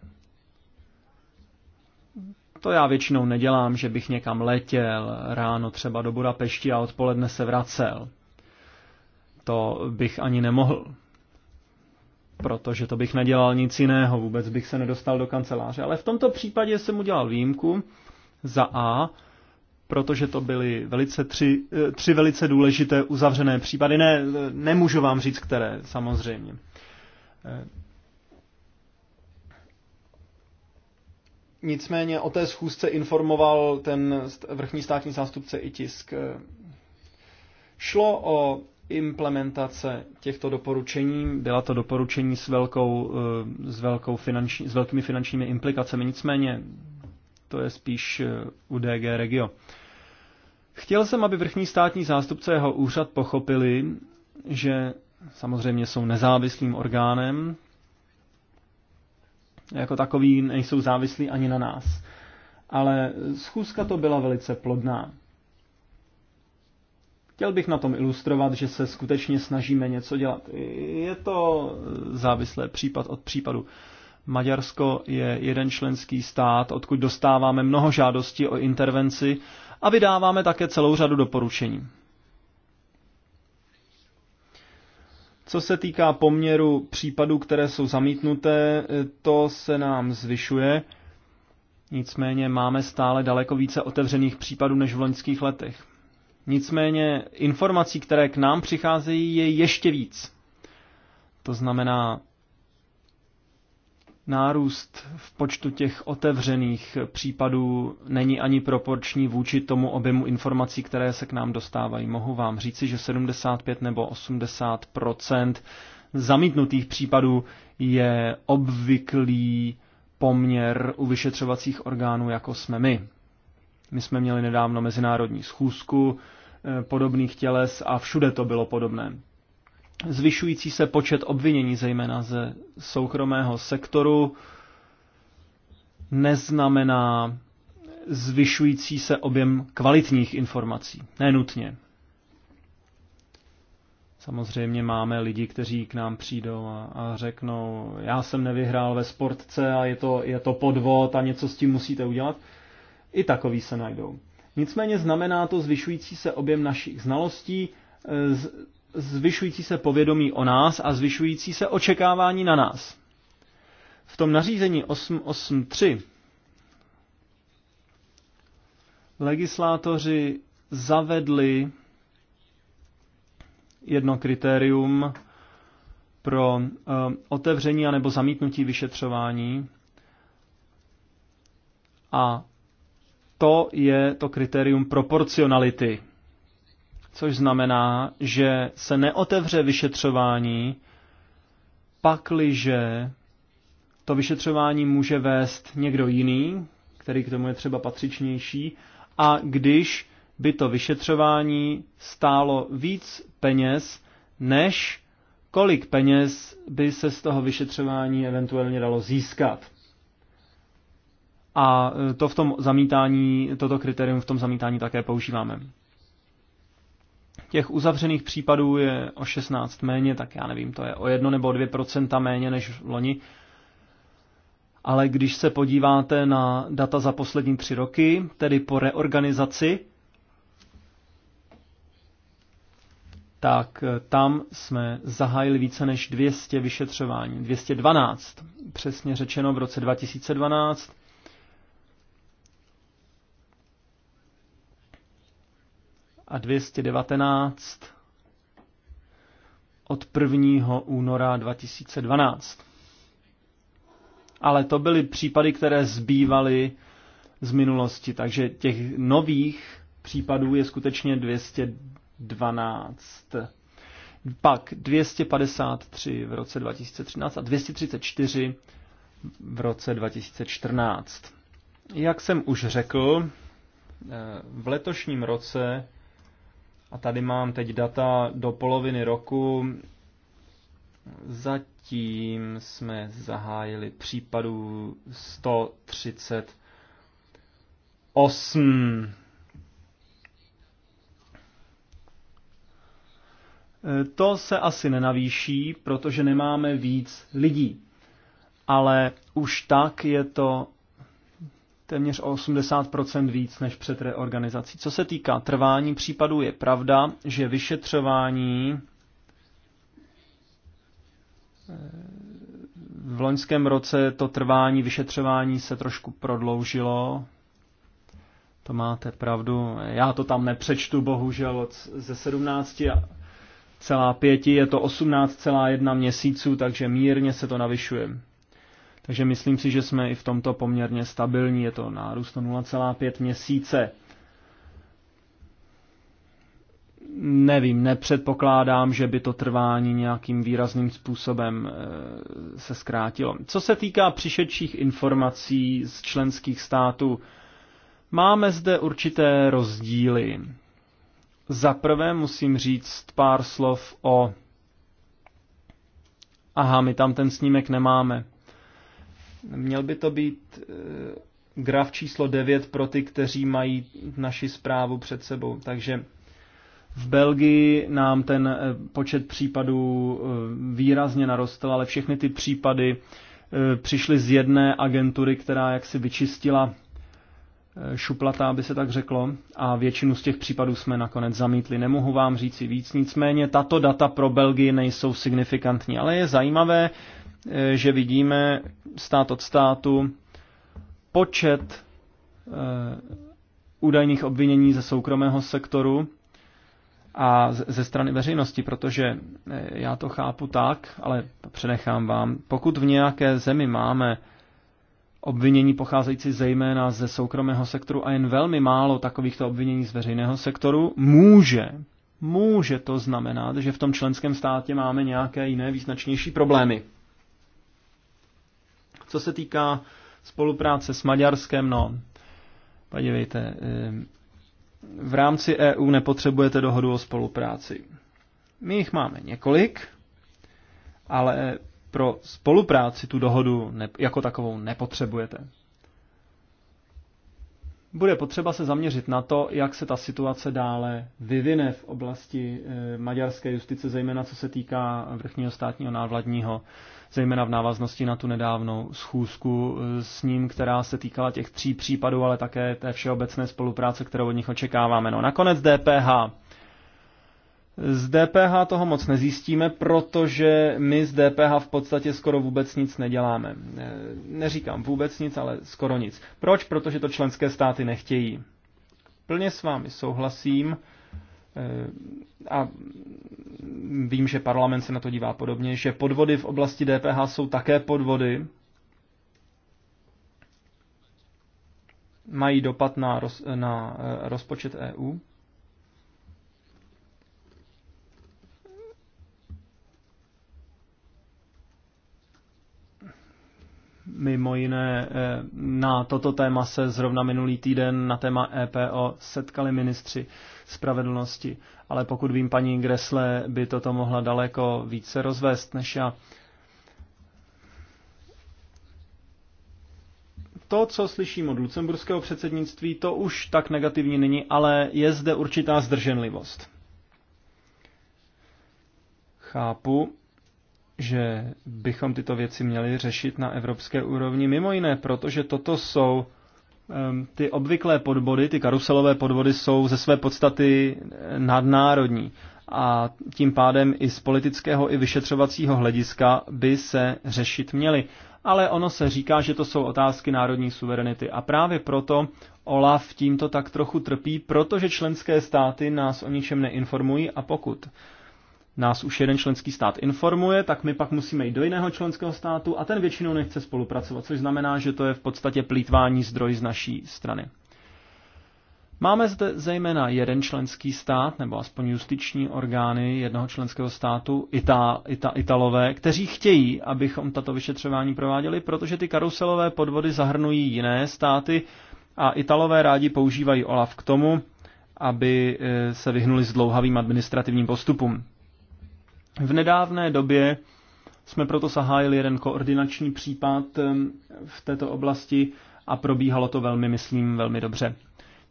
To já většinou nedělám, že bych někam letěl ráno třeba do Budapešti a odpoledne se vracel. To bych ani nemohl. Protože to bych nedělal nic jiného, vůbec bych se nedostal do kanceláře. Ale v tomto případě jsem udělal výjimku za A, protože to byly velice tři, eh, tři velice důležité uzavřené případy. Ne, nemůžu vám říct, které, samozřejmě. Eh, Nicméně o té schůzce informoval ten vrchní státní zástupce i tisk. Šlo o implementace těchto doporučení. Byla to doporučení s, velkou, eh, s, velkou finanční, s velkými finančními implikacemi, nicméně to je spíš eh, u DG Regio. Chtěl jsem, aby vrchní státní zástupce jeho úřad pochopili, že samozřejmě jsou nezávislým orgánem, jako takový nejsou závislí ani na nás. Ale schůzka to byla velice plodná. Chtěl bych na tom ilustrovat, že se skutečně snažíme něco dělat. Je to závislé případ od případu. Maďarsko je jeden členský stát, odkud dostáváme mnoho žádostí o intervenci a vydáváme také celou řadu doporučení. Co se týká poměru případů, které jsou zamítnuté, to se nám zvyšuje. Nicméně máme stále daleko více otevřených případů než v loňských letech. Nicméně informací, které k nám přicházejí, je ještě víc. To znamená, nárůst v počtu těch otevřených případů není ani proporční vůči tomu objemu informací, které se k nám dostávají. Mohu vám říci, že 75 nebo 80 zamítnutých případů je obvyklý poměr u vyšetřovacích orgánů, jako jsme my. My jsme měli nedávno mezinárodní schůzku eh, podobných těles a všude to bylo podobné zvyšující se počet obvinění, zejména ze soukromého sektoru, neznamená zvyšující se objem kvalitních informací. Nenutně. Samozřejmě máme lidi, kteří k nám přijdou a, a řeknou, já jsem nevyhrál ve sportce a je to, je to podvod a něco s tím musíte udělat. I takový se najdou. Nicméně znamená to zvyšující se objem našich znalostí, e, zvyšující se povědomí o nás a zvyšující se očekávání na nás. V tom nařízení 883 legislátoři zavedli jedno kritérium pro uh, otevření anebo zamítnutí vyšetřování. A to je to kritérium proporcionality což znamená, že se neotevře vyšetřování, pakliže to vyšetřování může vést někdo jiný, který k tomu je třeba patřičnější, a když by to vyšetřování stálo víc peněz, než kolik peněz by se z toho vyšetřování eventuálně dalo získat. A to v tom zamítání, toto kritérium v tom zamítání také používáme. Těch uzavřených případů je o 16 méně, tak já nevím, to je o 1 nebo 2 méně než v loni. Ale když se podíváte na data za poslední tři roky, tedy po reorganizaci, tak eh, tam jsme zahájili více než 200 vyšetřování, 212 přesně řečeno v roce 2012 a 219 od 1. února 2012. Ale to byly případy, které zbývaly z minulosti, takže těch nových případů je skutečně 212. Pak 253 v roce 2013 a 234 v roce 2014. Jak jsem už řekl, eh, v letošním roce a tady mám teď data do poloviny roku, zatím jsme zahájili případů 138. To se asi nenavýší, protože nemáme víc lidí. Ale už tak je to téměř o 80% víc než před reorganizací. Co se týká trvání případů, je pravda, že vyšetřování eh, v loňském roce to trvání vyšetřování se trošku prodloužilo. To máte pravdu. Já to tam nepřečtu, bohužel, ze 17 celá pěti je to 18,1 měsíců, takže mírně se to navyšuje. Takže myslím si, že jsme i v tomto poměrně stabilní, je to nárůst o 0,5 měsíce. Nevím, nepředpokládám, že by to trvání nějakým výrazným způsobem eh, se zkrátilo. Co se týká přišedších informací z členských států, máme zde určité rozdíly. Za prvé musím říct pár slov o aha, my tam ten snímek nemáme. Měl by to být eh, graf číslo 9 pro ty, kteří mají naši zprávu před sebou. Takže v Belgii nám ten eh, počet případů eh, výrazně narostl, ale všechny ty případy přišly z jedné agentury, která jaksi vyčistila šuplata, aby se tak řeklo, a většinu z těch případů jsme nakonec zamítli. Nemohu vám říci víc, nicméně tato data pro Belgii nejsou signifikantní, ale je zajímavé Eh, že vidíme stát od státu počet eh, údajných obvinění ze soukromého sektoru a ze strany veřejnosti, protože eh, já to chápu tak, ale přenechám vám, pokud v nějaké zemi máme obvinění pocházející zejména ze soukromého sektoru a jen velmi málo takovýchto obvinění z veřejného sektoru, může, může to znamenat, že v tom členském státě máme nějaké jiné význačnější problémy. Co se týká spolupráce s Maďarskem, no, podívejte, eh, v rámci EU nepotřebujete dohodu o spolupráci. My jich máme několik, ale pro spolupráci tu dohodu ne, jako takovou nepotřebujete. Bude potřeba se zaměřit na to, jak se ta situace dále vyvine v oblasti eh, maďarské justice, zejména co se týká vrchního státního návladního zejména v návaznosti na tu nedávnou schůzku eh, s ním, která se týkala těch tří případů, ale také té všeobecné spolupráce, kterou od nich očekáváme. No nakonec DPH. Z DPH toho moc nezjistíme, protože my z DPH v podstatě skoro vůbec nic neděláme. Eh, neříkám vůbec nic, ale skoro nic. Proč? Protože to členské státy nechtějí. Plně s vámi souhlasím a vím, že parlament se na to dívá podobně, že podvody v oblasti DPH jsou také podvody, mají dopad na, roz, na eh, rozpočet EU. Mimo jiné eh, na toto téma se zrovna minulý týden na téma EPO setkali ministři spravedlnosti, ale pokud vím, paní Gresle by toto mohla daleko více rozvést než já. To, co slyším od lucemburského předsednictví, to už tak negativní není, ale je zde určitá zdrženlivost. Chápu, že bychom tyto věci měli řešit na evropské úrovni, mimo jiné, protože toto jsou ty obvyklé podvody, ty karuselové podvody jsou ze své podstaty nadnárodní a tím pádem i z politického i vyšetřovacího hlediska by se řešit měly. Ale ono se říká, že to jsou otázky národní suverenity a právě proto OLAF tímto tak trochu trpí, protože členské státy nás o ničem neinformují a pokud nás už jeden členský stát informuje, tak my pak musíme jít do jiného členského státu a ten většinou nechce spolupracovat, což znamená, že to je v podstatě plítvání zdroj z naší strany. Máme zde zejména jeden členský stát, nebo aspoň justiční orgány jednoho členského státu, Ita, Ita, Italové, kteří chtějí, abychom tato vyšetřování prováděli, protože ty karuselové podvody zahrnují jiné státy a Italové rádi používají OLAF k tomu, aby eh, se vyhnuli dlouhavým administrativním postupům. V nedávné době jsme proto zahájili jeden koordinační případ v této oblasti a probíhalo to velmi, myslím, velmi dobře.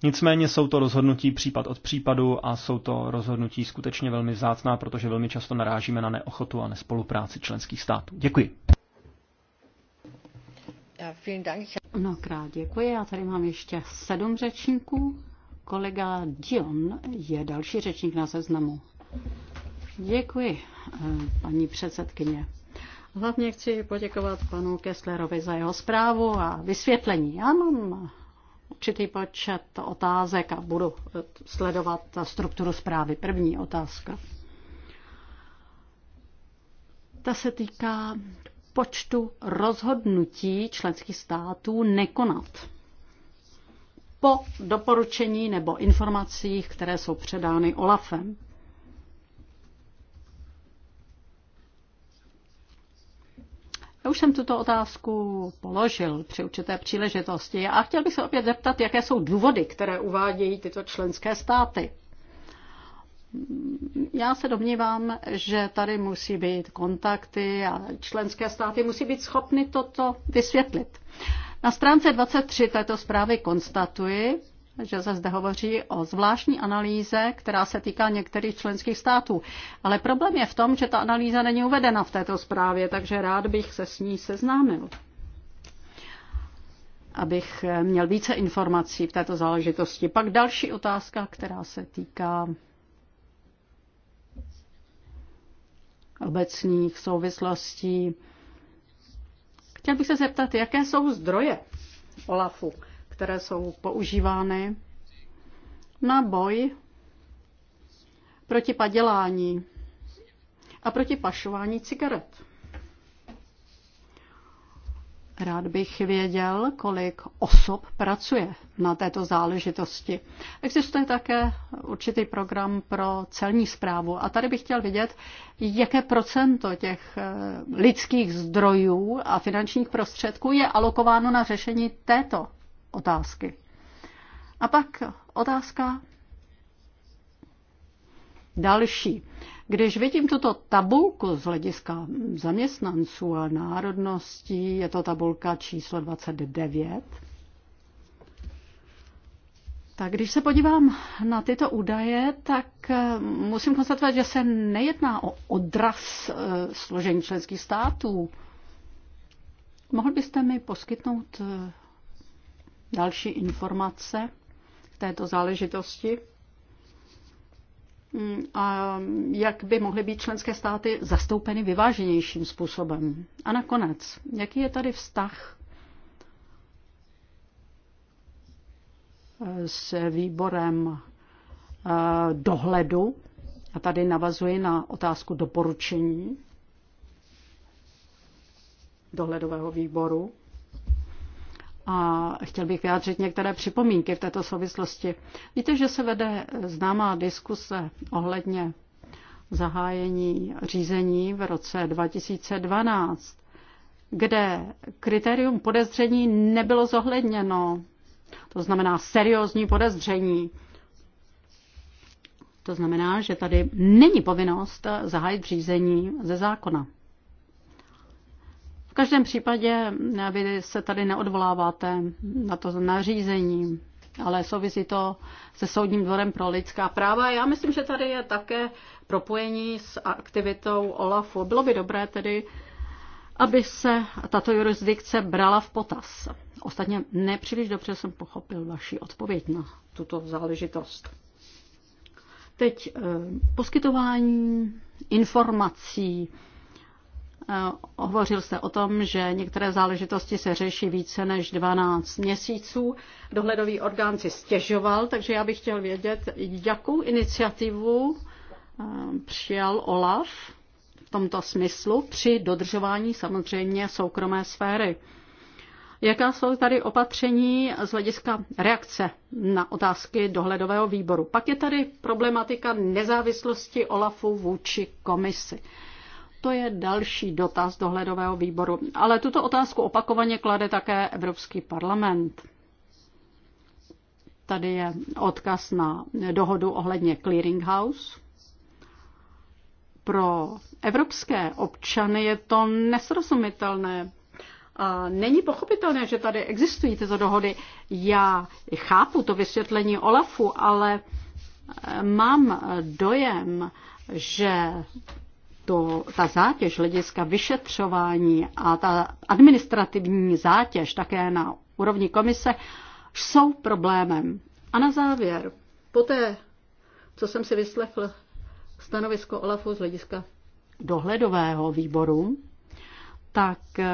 Nicméně jsou to rozhodnutí případ od případu a jsou to rozhodnutí skutečně velmi vzácná, protože velmi často narážíme na neochotu a nespolupráci členských států. Děkuji. Mnohokrát děkuji. Já tady mám ještě sedm řečníků. Kolega Dion je další řečník na seznamu. Děkuji, eh, paní předsedkyně. Hlavně chci poděkovat panu Kesslerovi za jeho zprávu a vysvětlení. Já mám určitý počet otázek a budu eh, sledovat strukturu zprávy. První otázka. Ta se týká počtu rozhodnutí členských států nekonat po doporučení nebo informacích, které jsou předány OLAFem. Já už jsem tuto otázku položil při určité příležitosti a chtěl bych se opět zeptat, jaké jsou důvody, které uvádějí tyto členské státy. Já se domnívám, že tady musí být kontakty a členské státy musí být schopny toto vysvětlit. Na stránce 23 této zprávy konstatuji, že se zde hovoří o zvláštní analýze, která se týká některých členských států. Ale problém je v tom, že ta analýza není uvedena v této zprávě, takže rád bych se s ní seznámil abych měl více informací v této záležitosti. Pak další otázka, která se týká obecných souvislostí. Chtěl bych se zeptat, jaké jsou zdroje OLAFu které jsou používány na boj proti padělání a proti pašování cigaret. Rád bych věděl, kolik osob pracuje na této záležitosti. Existuje také určitý program pro celní zprávu a tady bych chtěl vidět, jaké procento těch eh, lidských zdrojů a finančních prostředků je alokováno na řešení této otázky. A pak otázka další. Když vidím tuto tabulku z hlediska zaměstnanců a národností, je to tabulka číslo 29, tak když se podívám na tyto údaje, tak eh, musím konstatovat, že se nejedná o odraz eh, složení členských států. Mohl byste mi poskytnout eh, další informace k této záležitosti hmm, a jak by mohly být členské státy zastoupeny vyváženějším způsobem. A nakonec, jaký je tady vztah s výborem eh, dohledu? A tady navazuji na otázku doporučení dohledového výboru a chtěl bych vyjádřit některé připomínky v této souvislosti. Víte, že se vede známá diskuse ohledně zahájení řízení v roce 2012, kde kritérium podezření nebylo zohledněno, to znamená seriózní podezření. To znamená, že tady není povinnost zahájit řízení ze zákona každém případě eh, vy se tady neodvoláváte na to nařízení, ale souvisí to se Soudním dvorem pro lidská práva. Já myslím, že tady je také propojení s aktivitou OLAFu. Bylo by dobré tedy, aby se tato jurisdikce brala v potaz. Ostatně nepříliš dobře jsem pochopil vaši odpověď na tuto záležitost. Teď eh, poskytování informací Eh, hovořil se o tom, že některé záležitosti se řeší více než 12 měsíců. Dohledový orgán si stěžoval, takže já bych chtěl vědět, jakou iniciativu eh, přijal OLAF v tomto smyslu při dodržování samozřejmě soukromé sféry. Jaká jsou tady opatření z hlediska reakce na otázky dohledového výboru? Pak je tady problematika nezávislosti OLAFu vůči komisi. To je další dotaz dohledového výboru. Ale tuto otázku opakovaně klade také Evropský parlament. Tady je odkaz na dohodu ohledně clearinghouse. Pro evropské občany je to nesrozumitelné. A není pochopitelné, že tady existují tyto dohody. Já chápu to vysvětlení Olafu, ale eh, mám dojem, že to, ta zátěž hlediska vyšetřování a ta administrativní zátěž také na úrovni komise jsou problémem. A na závěr, poté, co jsem si vyslechl stanovisko Olafu z hlediska dohledového výboru, tak eh,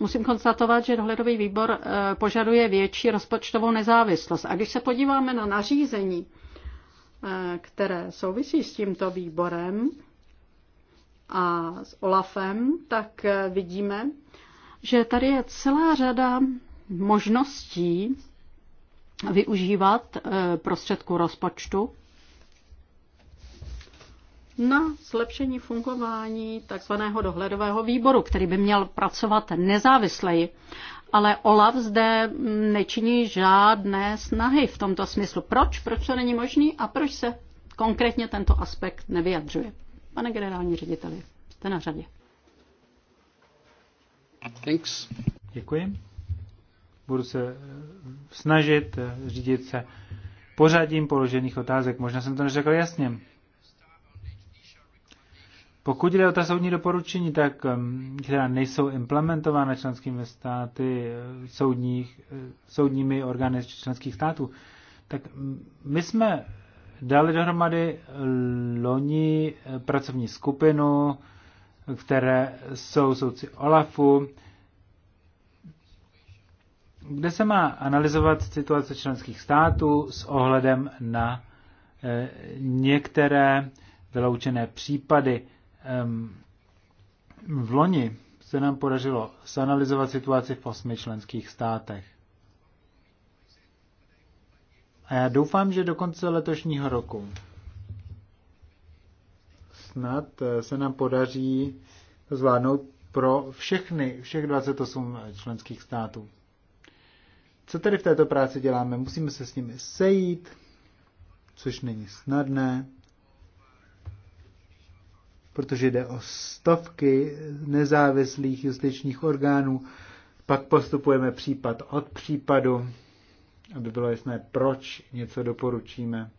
musím konstatovat, že dohledový výbor eh, požaduje větší rozpočtovou nezávislost. A když se podíváme na nařízení, eh, které souvisí s tímto výborem, a s Olafem, tak vidíme, že tady je celá řada možností využívat eh, prostředku rozpočtu na zlepšení fungování takzvaného dohledového výboru, který by měl pracovat nezávisleji. Ale OLAF zde nečiní žádné snahy v tomto smyslu. Proč? Proč to není možný a proč se konkrétně tento aspekt nevyjadřuje? Pane generální řediteli, jste na řadě. Thanks. Děkuji. Budu se eh, snažit eh, řídit se pořadím položených otázek. Možná jsem to neřekl jasně. Pokud jde o ta soudní doporučení, tak která nejsou implementována členskými státy, eh, soudních, soudními orgány členských států, tak mm, my jsme dali dohromady loni pracovní skupinu, které jsou souci OLAFu, kde se má analyzovat situace členských států s ohledem na eh, některé vyloučené případy. V loni se nám podařilo zanalizovat situaci v osmi členských státech. A já doufám, že do konce letošního roku snad eh, se nám podaří to zvládnout pro všechny, všech 28 členských států. Co tedy v této práci děláme? Musíme se s nimi sejít, což není snadné, protože jde o stovky nezávislých justičních orgánů. Pak postupujeme případ od případu aby bylo jasné, proč něco doporučíme.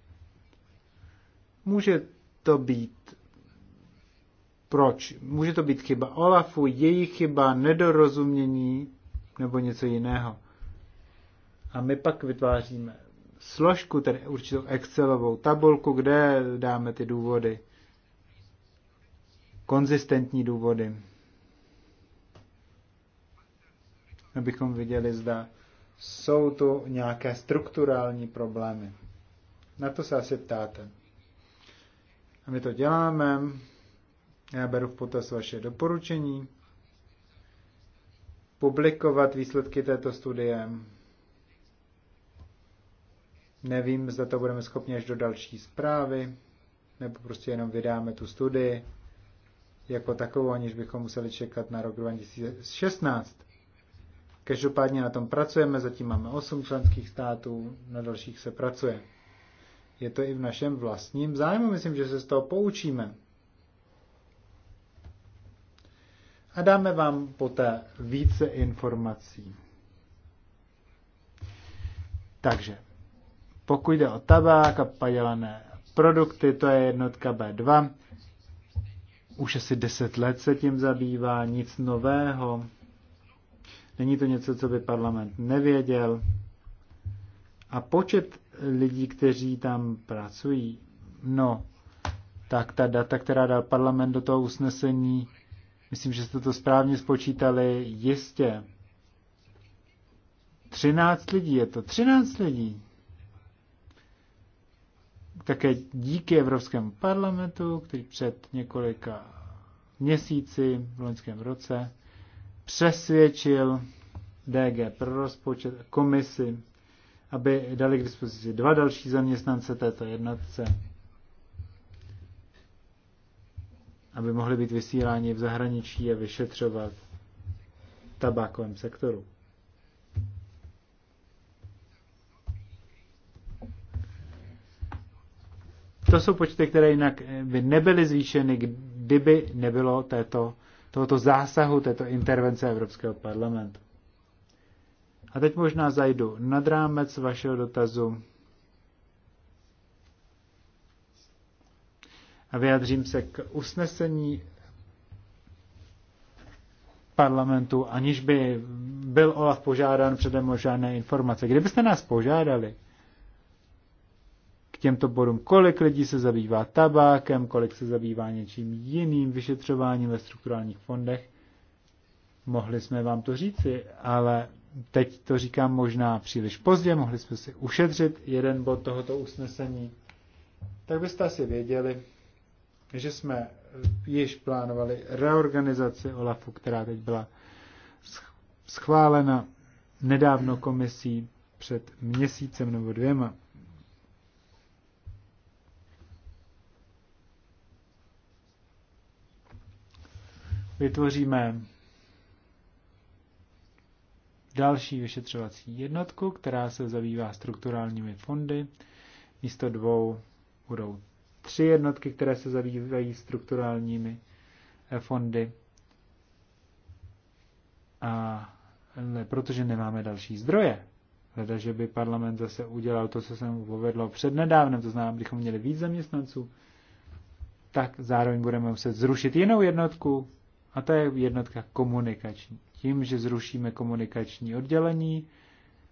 Může to být proč? Může to být chyba Olafu, její chyba, nedorozumění nebo něco jiného. A my pak vytváříme složku, tedy určitou Excelovou tabulku, kde dáme ty důvody. Konzistentní důvody. Abychom viděli, zda jsou tu nějaké strukturální problémy. Na to se asi ptáte. A my to děláme. Já beru v potaz vaše doporučení. Publikovat výsledky této studie. Nevím, zda to budeme schopni až do další zprávy, nebo prostě jenom vydáme tu studii jako takovou, aniž bychom museli čekat na rok 2016. Každopádně na tom pracujeme, zatím máme 8 členských států, na dalších se pracuje. Je to i v našem vlastním zájmu, myslím, že se z toho poučíme. A dáme vám poté více informací. Takže, pokud jde o tabák a padělané produkty, to je jednotka B2. Už asi 10 let se tím zabývá, nic nového. Není to něco, co by parlament nevěděl. A počet lidí, kteří tam pracují, no, tak ta data, která dal parlament do toho usnesení, myslím, že jste to správně spočítali, jistě. 13 lidí je to, 13 lidí. Také díky Evropskému parlamentu, který před několika měsíci v loňském roce přesvědčil DG pro rozpočet komisi, aby dali k dispozici dva další zaměstnance této jednotce, aby mohli být vysíláni v zahraničí a vyšetřovat tabákovém sektoru. To jsou počty, které jinak by nebyly zvýšeny, kdyby nebylo této tohoto zásahu, této intervence Evropského parlamentu. A teď možná zajdu nad rámec vašeho dotazu a vyjadřím se k usnesení parlamentu, aniž by byl Olaf požádán předem o žádné informace. Kdybyste nás požádali, těmto bodům, kolik lidí se zabývá tabákem, kolik se zabývá něčím jiným vyšetřováním ve strukturálních fondech. Mohli jsme vám to říci, ale teď to říkám možná příliš pozdě, mohli jsme si ušetřit jeden bod tohoto usnesení. Tak byste asi věděli, že jsme již plánovali reorganizaci OLAFu, která teď byla schválena nedávno komisí před měsícem nebo dvěma. vytvoříme další vyšetřovací jednotku, která se zabývá strukturálními fondy. Místo dvou budou tři jednotky, které se zabývají strukturálními eh, fondy. A ne, protože nemáme další zdroje. Hleda, že by parlament zase udělal to, co se mu povedlo přednedávnem, to znamená, abychom měli víc zaměstnanců, tak zároveň budeme muset zrušit jinou jednotku, a to je jednotka komunikační. Tím, že zrušíme komunikační oddělení,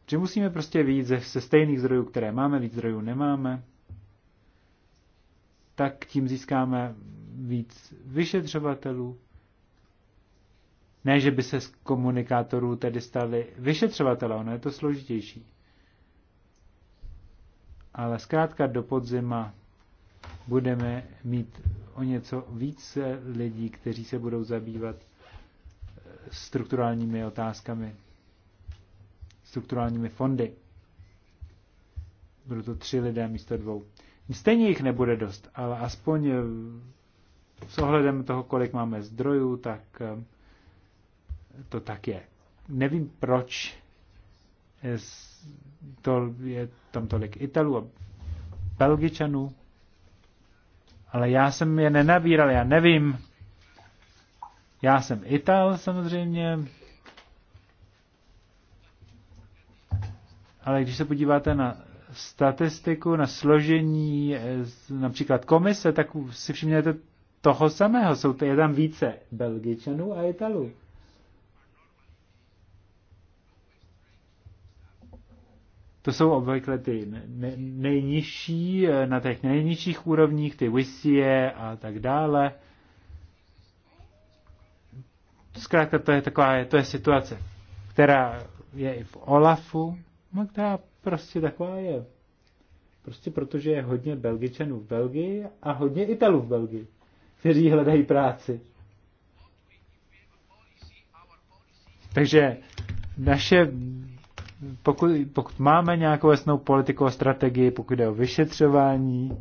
že musíme prostě víc ze, ze stejných zdrojů, které máme, víc zdrojů nemáme, tak tím získáme víc vyšetřovatelů. Ne, že by se z komunikátorů tedy stali vyšetřovatele, ono je to složitější. Ale zkrátka do podzima budeme mít o něco více lidí, kteří se budou zabývat eh, strukturálními otázkami, strukturálními fondy. Budou to tři lidé místo dvou. Stejně jich nebude dost, ale aspoň eh, s ohledem toho, kolik máme zdrojů, tak eh, to tak je. Nevím, proč je tam tolik Italů a Belgičanů, ale já jsem je nenabíral, já nevím. Já jsem Ital samozřejmě, ale když se podíváte na statistiku, na složení eh, například komise, tak si všimněte toho samého. Jsou, je tam více Belgičanů a Italů. To jsou obvykle ty nejnižší, eh, na těch nejnižších úrovních, ty Wissie a tak dále. Zkrátka to je taková, to je situace, která je i v OLAFu, no, která prostě taková je. Prostě protože je hodně Belgičanů v Belgii a hodně Italů v Belgii, kteří hledají práci. Takže naše pokud, pokud máme nějakou jasnou politiku a strategii, pokud jde o vyšetřování,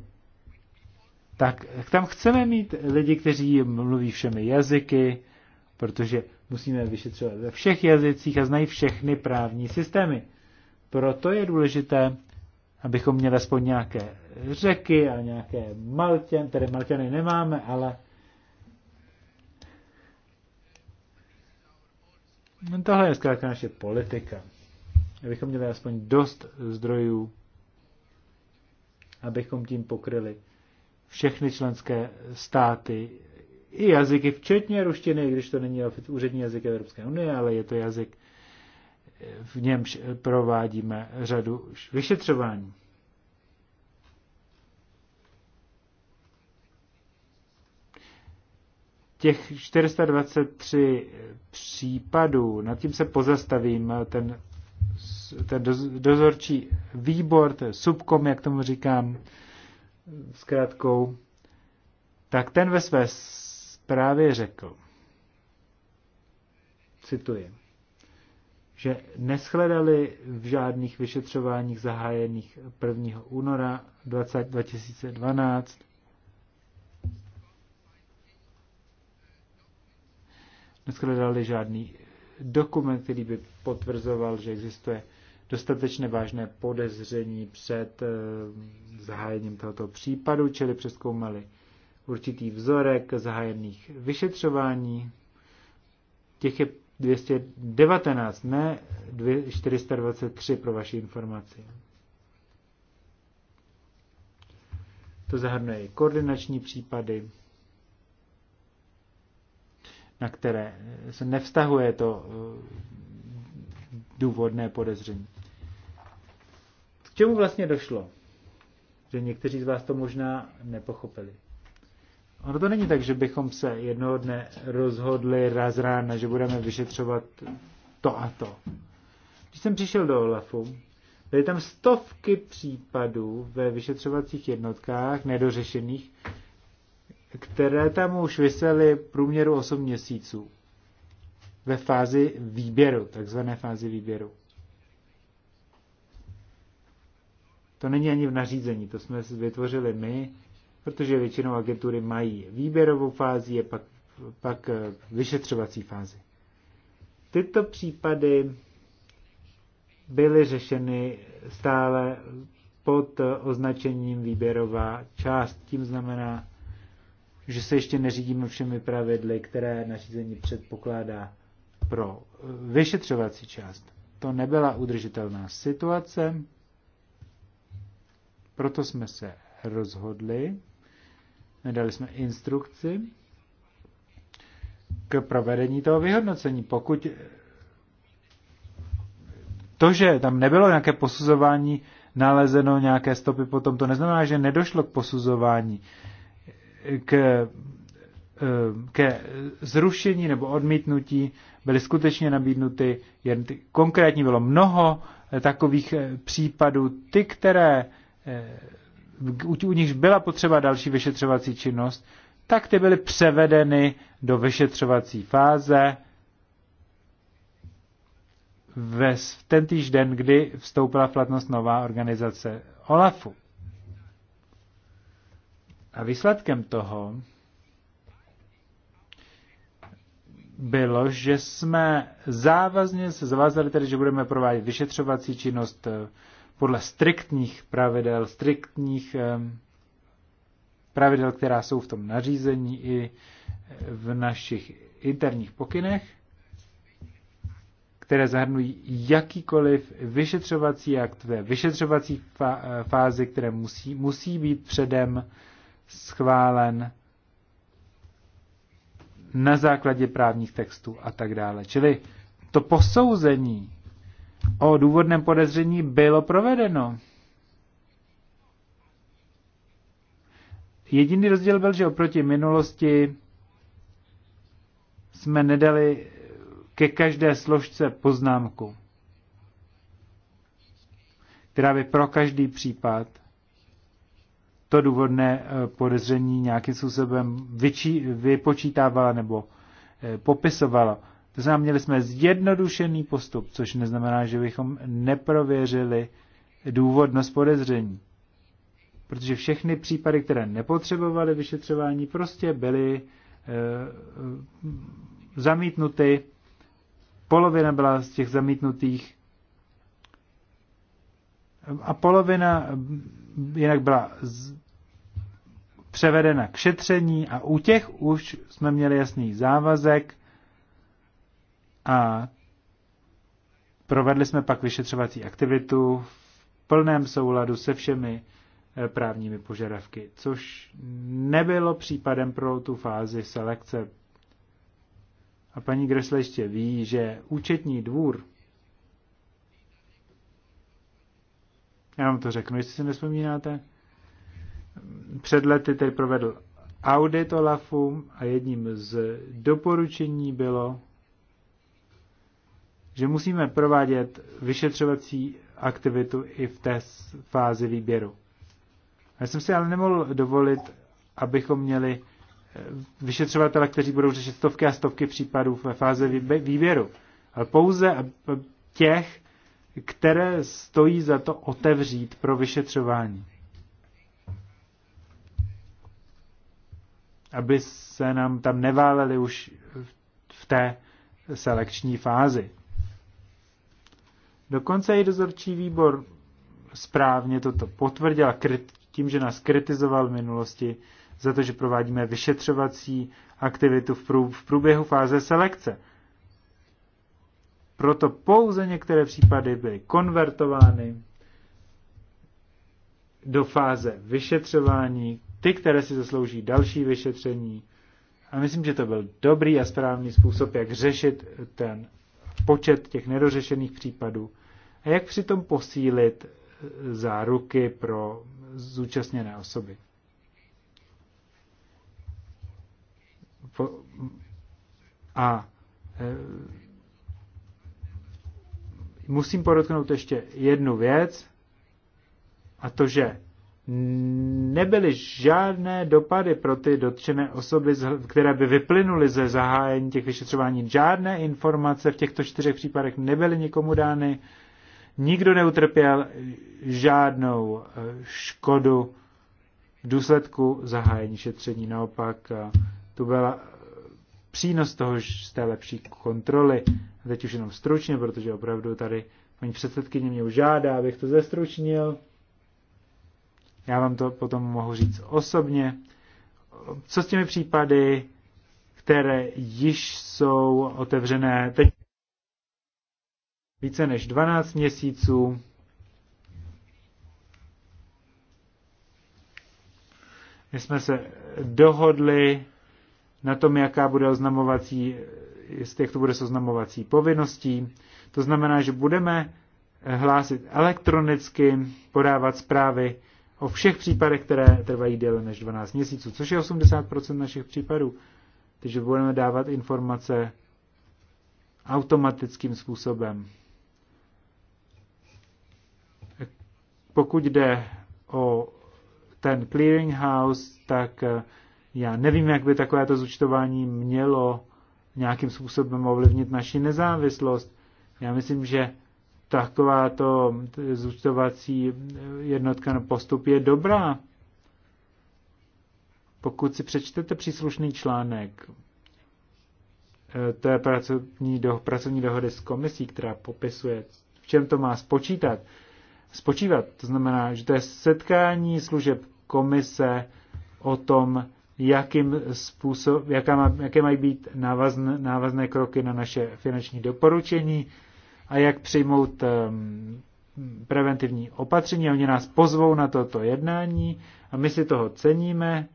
tak tam chceme mít lidi, kteří mluví všemi jazyky, protože musíme vyšetřovat ve všech jazycích a znají všechny právní systémy. Proto je důležité, abychom měli aspoň nějaké řeky a nějaké maltěn, tedy maltěny nemáme, ale tohle je zkrátka naše politika abychom měli aspoň dost zdrojů, abychom tím pokryli všechny členské státy i jazyky, včetně ruštiny, když to není úřední jazyk Evropské unie, ale je to jazyk, v němž provádíme řadu vyšetřování. Těch 423 případů, nad tím se pozastavím, ten ten dozorčí výbor, to je subkom, jak tomu říkám, zkrátkou, tak ten ve své zprávě řekl, cituji, že neschledali v žádných vyšetřováních zahájených 1. února 2012 neschledali žádný dokument, který by potvrzoval, že existuje dostatečně vážné podezření před eh, zahájením tohoto případu, čili přeskoumali určitý vzorek zahájených vyšetřování. Těch je 219, ne 423 pro vaši informaci. To zahrnuje i koordinační případy, na které se nevztahuje to eh, důvodné podezření. K čemu vlastně došlo? Že někteří z vás to možná nepochopili. Ono to není tak, že bychom se jednoho dne rozhodli raz rána, že budeme vyšetřovat to a to. Když jsem přišel do Olafu, byly tam stovky případů ve vyšetřovacích jednotkách nedořešených, které tam už vysely průměru 8 měsíců ve fázi výběru, takzvané fázi výběru. To není ani v nařízení, to jsme vytvořili my, protože většinou agentury mají výběrovou fázi a pak, pak eh, vyšetřovací fázi. Tyto případy byly řešeny stále pod označením výběrová část. Tím znamená, že se ještě neřídíme všemi pravidly, které nařízení předpokládá pro eh, vyšetřovací část. To nebyla udržitelná situace, proto jsme se rozhodli, nedali jsme instrukci k provedení toho vyhodnocení. Pokud eh, to, že tam nebylo nějaké posuzování, nalezeno nějaké stopy potom, to neznamená, že nedošlo k posuzování k, eh, ke zrušení nebo odmítnutí byly skutečně nabídnuty, jen ty, konkrétně bylo mnoho eh, takových eh, případů, ty, které u, u nichž byla potřeba další vyšetřovací činnost, tak ty byly převedeny do vyšetřovací fáze ve, v ten týž den, kdy vstoupila v platnost nová organizace OLAFu. A výsledkem toho bylo, že jsme závazně se zavázali tedy, že budeme provádět vyšetřovací činnost eh, podle striktních pravidel, striktních eh, pravidel, která jsou v tom nařízení i eh, v našich interních pokynech, které zahrnují jakýkoliv vyšetřovací akt ve vyšetřovací fázi, které musí, musí být předem schválen na základě právních textů a tak dále. Čili to posouzení o důvodném podezření bylo provedeno. Jediný rozdíl byl, že oproti minulosti jsme nedali ke každé složce poznámku, která by pro každý případ to důvodné eh, podezření nějakým způsobem vyčí, vypočítávala nebo eh, popisovala. To znamená, měli jsme zjednodušený postup, což neznamená, že bychom neprověřili důvodnost podezření. Protože všechny případy, které nepotřebovaly vyšetřování, prostě byly e, zamítnuty. Polovina byla z těch zamítnutých a polovina jinak byla z, převedena k šetření a u těch už jsme měli jasný závazek a provedli jsme pak vyšetřovací aktivitu v plném souladu se všemi eh, právními požadavky, což nebylo případem pro tu fázi selekce. A paní Gressle ještě ví, že účetní dvůr Já vám to řeknu, jestli si nespomínáte. Před lety tady provedl audit Olafu a jedním z doporučení bylo, že musíme provádět vyšetřovací aktivitu i v té fázi výběru. Já jsem si ale nemohl dovolit, abychom měli eh, vyšetřovatele, kteří budou řešit stovky a stovky případů ve fázi výběru, ale pouze těch, které stojí za to otevřít pro vyšetřování. Aby se nám tam neváleli už v té selekční fázi. Dokonce i dozorčí výbor správně toto potvrdil tím, že nás kritizoval v minulosti za to, že provádíme vyšetřovací aktivitu v průběhu fáze selekce. Proto pouze některé případy byly konvertovány do fáze vyšetřování, ty, které si zaslouží další vyšetření. A myslím, že to byl dobrý a správný způsob, jak řešit ten počet těch nedořešených případů a jak přitom posílit záruky pro zúčastněné osoby. A e, Musím podotknout ještě jednu věc, a to, že nebyly žádné dopady pro ty dotčené osoby, které by vyplynuly ze zahájení těch vyšetřování. Žádné informace v těchto čtyřech případech nebyly nikomu dány. Nikdo neutrpěl žádnou eh, škodu v důsledku zahájení šetření. Naopak eh, tu byla přínos toho, z té lepší kontroly. A teď už jenom stručně, protože opravdu tady paní předsedkyně mě žádá, abych to zestručnil. Já vám to potom mohu říct osobně. Co s těmi případy, které již jsou otevřené teď více než 12 měsíců? My jsme se dohodli, na tom, jaká bude oznamovací, jestli jak to bude s oznamovací povinností. To znamená, že budeme hlásit elektronicky, podávat zprávy o všech případech, které trvají déle než 12 měsíců, což je 80% našich případů. Takže budeme dávat informace automatickým způsobem. Pokud jde o ten clearinghouse, tak já nevím, jak by takovéto zúčtování mělo nějakým způsobem ovlivnit naši nezávislost. Já myslím, že takováto zúčtovací jednotka na postup je dobrá. Pokud si přečtete příslušný článek eh, té pracovní, do, pracovní dohody s komisí, která popisuje, v čem to má spočítat, spočívat, to znamená, že to je setkání služeb komise o tom, jakým způsob, jaká má, jaké mají být návazné, návazné kroky na naše finanční doporučení a jak přijmout um, preventivní opatření. Oni nás pozvou na toto jednání a my si toho ceníme,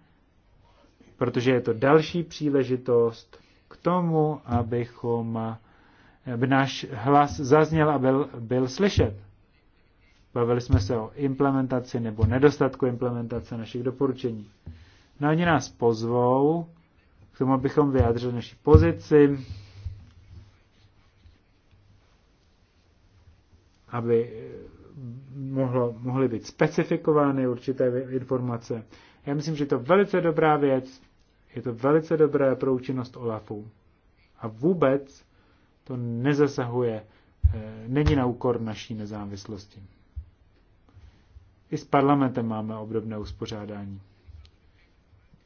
protože je to další příležitost k tomu, abychom, aby náš hlas zazněl a byl, byl slyšet. Bavili jsme se o implementaci nebo nedostatku implementace našich doporučení. No oni nás pozvou k tomu, abychom vyjádřili naši pozici, aby eh, mohlo, mohly být specifikovány určité informace. Já myslím, že je to velice dobrá věc, je to velice dobré pro účinnost OLAFu. A vůbec to nezasahuje, eh, není na úkor naší nezávislosti. I s parlamentem máme obdobné uspořádání.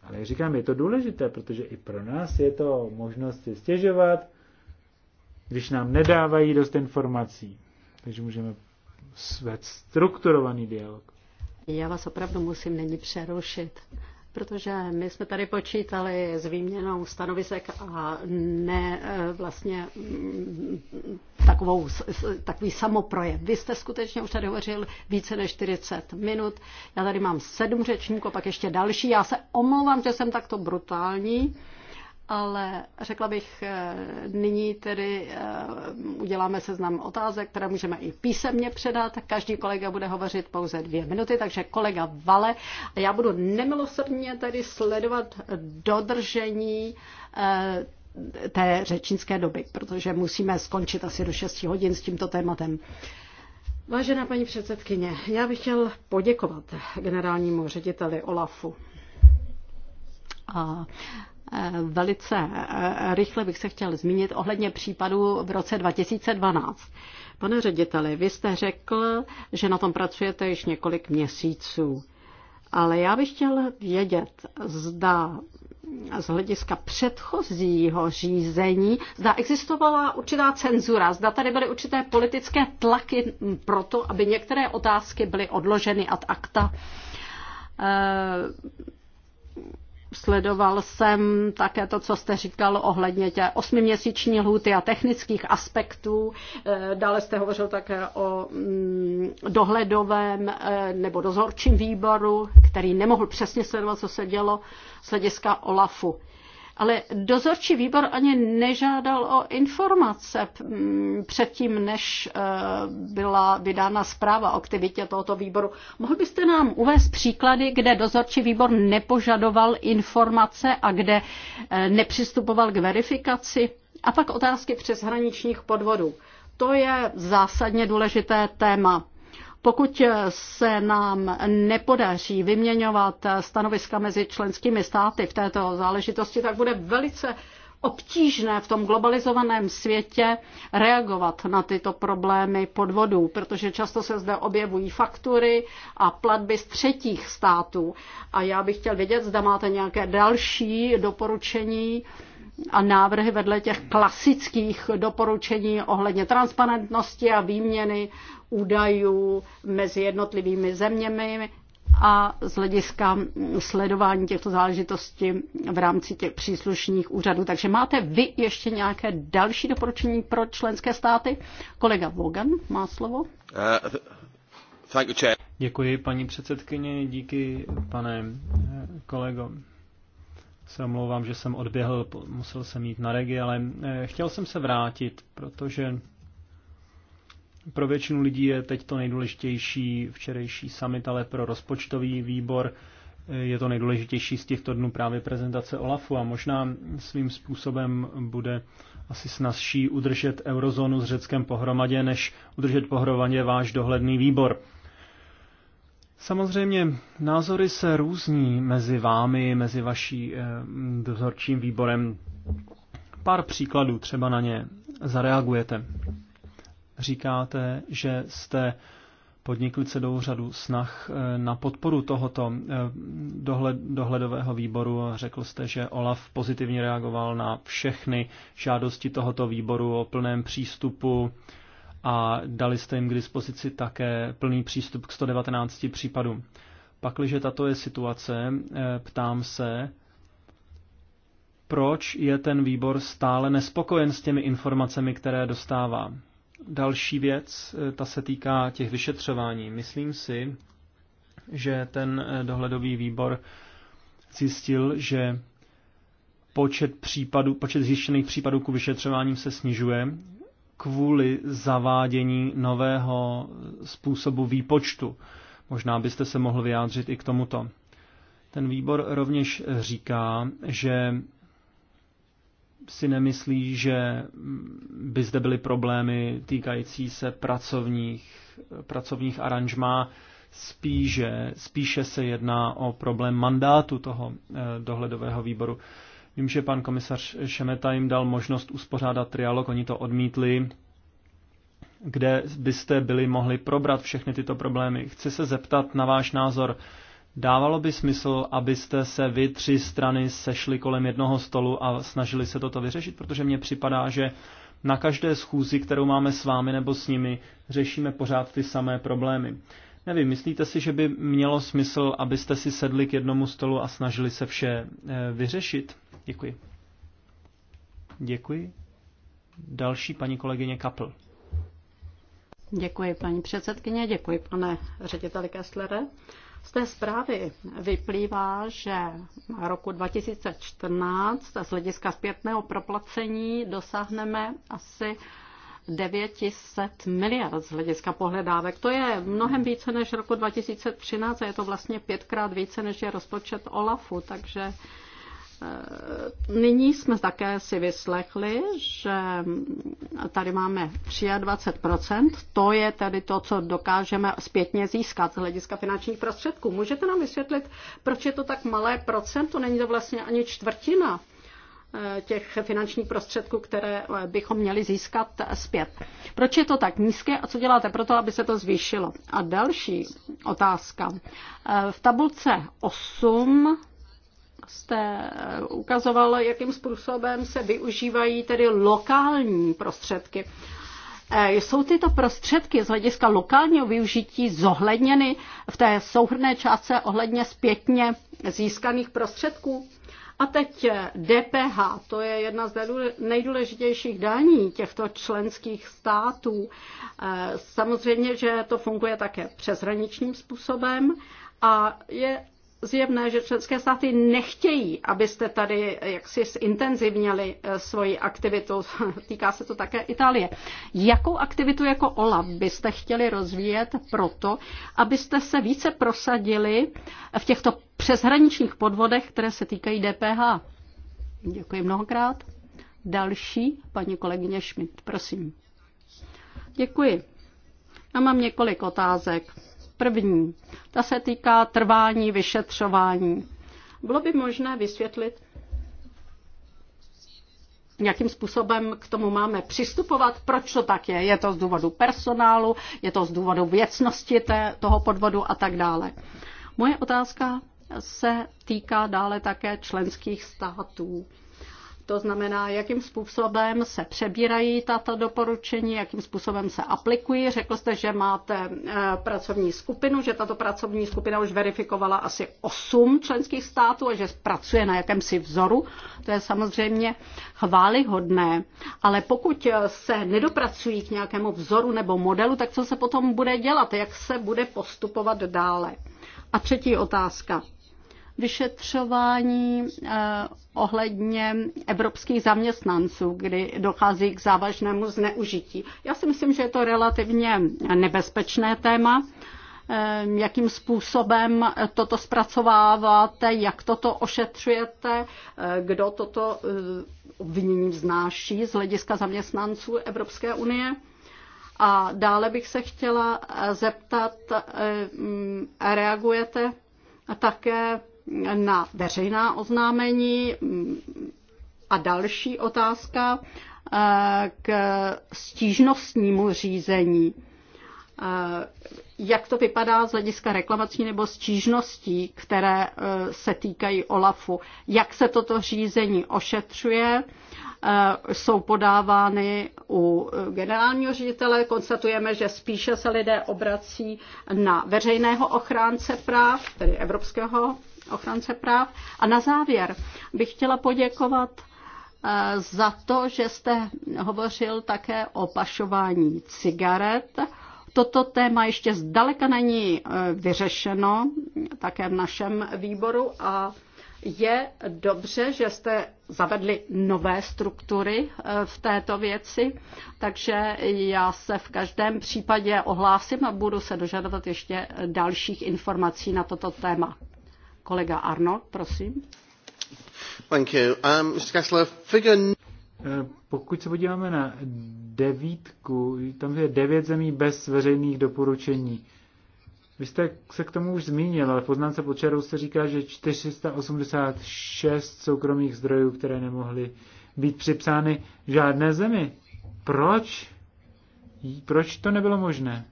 Ale jak říkám, je to důležité, protože i pro nás je to možnost si stěžovat, když nám nedávají dost informací. Takže můžeme svět strukturovaný dialog. Já vás opravdu musím nyní přerušit, protože my jsme tady počítali s výměnou stanovisek a ne eh, vlastně mm, takovou, takový samoprojev. Vy jste skutečně už tady hovořil více než 40 minut. Já tady mám sedm řečníků, pak ještě další. Já se omlouvám, že jsem takto brutální ale řekla bych, eh, nyní tedy eh, uděláme seznam otázek, které můžeme i písemně předat. Každý kolega bude hovořit pouze dvě minuty, takže kolega Vale a já budu nemilosrdně tedy sledovat dodržení eh, té řečnické doby, protože musíme skončit asi do 6 hodin s tímto tématem. Vážená paní předsedkyně, já bych chtěl poděkovat generálnímu řediteli Olafu a Eh, velice eh, rychle bych se chtěl zmínit ohledně případu v roce 2012. Pane řediteli, vy jste řekl, že na tom pracujete již několik měsíců. Ale já bych chtěl vědět, zda z hlediska předchozího řízení, zda existovala určitá cenzura, zda tady byly určité politické tlaky pro to, aby některé otázky byly odloženy ad acta. Eh, Sledoval jsem také to, co jste říkal ohledně té osmiměsíční lhůty a technických aspektů. Eh, dále jste hovořil také o mm, dohledovém eh, nebo dozorčím výboru, který nemohl přesně sledovat, co se dělo z hlediska OLAFu ale dozorčí výbor ani nežádal o informace předtím, než eh, byla vydána zpráva o aktivitě tohoto výboru. Mohl byste nám uvést příklady, kde dozorčí výbor nepožadoval informace a kde eh, nepřistupoval k verifikaci? A pak otázky přeshraničních podvodů. To je zásadně důležité téma. Pokud se nám nepodaří vyměňovat stanoviska mezi členskými státy v této záležitosti, tak bude velice obtížné v tom globalizovaném světě reagovat na tyto problémy podvodů, protože často se zde objevují faktury a platby z třetích států. A já bych chtěl vědět, zda máte nějaké další doporučení a návrhy vedle těch klasických doporučení ohledně transparentnosti a výměny údajů mezi jednotlivými zeměmi a z hlediska sledování těchto záležitostí v rámci těch příslušných úřadů. Takže máte vy ještě nějaké další doporučení pro členské státy? Kolega Vogan má slovo. Uh, Děkuji, paní předsedkyně, díky, pane eh, kolego se omlouvám, že jsem odběhl, musel jsem jít na regi, ale eh, chtěl jsem se vrátit, protože pro většinu lidí je teď to nejdůležitější včerejší summit, ale pro rozpočtový výbor eh, je to nejdůležitější z těchto dnů právě prezentace OLAFu a možná svým způsobem bude asi snazší udržet eurozónu s Řeckem pohromadě, než udržet pohromadě váš dohledný výbor. Samozřejmě názory se různí mezi vámi, mezi vaší eh, dozorčím výborem. Pár příkladů třeba na ně zareagujete. Říkáte, že jste podnikli celou řadu snah eh, na podporu tohoto eh, dohled, dohledového výboru. Řekl jste, že Olaf pozitivně reagoval na všechny žádosti tohoto výboru o plném přístupu a dali jste jim k dispozici také plný přístup k 119 případům. Pakliže tato je situace, eh, ptám se, proč je ten výbor stále nespokojen s těmi informacemi, které dostává. Další věc, eh, ta se týká těch vyšetřování. Myslím si, že ten eh, dohledový výbor zjistil, že počet, případů, počet zjištěných případů ku vyšetřováním se snižuje, kvůli zavádění nového způsobu výpočtu. Možná byste se mohl vyjádřit i k tomuto. Ten výbor rovněž říká, že si nemyslí, že by zde byly problémy týkající se pracovních, pracovních aranžmá, spíše, spíše se jedná o problém mandátu toho eh, dohledového výboru. Vím, že pan komisař Šemeta jim dal možnost uspořádat trialog, oni to odmítli, kde byste byli mohli probrat všechny tyto problémy. Chci se zeptat na váš názor. Dávalo by smysl, abyste se vy tři strany sešli kolem jednoho stolu a snažili se toto vyřešit? Protože mně připadá, že na každé schůzi, kterou máme s vámi nebo s nimi, řešíme pořád ty samé problémy. Nevím, myslíte si, že by mělo smysl, abyste si sedli k jednomu stolu a snažili se vše eh, vyřešit? Děkuji. Děkuji. Další paní kolegyně Kapl. Děkuji, paní předsedkyně, děkuji, pane řediteli Kesslere. Z té zprávy vyplývá, že roku 2014 z hlediska zpětného proplacení dosáhneme asi 900 miliard z hlediska pohledávek. To je mnohem více než roku 2013 a je to vlastně pětkrát více než je rozpočet OLAFu, takže eh, Nyní jsme také si vyslechli, že tady máme 23%, to je tedy to, co dokážeme zpětně získat z hlediska finančních prostředků. Můžete nám vysvětlit, proč je to tak malé procento, není to vlastně ani čtvrtina Eh, těch finančních prostředků, které eh, bychom měli získat zpět. Proč je to tak nízké a co děláte pro to, aby se to zvýšilo? A další otázka. Eh, v tabulce 8 jste ukazoval, jakým způsobem se využívají tedy lokální prostředky. Jsou tyto prostředky z hlediska lokálního využití zohledněny v té souhrné částce ohledně zpětně získaných prostředků? A teď DPH, to je jedna z nejdůležitějších daní těchto členských států. E, samozřejmě, že to funguje také přeshraničním způsobem a je zjevné, že členské státy nechtějí, abyste tady jaksi zintenzivněli eh, svoji aktivitu. [laughs] Týká se to také Itálie. Jakou aktivitu jako OLAF byste chtěli rozvíjet proto, abyste se více prosadili v těchto přeshraničních podvodech, které se týkají DPH? Děkuji mnohokrát. Další, paní kolegyně Schmidt, prosím. Děkuji. Já mám několik otázek. První, ta se týká trvání vyšetřování. Bylo by možné vysvětlit, jakým způsobem k tomu máme přistupovat, proč to tak je. Je to z důvodu personálu, je to z důvodu věcnosti té, toho podvodu a tak dále. Moje otázka se týká dále také členských států. To znamená, jakým způsobem se přebírají tato doporučení, jakým způsobem se aplikují. Řekl jste, že máte e, pracovní skupinu, že tato pracovní skupina už verifikovala asi 8 členských států a že pracuje na jakémsi vzoru. To je samozřejmě chválihodné, ale pokud se nedopracují k nějakému vzoru nebo modelu, tak co se potom bude dělat, jak se bude postupovat dále. A třetí otázka vyšetřování eh, ohledně evropských zaměstnanců, kdy dochází k závažnému zneužití. Já si myslím, že je to relativně nebezpečné téma. Eh, jakým způsobem toto zpracováváte, jak toto ošetřujete, eh, kdo toto obvinění vznáší z hlediska zaměstnanců Evropské unie? A dále bych se chtěla zeptat, mm, reagujete také na veřejná oznámení. A další otázka eh, k stížnostnímu řízení. Eh, jak to vypadá z hlediska reklamací nebo stížností, které eh, se týkají OLAFu? Jak se toto řízení ošetřuje? Jsou podávány u generálního ředitele. Konstatujeme, že spíše se lidé obrací na veřejného ochránce práv, tedy Evropského ochránce práv. A na závěr bych chtěla poděkovat eh, za to, že jste hovořil také o pašování cigaret. Toto téma ještě zdaleka není eh, vyřešeno, také v našem výboru a je dobře, že jste zavedli nové struktury eh, v této věci, takže já se v každém případě ohlásím a budu se dožadovat ještě dalších informací na toto téma. Kolega Arnold, prosím. Thank you. Um, Mr. Kessler, figure... Eh, pokud se podíváme na devítku, tam je devět zemí bez veřejných doporučení. Vy jste se k tomu už zmínil, ale v poznámce pod čarou se říká, že 486 soukromých zdrojů, které nemohly být připsány žádné zemi. Proč? Proč to nebylo možné?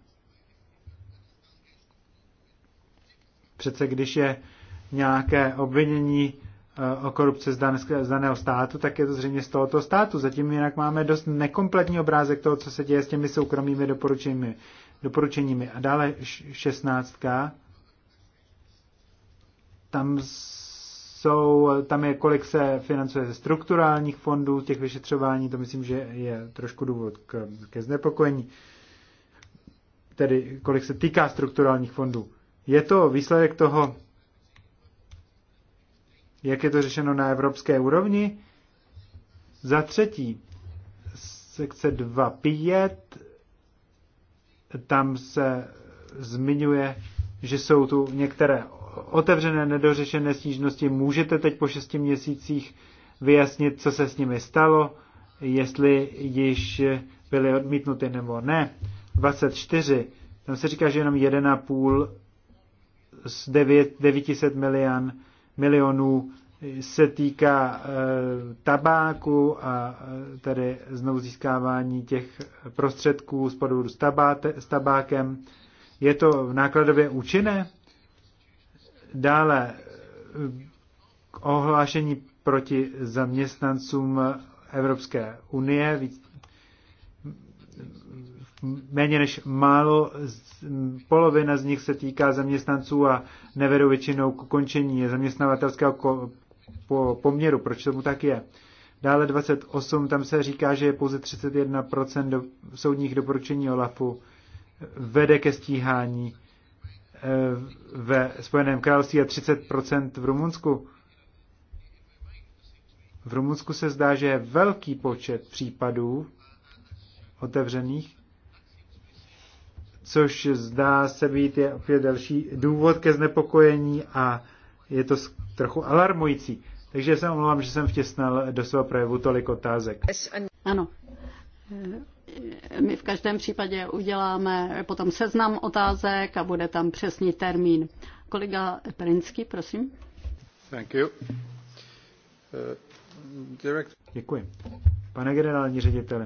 Přece když je nějaké obvinění eh, o korupci z daného státu, tak je to zřejmě z tohoto státu. Zatím jinak máme dost nekompletní obrázek toho, co se děje s těmi soukromými doporučeními. doporučeními. A dále šestnáctka. Tam jsou, tam je, kolik se financuje ze strukturálních fondů, těch vyšetřování, to myslím, že je trošku důvod k, ke znepokojení. Tedy kolik se týká strukturálních fondů. Je to výsledek toho jak je to řešeno na evropské úrovni. Za třetí, sekce 2.5, tam se zmiňuje, že jsou tu některé otevřené nedořešené stížnosti. Můžete teď po šesti měsících vyjasnit, co se s nimi stalo, jestli již byly odmítnuty nebo ne. 24. Tam se říká, že jenom 1,5 z 9, 900 milion milionů eh, se týká eh, tabáku a eh, tedy znovu získávání těch prostředků z podvodu s, s tabákem. Je to v nákladově účinné? Dále ohlášení proti zaměstnancům Evropské unie, méně než málo, polovina z nich se týká zaměstnanců a nevedou většinou k ukončení zaměstnavatelského poměru. Proč tomu tak je? Dále 28, tam se říká, že je pouze 31% do, soudních doporučení OLAFu vede ke stíhání e, ve Spojeném království a 30% v Rumunsku. V Rumunsku se zdá, že je velký počet případů otevřených což zdá se být je opět další důvod ke znepokojení a je to trochu alarmující. Takže se omlouvám, že jsem vtěsnal do svého projevu tolik otázek. Ano. My v každém případě uděláme potom seznam otázek a bude tam přesný termín. Kolega Perinský, prosím. Thank you. Uh, direct... Děkuji. Pane generální řediteli,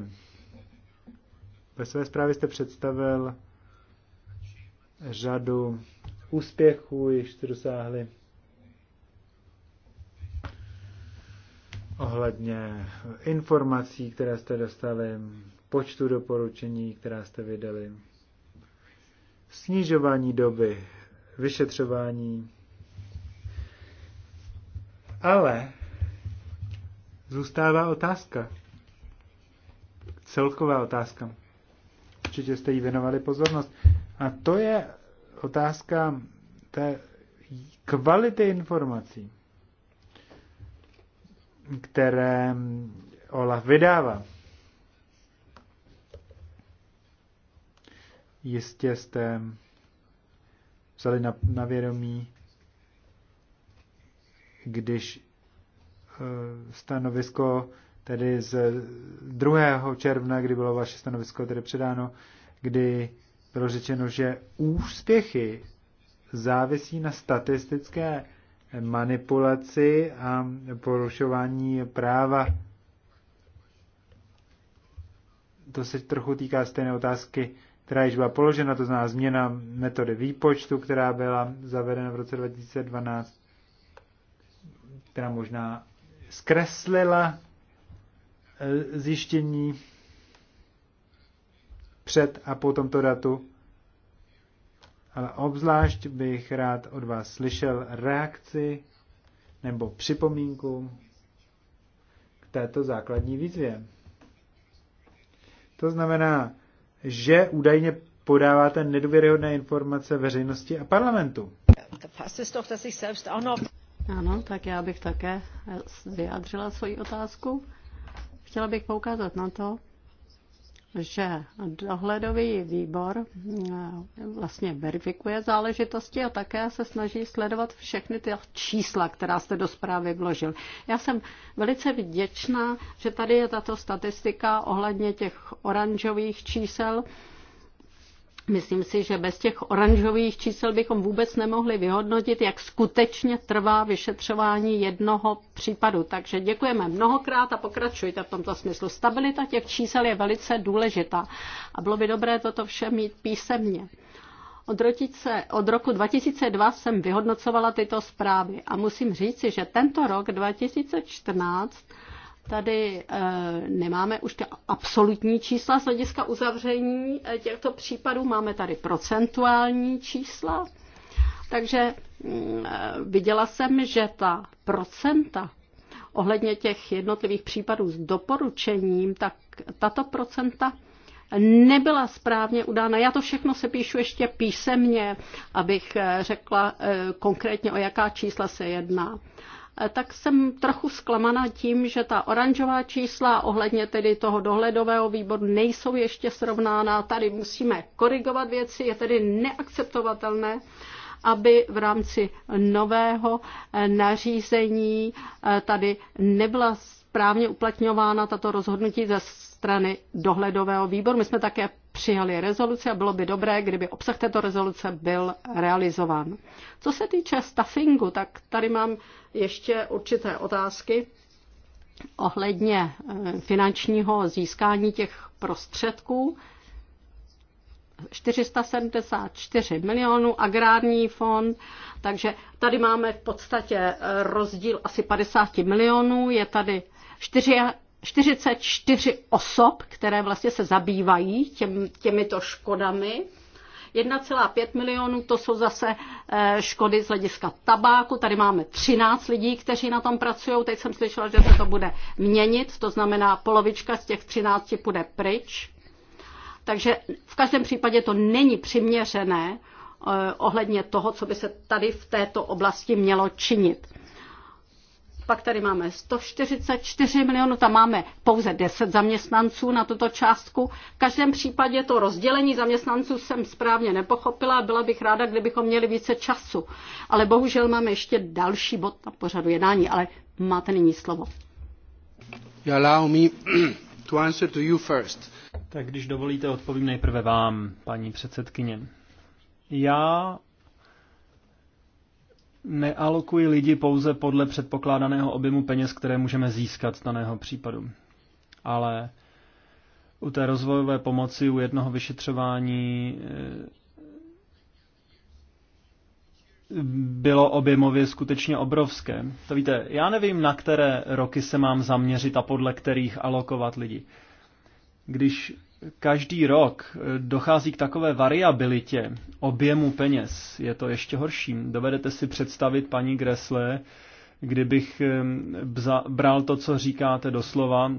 ve své zprávě jste představil řadu úspěchů, již jste dosáhli ohledně informací, které jste dostali, počtu doporučení, která jste vydali, snižování doby vyšetřování. Ale zůstává otázka. Celková otázka. Určitě jste jí věnovali pozornost. A to je otázka té kvality informací, které Olaf vydává. Jistě jste vzali na, na vědomí, když eh, stanovisko tedy z 2. června, kdy bylo vaše stanovisko tedy předáno, kdy bylo řečeno, že úspěchy závisí na statistické manipulaci a porušování práva. To se trochu týká stejné otázky, která již byla položena, to znamená změna metody výpočtu, která byla zavedena v roce 2012, která možná zkreslila eh, zjištění před a po tomto datu, ale obzvlášť bych rád od vás slyšel reakci nebo připomínku k této základní výzvě. To znamená, že údajně podáváte nedůvěryhodné informace veřejnosti a parlamentu. Ano, tak já bych také vyjádřila svoji otázku. Chtěla bych poukázat na to, že dohledový výbor eh, vlastně verifikuje záležitosti a také se snaží sledovat všechny ty čísla, která jste do zprávy vložil. Já jsem velice vděčná, že tady je tato statistika ohledně těch oranžových čísel, Myslím si, že bez těch oranžových čísel bychom vůbec nemohli vyhodnotit, jak skutečně trvá vyšetřování jednoho případu. Takže děkujeme mnohokrát a pokračujte v tomto smyslu. Stabilita těch čísel je velice důležitá a bylo by dobré toto vše mít písemně. Od, rotice, od roku 2002 jsem vyhodnocovala tyto zprávy a musím říci, že tento rok 2014 Tady eh, nemáme už ty absolutní čísla z hlediska uzavření eh, těchto případů, máme tady procentuální čísla. Takže mm, eh, viděla jsem, že ta procenta ohledně těch jednotlivých případů s doporučením, tak tato procenta nebyla správně udána. Já to všechno se píšu ještě písemně, abych řekla konkrétně, o jaká čísla se jedná. Eh, tak jsem trochu zklamaná tím, že ta oranžová čísla ohledně tedy toho dohledového výboru nejsou ještě srovnána. Tady musíme korigovat věci, je tedy neakceptovatelné, aby v rámci nového eh, nařízení eh, tady nebyla správně uplatňována tato rozhodnutí ze strany dohledového výboru. My jsme také přijali rezoluci a bylo by dobré, kdyby obsah této rezoluce byl realizován. Co se týče staffingu, tak tady mám ještě určité otázky ohledně eh, finančního získání těch prostředků. 474 milionů, agrární fond, takže tady máme v podstatě eh, rozdíl asi 50 milionů, je tady 44 osob, které vlastně se zabývají těm, těmito škodami. 1,5 milionů to jsou zase eh, škody z hlediska tabáku. Tady máme 13 lidí, kteří na tom pracují. Teď jsem slyšela, že se to bude měnit, to znamená polovička z těch 13 půjde pryč. Takže v každém případě to není přiměřené eh, ohledně toho, co by se tady v této oblasti mělo činit. Pak tady máme 144 milionů, tam máme pouze 10 zaměstnanců na tuto částku. V každém případě to rozdělení zaměstnanců jsem správně nepochopila a byla bych ráda, kdybychom měli více času. Ale bohužel máme ještě další bod na pořadu jednání, ale máte nyní slovo. allow me [clears throat] to answer to you first. Tak když dovolíte, odpovím nejprve vám, paní předsedkyně. Já nealokuji lidi pouze podle předpokládaného objemu peněz, které můžeme získat z daného případu. Ale u té rozvojové pomoci, u jednoho vyšetřování eh, bylo objemově skutečně obrovské. To víte, já nevím, na které roky se mám zaměřit a podle kterých alokovat lidi. Když každý rok eh, dochází k takové variabilitě objemu peněz, je to ještě horší. Dovedete si představit, paní Gresle, kdybych bral to, co říkáte doslova,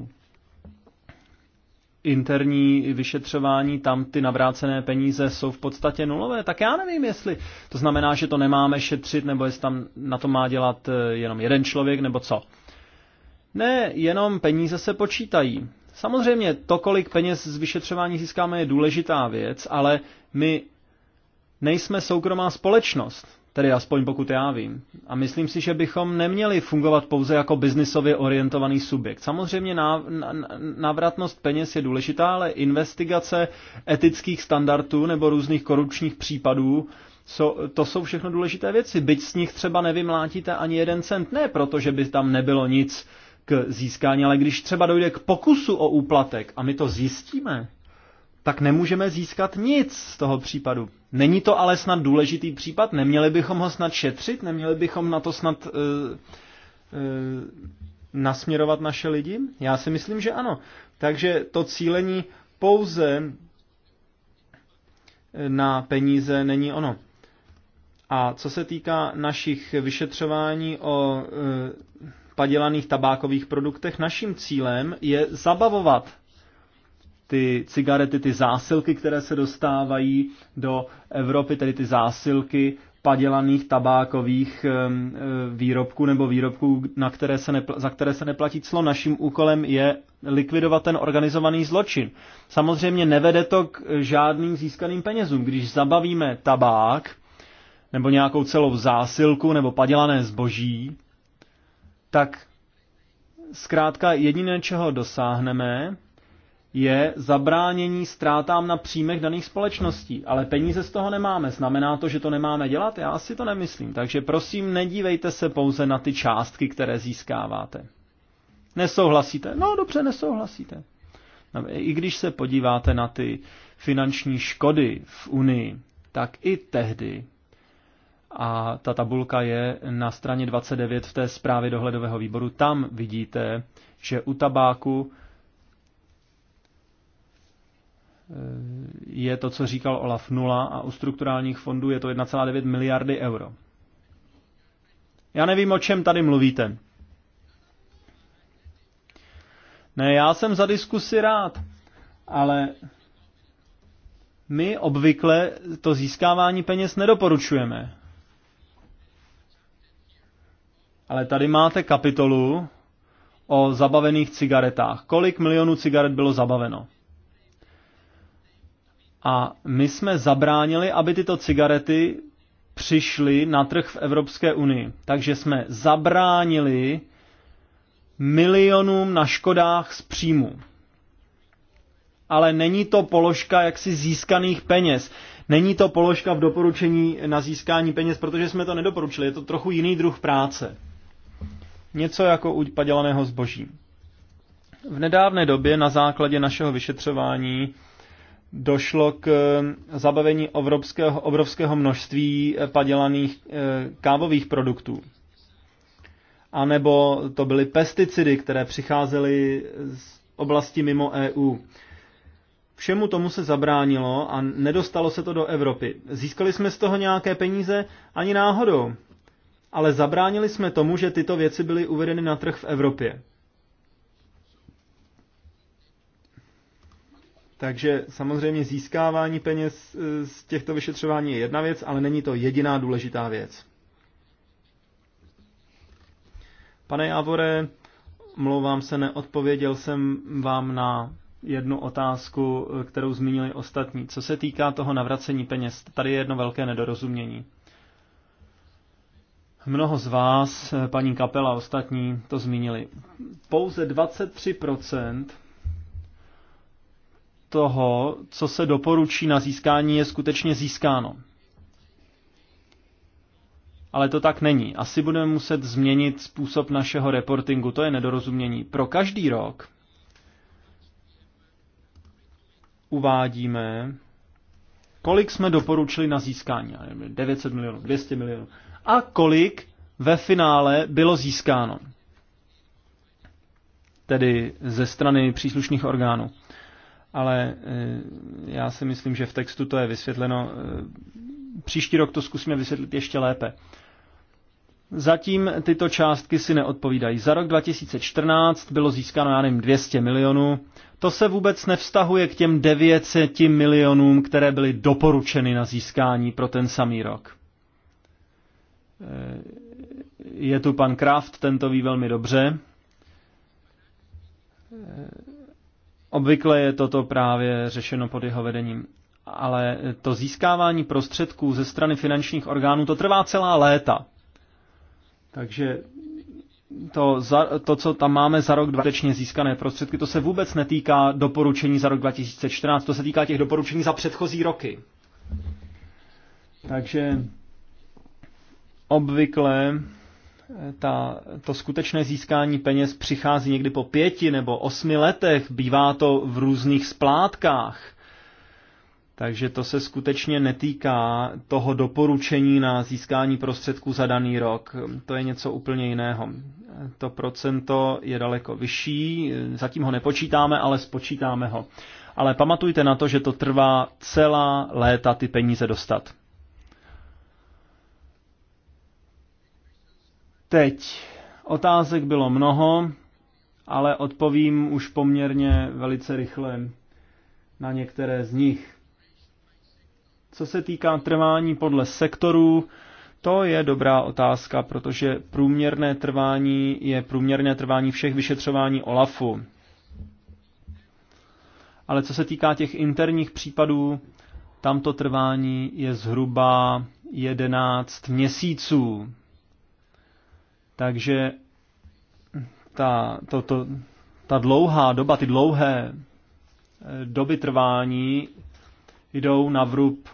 interní vyšetřování, tam ty navrácené peníze jsou v podstatě nulové, tak já nevím, jestli to znamená, že to nemáme šetřit, nebo jestli tam na to má dělat eh, jenom jeden člověk, nebo co. Ne, jenom peníze se počítají. Samozřejmě to, kolik peněz z vyšetřování získáme, je důležitá věc, ale my nejsme soukromá společnost, tedy aspoň pokud já vím. A myslím si, že bychom neměli fungovat pouze jako biznisově orientovaný subjekt. Samozřejmě návratnost peněz je důležitá, ale investigace etických standardů nebo různých korupčních případů, co, to jsou všechno důležité věci. Byť z nich třeba nevymlátíte ani jeden cent, ne proto, že by tam nebylo nic k získání, ale když třeba dojde k pokusu o úplatek a my to zjistíme, tak nemůžeme získat nic z toho případu. Není to ale snad důležitý případ? Neměli bychom ho snad šetřit? Neměli bychom na to snad e, e, nasměrovat naše lidi? Já si myslím, že ano. Takže to cílení pouze eh, na peníze není ono. A co se týká našich vyšetřování o padělaných tabákových produktech. Naším cílem je zabavovat ty cigarety, ty zásilky, které se dostávají do Evropy, tedy ty zásilky padělaných tabákových eh, výrobků nebo výrobků, na které se nepl- za které se neplatí clo. Naším úkolem je likvidovat ten organizovaný zločin. Samozřejmě nevede to k eh, žádným získaným penězům. Když zabavíme tabák nebo nějakou celou zásilku nebo padělané zboží, tak zkrátka jediné, čeho dosáhneme, je zabránění ztrátám na příjmech daných společností. Ale peníze z toho nemáme. Znamená to, že to nemáme dělat? Já si to nemyslím. Takže prosím, nedívejte se pouze na ty částky, které získáváte. Nesouhlasíte? No dobře, nesouhlasíte. No, I když se podíváte na ty finanční škody v Unii, tak i tehdy a ta tabulka je na straně 29 v té zprávě dohledového výboru. Tam vidíte, že u tabáku eh, je to, co říkal Olaf, nula a u strukturálních fondů je to 1,9 miliardy euro. Já nevím, o čem tady mluvíte. Ne, já jsem za diskusi rád, ale my obvykle to získávání peněz nedoporučujeme. Ale tady máte kapitolu o zabavených cigaretách. Kolik milionů cigaret bylo zabaveno? A my jsme zabránili, aby tyto cigarety přišly na trh v Evropské unii. Takže jsme zabránili milionům na škodách z příjmu. Ale není to položka jaksi získaných peněz. Není to položka v doporučení na získání peněz, protože jsme to nedoporučili. Je to trochu jiný druh práce. Něco jako u padělaného zboží. V nedávné době na základě našeho vyšetřování došlo k eh, zabavení obrovského, obrovského množství eh, padělaných eh, kávových produktů. A nebo to byly pesticidy, které přicházely z oblasti mimo EU. Všemu tomu se zabránilo a nedostalo se to do Evropy. Získali jsme z toho nějaké peníze? Ani náhodou ale zabránili jsme tomu, že tyto věci byly uvedeny na trh v Evropě. Takže samozřejmě získávání peněz e, z těchto vyšetřování je jedna věc, ale není to jediná důležitá věc. Pane Javore, mluvám se, neodpověděl jsem vám na jednu otázku, e, kterou zmínili ostatní. Co se týká toho navracení peněz, tady je jedno velké nedorozumění. Mnoho z vás, eh, paní Kapela a ostatní, to zmínili. Pouze 23% toho, co se doporučí na získání, je skutečně získáno. Ale to tak není. Asi budeme muset změnit způsob našeho reportingu, to je nedorozumění. Pro každý rok uvádíme, kolik jsme doporučili na získání. 900 milionů, 200 milionů a kolik ve finále bylo získáno. Tedy ze strany příslušných orgánů. Ale e, já si myslím, že v textu to je vysvětleno. E, příští rok to zkusíme vysvětlit ještě lépe. Zatím tyto částky si neodpovídají. Za rok 2014 bylo získáno, já nevím, 200 milionů. To se vůbec nevztahuje k těm 900 milionům, které byly doporučeny na získání pro ten samý rok. Je tu pan Kraft, tento ví velmi dobře. Obvykle je toto právě řešeno pod jeho vedením. Ale to získávání prostředků ze strany finančních orgánů, to trvá celá léta. Takže to, za, to, co tam máme za rok dvatečně získané prostředky, to se vůbec netýká doporučení za rok 2014, to se týká těch doporučení za předchozí roky. Takže Obvykle eh, ta, to skutečné získání peněz přichází někdy po pěti nebo osmi letech, bývá to v různých splátkách. Takže to se skutečně netýká toho doporučení na získání prostředků za daný rok. To je něco úplně jiného. To procento je daleko vyšší, zatím ho nepočítáme, ale spočítáme ho. Ale pamatujte na to, že to trvá celá léta ty peníze dostat. Teď otázek bylo mnoho, ale odpovím už poměrně velice rychle na některé z nich. Co se týká trvání podle sektorů, to je dobrá otázka, protože průměrné trvání je průměrné trvání všech vyšetřování OLAFu. Ale co se týká těch interních případů, tamto trvání je zhruba 11 měsíců. Takže ta, to, to, ta dlouhá doba, ty dlouhé eh, doby trvání jdou na vrub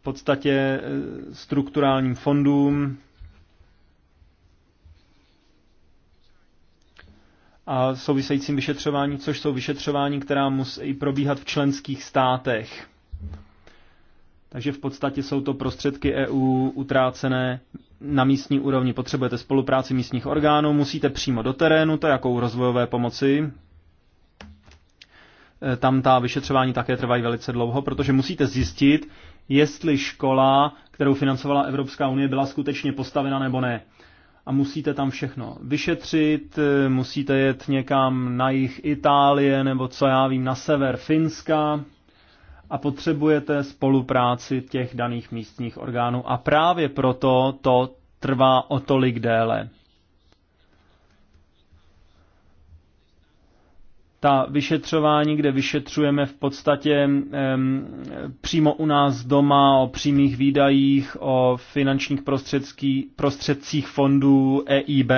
v podstatě eh, strukturálním fondům a souvisejícím vyšetřování, což jsou vyšetřování, která musí probíhat v členských státech. Takže v podstatě jsou to prostředky EU utrácené na místní úrovni. Potřebujete spolupráci místních orgánů, musíte přímo do terénu, to jako u rozvojové pomoci. E, tam ta vyšetřování také trvají velice dlouho, protože musíte zjistit, jestli škola, kterou financovala Evropská unie, byla skutečně postavena nebo ne. A musíte tam všechno vyšetřit, e, musíte jet někam na jich Itálie nebo co já vím, na sever Finska, a potřebujete spolupráci těch daných místních orgánů. A právě proto to trvá o tolik déle. ta vyšetřování, kde vyšetřujeme v podstatě em, přímo u nás doma o přímých výdajích, o finančních prostředcích fondů EIB,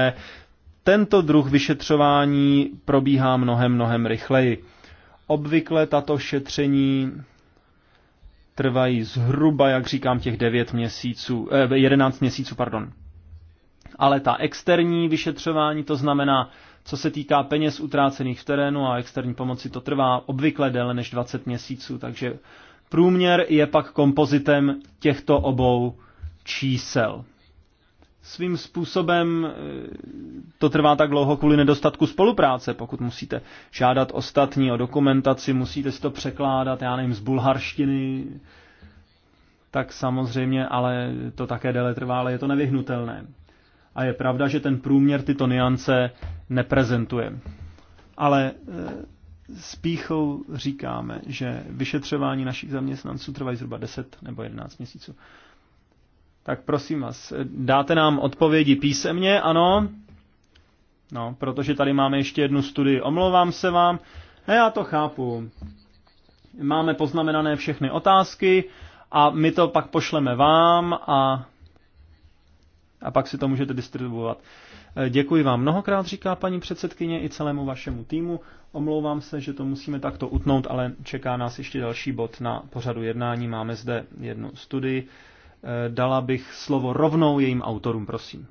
tento druh vyšetřování probíhá mnohem, mnohem rychleji. Obvykle tato šetření trvají zhruba, jak říkám, těch 9 měsíců, eh, 11 měsíců, pardon. Ale ta externí vyšetřování, to znamená, co se týká peněz utrácených v terénu a externí pomoci, to trvá obvykle déle než 20 měsíců, takže průměr je pak kompozitem těchto obou čísel svým způsobem eh, to trvá tak dlouho kvůli nedostatku spolupráce. Pokud musíte žádat ostatní o dokumentaci, musíte si to překládat, já nevím, z bulharštiny, tak samozřejmě, ale to také déle trvá, ale je to nevyhnutelné. A je pravda, že ten průměr tyto niance neprezentuje. Ale eh, s píchou říkáme, že vyšetřování našich zaměstnanců trvají zhruba 10 nebo 11 měsíců. Tak prosím vás, dáte nám odpovědi písemně, ano? No, protože tady máme ještě jednu studii. Omlouvám se vám. Ne, já to chápu. Máme poznamenané všechny otázky a my to pak pošleme vám a, a pak si to můžete distribuovat. Eh, děkuji vám mnohokrát, říká paní předsedkyně, i celému vašemu týmu. Omlouvám se, že to musíme takto utnout, ale čeká nás ještě další bod na pořadu jednání. Máme zde jednu studii. Eh, dala bych slovo rovnou jejím autorům, prosím.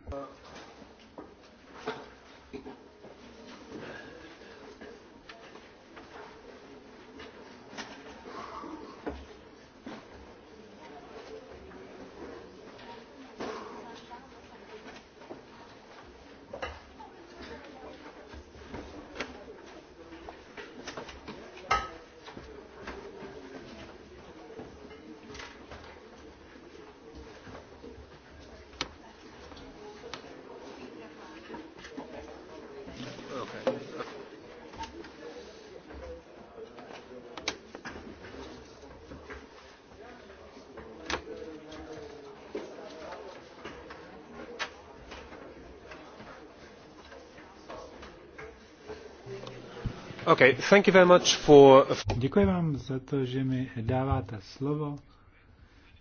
Okay, thank you very much for... Děkuji vám za to, že mi dáváte slovo.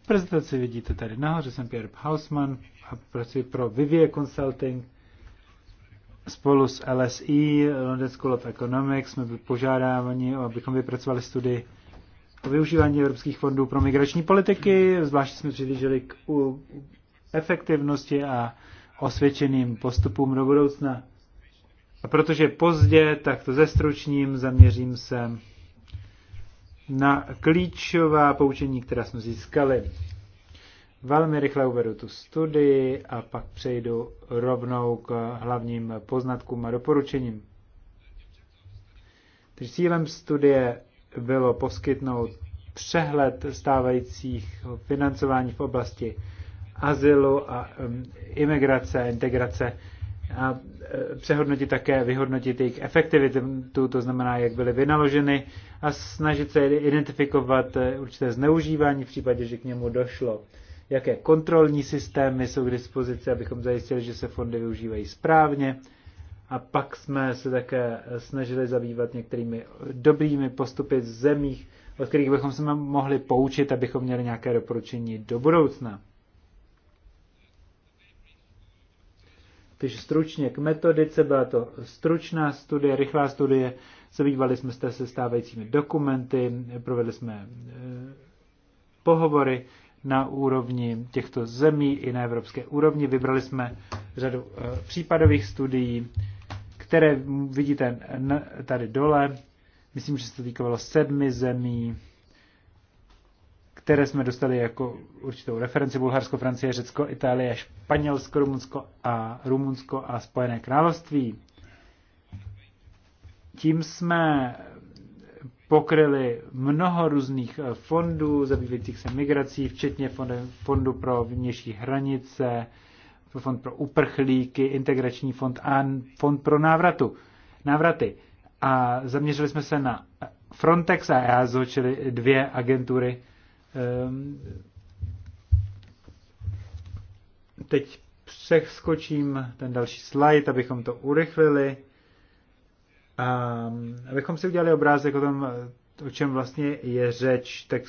V prezentaci vidíte tady nahoře, jsem Pierre Hausmann a pracuji pro Vivie Consulting. Spolu s LSI, London School of Economics, jsme byli požádáni, abychom vypracovali studii o využívání evropských fondů pro migrační politiky. Zvláště jsme přihlíželi k efektivnosti a osvědčeným postupům do budoucna. A protože pozdě, tak to zestručním, zaměřím se na klíčová poučení, která jsme získali. Velmi rychle uvedu tu studii a pak přejdu rovnou k hlavním poznatkům a doporučením. Takže cílem studie bylo poskytnout přehled stávajících financování v oblasti azylu a um, imigrace, integrace a e, přehodnotit také, vyhodnotit jejich efektivitu, to znamená, jak byly vynaloženy a snažit se identifikovat e, určité zneužívání v případě, že k němu došlo. Jaké kontrolní systémy jsou k dispozici, abychom zajistili, že se fondy využívají správně. A pak jsme se také snažili zabývat některými dobrými postupy v zemích, od kterých bychom se mohli poučit, abychom měli nějaké doporučení do budoucna. Takže stručně k metodice, byla to stručná studie, rychlá studie, zabývali jsme se se stávajícími dokumenty, provedli jsme e, pohovory na úrovni těchto zemí i na evropské úrovni. Vybrali jsme řadu e, případových studií, které vidíte tady dole. Myslím, že se to týkalo sedmi zemí které jsme dostali jako určitou referenci Bulharsko, Francie, Řecko, Itálie, Španělsko, Rumunsko a Rumunsko a Spojené království. Tím jsme pokryli mnoho různých eh, fondů zabývajících se migrací, včetně fondu pro vnější hranice, fond pro uprchlíky, integrační fond a fond pro návratu, návraty. A zaměřili jsme se na Frontex a EASO, čili dvě agentury, Ehm, teď přeskočím ten další slide, abychom to urychlili. Ehm, abychom si udělali obrázek o tom, o čem vlastně je řeč, tak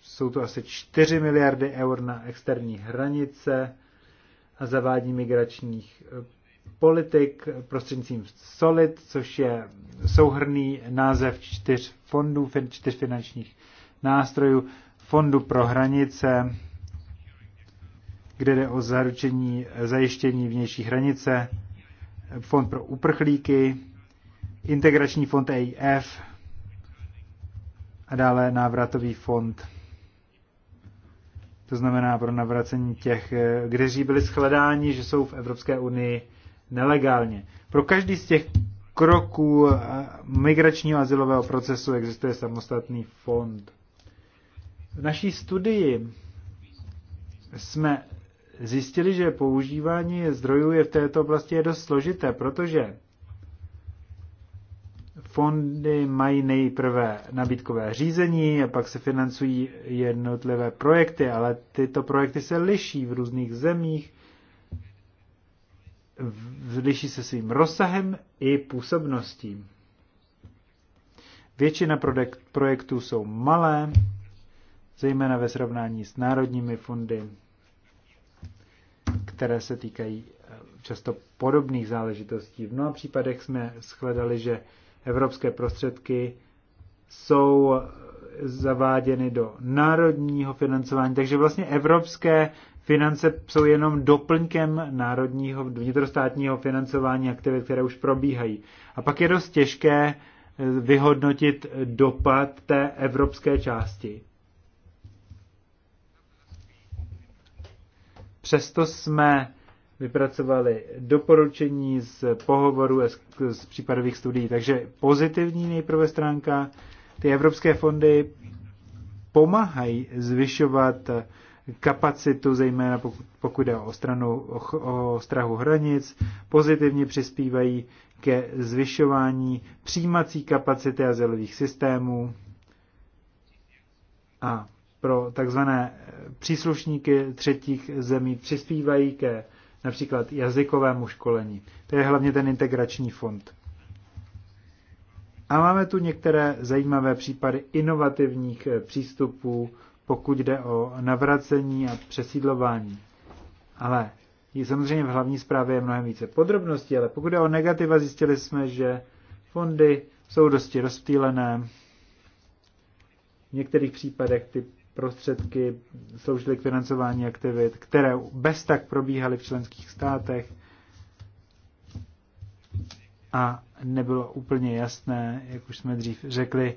jsou to asi 4 miliardy eur na externí hranice a zavádí migračních eh, politik prostřednictvím SOLID, což je souhrný název čtyř fondů, čtyř finančních nástrojů fondu pro hranice, kde jde o zaručení, zajištění vnější hranice, fond pro uprchlíky, integrační fond EIF a dále návratový fond. To znamená pro navracení těch, kteří byli shledáni, že jsou v Evropské unii nelegálně. Pro každý z těch kroků migračního azylového procesu existuje samostatný fond. V naší studii jsme zjistili, že používání zdrojů je v této oblasti je dost složité, protože fondy mají nejprve nabídkové řízení a pak se financují jednotlivé projekty, ale tyto projekty se liší v různých zemích, liší se svým rozsahem i působností. Většina projektů jsou malé, zejména ve srovnání s národními fondy, které se týkají eh, často podobných záležitostí. V mnoha případech jsme shledali, že evropské prostředky jsou eh, zaváděny do národního financování, takže vlastně evropské finance jsou jenom doplňkem národního vnitrostátního financování aktivit, které už probíhají. A pak je dost těžké eh, vyhodnotit dopad té evropské části Přesto jsme vypracovali doporučení z pohovoru a z případových studií. Takže pozitivní nejprve stránka. Ty evropské fondy pomáhají zvyšovat kapacitu, zejména pokud, pokud jde o, stranu o, o strahu hranic, pozitivně přispívají ke zvyšování přijímací kapacity azylových systémů a pro takzvané příslušníky třetích zemí přispívají ke například jazykovému školení. To je hlavně ten integrační fond. A máme tu některé zajímavé případy inovativních přístupů, pokud jde o navracení a přesídlování. Ale je samozřejmě v hlavní zprávě je mnohem více podrobností, ale pokud jde o negativa, zjistili jsme, že fondy jsou dosti rozptýlené. V některých případech ty prostředky sloužily k financování aktivit, které bez tak probíhaly v členských státech a nebylo úplně jasné, jak už jsme dřív řekli,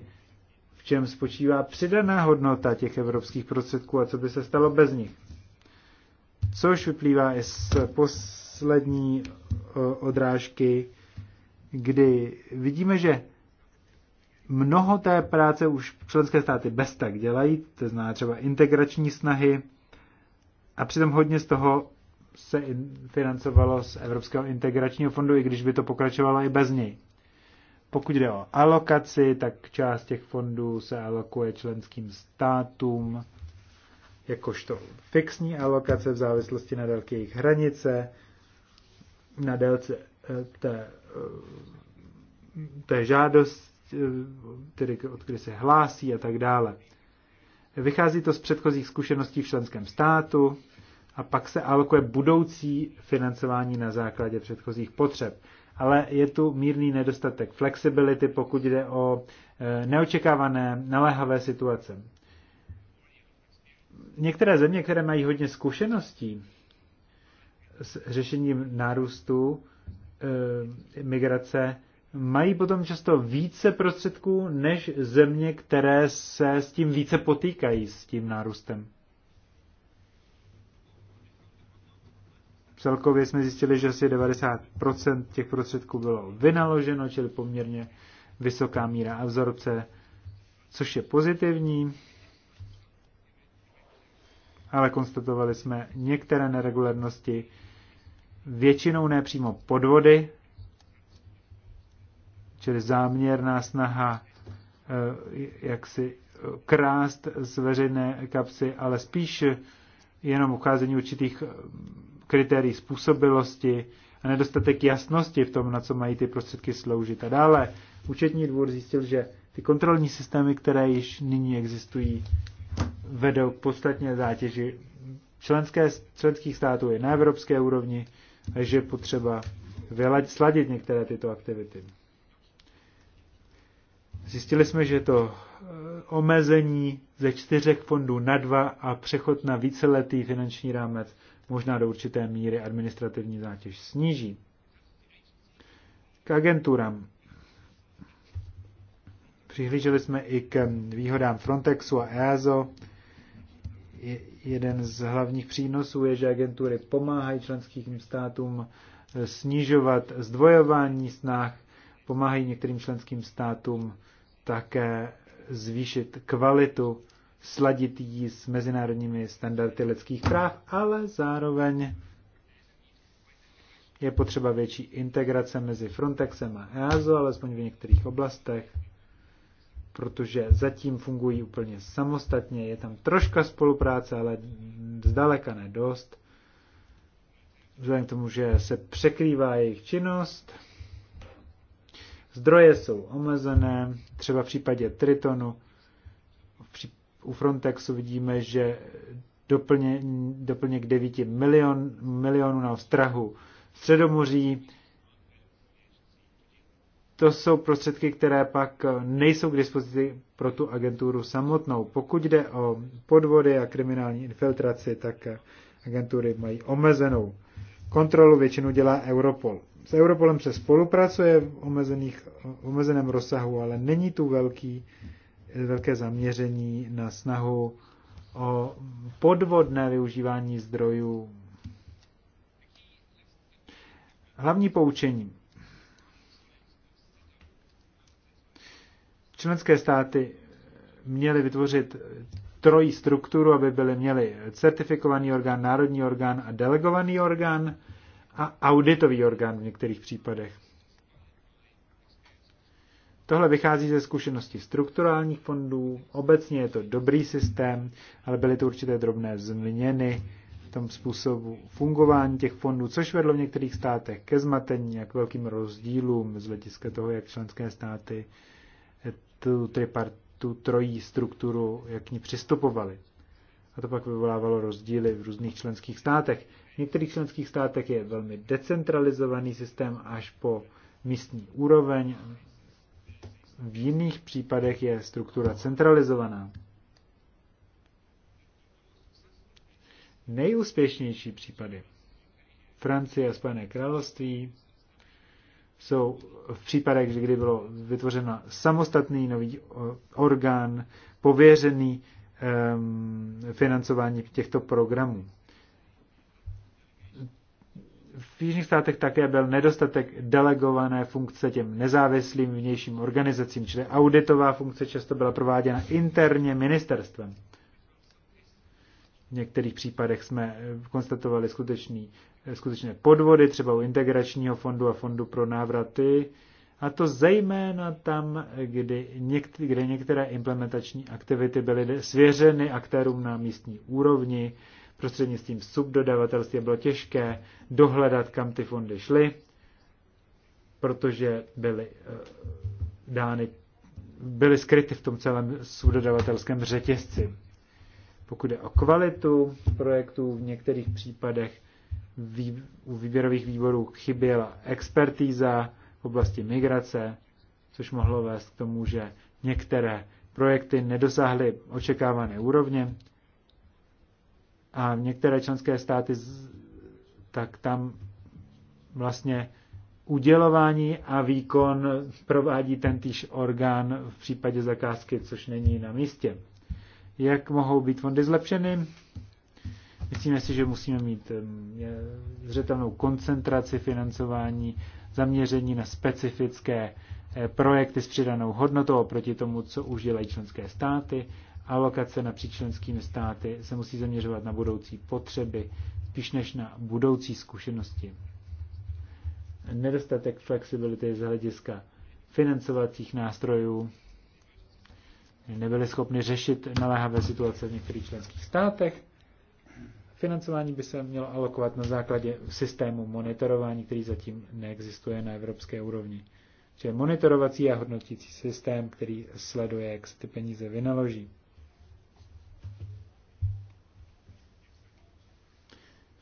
v čem spočívá přidaná hodnota těch evropských prostředků a co by se stalo bez nich. Což vyplývá i z poslední eh, odrážky, kdy vidíme, že Mnoho té práce už členské státy bez tak dělají, to zná třeba integrační snahy, a přitom hodně z toho se financovalo z Evropského integračního fondu, i když by to pokračovalo i bez něj. Pokud jde o alokaci, tak část těch fondů se alokuje členským státům jakožto fixní alokace v závislosti na délky jejich hranice, na délce eh, té, eh, té žádost, tedy kdy se hlásí a tak dále. Vychází to z předchozích zkušeností v členském státu a pak se alokuje budoucí financování na základě předchozích potřeb. Ale je tu mírný nedostatek flexibility, pokud jde o e, neočekávané, naléhavé situace. Některé země, které mají hodně zkušeností s řešením nárůstu e, migrace, mají potom často více prostředků než země, které se s tím více potýkají, s tím nárůstem. Celkově jsme zjistili, že asi 90% těch prostředků bylo vynaloženo, čili poměrně vysoká míra absorpce, což je pozitivní. Ale konstatovali jsme některé neregulárnosti, většinou přímo podvody, čili záměrná snaha eh, jak si eh, krást z veřejné kapsy, ale spíš jenom ucházení určitých eh, kritérií způsobilosti a nedostatek jasnosti v tom, na co mají ty prostředky sloužit. A dále účetní dvůr zjistil, že ty kontrolní systémy, které již nyní existují, vedou k podstatně zátěži členské, členských států i na evropské úrovni, je potřeba sladit některé tyto aktivity. Zjistili jsme, že to eh, omezení ze čtyřek fondů na dva a přechod na víceletý finanční rámec možná do určité míry administrativní zátěž sníží. K agenturám. Přihlíželi jsme i k výhodám Frontexu a EASO. Jeden z hlavních přínosů je, že agentury pomáhají členským státům eh, snižovat zdvojování snah, pomáhají některým členským státům také zvýšit kvalitu, sladit ji s mezinárodními standardy lidských práv, ale zároveň je potřeba větší integrace mezi Frontexem a EASO, alespoň v některých oblastech, protože zatím fungují úplně samostatně. Je tam troška spolupráce, ale zdaleka ne dost. Vzhledem k tomu, že se překrývá jejich činnost, Zdroje jsou omezené, třeba v případě Tritonu, u Frontexu vidíme, že doplně, doplněk 9 milion, milionů na ostrahu Středomoří. To jsou prostředky, které pak nejsou k dispozici pro tu agenturu samotnou. Pokud jde o podvody a kriminální infiltraci, tak agentury mají omezenou kontrolu, většinu dělá Europol s Europolem se spolupracuje v omezených, omezeném rozsahu, ale není tu velký, velké zaměření na snahu o podvodné využívání zdrojů. Hlavní poučení. Členské státy měly vytvořit trojí strukturu, aby byly měly certifikovaný orgán, národní orgán a delegovaný orgán – a auditový orgán v některých případech. Tohle vychází ze zkušenosti strukturálních fondů. Obecně je to dobrý systém, ale byly to určité drobné změny v tom způsobu fungování těch fondů, což vedlo v některých státech ke zmatení a k velkým rozdílům z hlediska toho, jak členské státy tu, tripart, tu trojí strukturu, jak k ní přistupovaly a to pak vyvolávalo rozdíly v různých členských státech. V některých členských státech je velmi decentralizovaný systém až po místní úroveň, v jiných případech je struktura centralizovaná. Nejúspěšnější případy Francie a Spojené království jsou v případech, kdy bylo vytvořen samostatný nový orgán, pověřený financování těchto programů. V jižních státech také byl nedostatek delegované funkce těm nezávislým vnějším organizacím, čili auditová funkce často byla prováděna interně ministerstvem. V některých případech jsme eh, konstatovali skutečný, eh, skutečné podvody, třeba u integračního fondu a fondu pro návraty, a to zejména tam, kdy některé, kde některé implementační aktivity byly svěřeny aktérům na místní úrovni, prostřednictvím subdodavatelství bylo těžké dohledat, kam ty fondy šly, protože byly eh, dány, byly skryty v tom celém subdodavatelském řetězci. Pokud je o kvalitu projektů, v některých případech vý, u výběrových výborů chyběla expertíza, v oblasti migrace, což mohlo vést k tomu, že některé projekty nedosáhly očekávané úrovně a některé členské státy tak tam vlastně udělování a výkon provádí ten týž orgán v případě zakázky, což není na místě. Jak mohou být fondy zlepšeny? Myslíme si, že musíme mít zřetelnou koncentraci financování zaměření na specifické eh, projekty s přidanou hodnotou oproti tomu, co už dělají členské státy. Alokace napříč členskými státy se musí zaměřovat na budoucí potřeby, spíš než na budoucí zkušenosti. Nedostatek flexibility z hlediska financovacích nástrojů nebyli schopni řešit naléhavé situace v některých členských státech Financování by se mělo alokovat na základě systému monitorování, který zatím neexistuje na evropské úrovni. Čili monitorovací a hodnotící systém, který sleduje, jak se ty peníze vynaloží.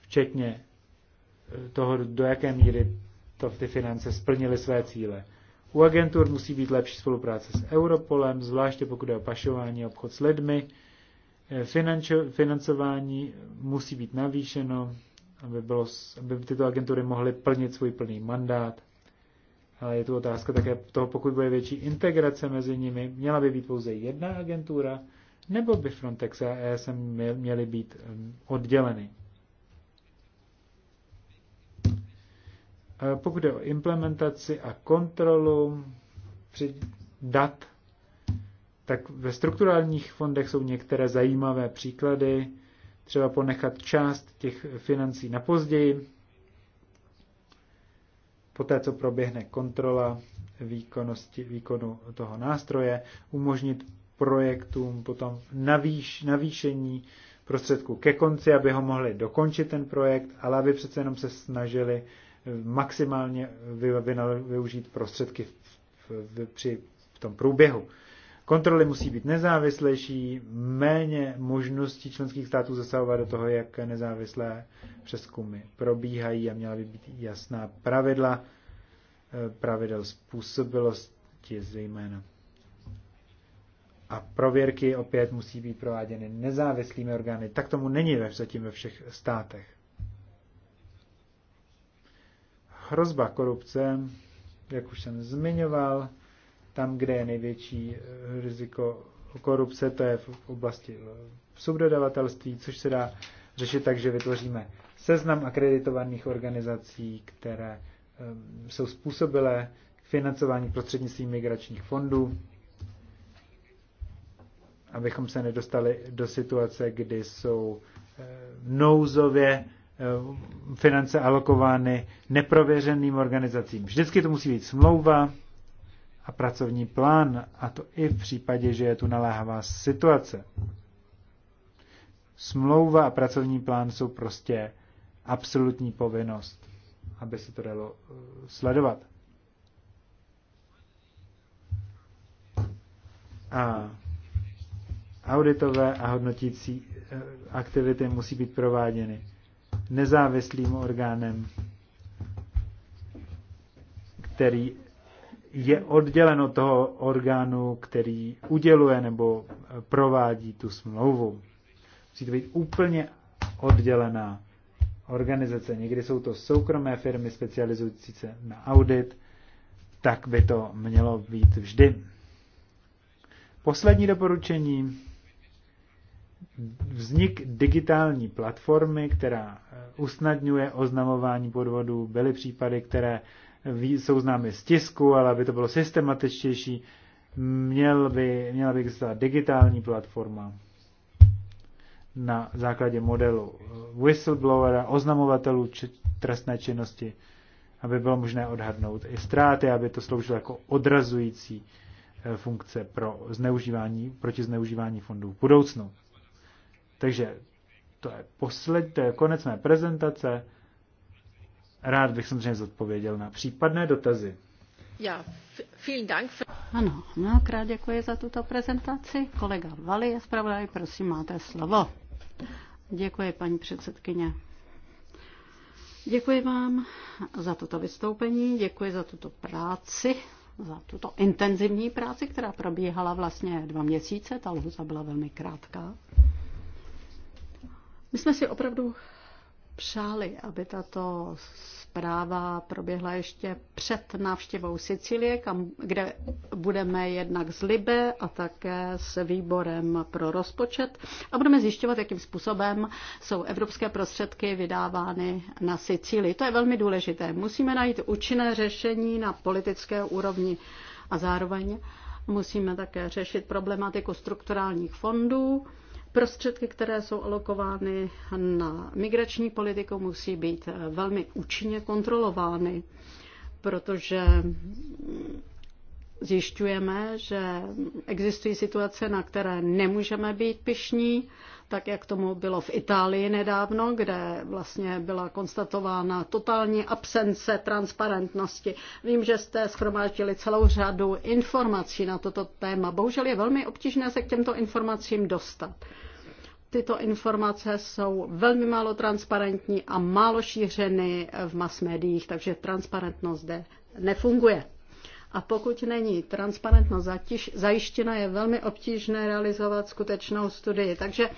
Včetně eh, toho, do jaké míry to ty finance splnily své cíle. U agentur musí být lepší spolupráce s Europolem, zvláště pokud je o pašování obchod s lidmi, Eh, financování musí být navýšeno, aby, bylo, aby tyto agentury mohly plnit svůj plný mandát. Ale je tu otázka také toho, pokud bude větší integrace mezi nimi, měla by být pouze jedna agentura, nebo by Frontex a ESM měly být odděleny. Eh, pokud je o implementaci a kontrolu při dat tak ve strukturálních fondech jsou některé zajímavé příklady, třeba ponechat část těch financí na později, poté co proběhne kontrola výkonnosti, výkonu toho nástroje, umožnit projektům potom navýš, navýšení prostředků ke konci, aby ho mohli dokončit ten projekt, ale aby přece jenom se snažili maximálně využít prostředky v, v, při v tom průběhu. Kontroly musí být nezávislejší, méně možností členských států zasahovat do toho, jak nezávislé přeskumy probíhají a měla by být jasná pravidla, eh, pravidel způsobilosti zejména. A prověrky opět musí být prováděny nezávislými orgány. Tak tomu není ve, zatím ve všech státech. Hrozba korupce, jak už jsem zmiňoval, tam, kde je největší eh, riziko korupce, to je v oblasti eh, subdodavatelství, což se dá řešit tak, že vytvoříme seznam akreditovaných organizací, které eh, jsou způsobilé k financování prostřednictvím migračních fondů, abychom se nedostali do situace, kdy jsou nouzově finance alokovány neprověřeným organizacím. Vždycky to musí být smlouva, a pracovní plán, a to i v případě, že je tu naléhavá situace. Smlouva a pracovní plán jsou prostě absolutní povinnost, aby se to dalo eh, sledovat. A auditové a hodnotící eh, aktivity musí být prováděny nezávislým orgánem, který je odděleno toho orgánu, který uděluje nebo provádí tu smlouvu. Musí to být úplně oddělená organizace. Někdy jsou to soukromé firmy specializující se na audit, tak by to mělo být vždy. Poslední doporučení. Vznik digitální platformy, která usnadňuje oznamování podvodů. Byly případy, které jsou známy z tisku, ale aby to bylo systematičtější, měl by, měla by existovat digitální platforma na základě modelu eh, whistleblowera, oznamovatelů či trestné činnosti, aby bylo možné odhadnout i ztráty, aby to sloužilo jako odrazující eh, funkce pro zneužívání, proti zneužívání fondů v budoucnu. Takže to je, posled, to je konec mé prezentace. Rád bych samozřejmě zodpověděl na případné dotazy. Já, vielen Dank. Ano, mnohokrát děkuji za tuto prezentaci. Kolega Vali je zpravodaj, prosím, máte slovo. Děkuji, paní předsedkyně. Děkuji vám za toto vystoupení, děkuji za tuto práci, za tuto intenzivní práci, která probíhala vlastně dva měsíce, ta lhuta byla velmi krátká. My jsme si opravdu přáli, aby tato zpráva proběhla ještě před návštěvou Sicílie, kam, kde budeme jednak z Libe a také s výborem pro rozpočet a budeme zjišťovat, jakým způsobem jsou evropské prostředky vydávány na Sicílii. To je velmi důležité. Musíme najít účinné řešení na politické úrovni a zároveň musíme také řešit problematiku strukturálních fondů, Prostředky, které jsou alokovány na migrační politiku, musí být eh, velmi účinně kontrolovány, protože zjišťujeme, že existují situace, na které nemůžeme být pišní, tak jak tomu bylo v Itálii nedávno, kde vlastně byla konstatována totální absence transparentnosti. Vím, že jste schromáždili celou řadu informací na toto téma. Bohužel je velmi obtížné se k těmto informacím dostat tyto informace jsou velmi málo transparentní a málo šířeny v mass médiích, takže transparentnost zde nefunguje. A pokud není transparentnost zajištěna, je velmi obtížné realizovat skutečnou studii. Takže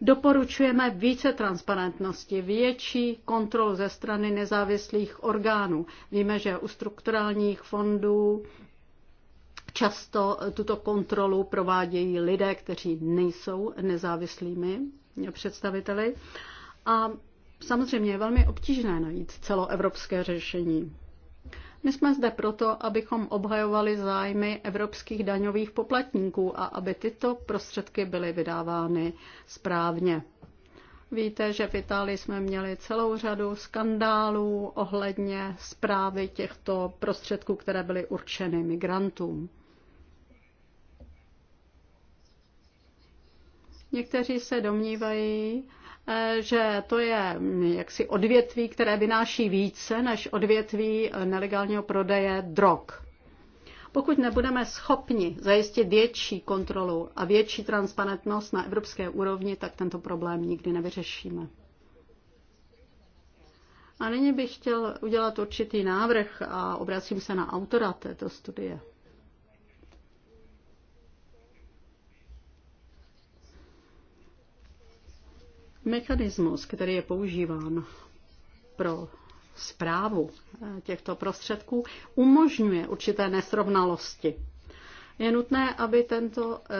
doporučujeme více transparentnosti, větší kontrol ze strany nezávislých orgánů. Víme, že u strukturálních fondů Často tuto kontrolu provádějí lidé, kteří nejsou nezávislými představiteli. A samozřejmě je velmi obtížné najít celoevropské řešení. My jsme zde proto, abychom obhajovali zájmy evropských daňových poplatníků a aby tyto prostředky byly vydávány správně. Víte, že v Itálii jsme měli celou řadu skandálů ohledně zprávy těchto prostředků, které byly určeny migrantům. Někteří se domnívají, eh, že to je jaksi odvětví, které vynáší více než odvětví eh, nelegálního prodeje drog. Pokud nebudeme schopni zajistit větší kontrolu a větší transparentnost na evropské úrovni, tak tento problém nikdy nevyřešíme. A nyní bych chtěl udělat určitý návrh a obracím se na autora této studie. Mechanismus, který je používán pro zprávu eh, těchto prostředků, umožňuje určité nesrovnalosti. Je nutné, aby tento eh,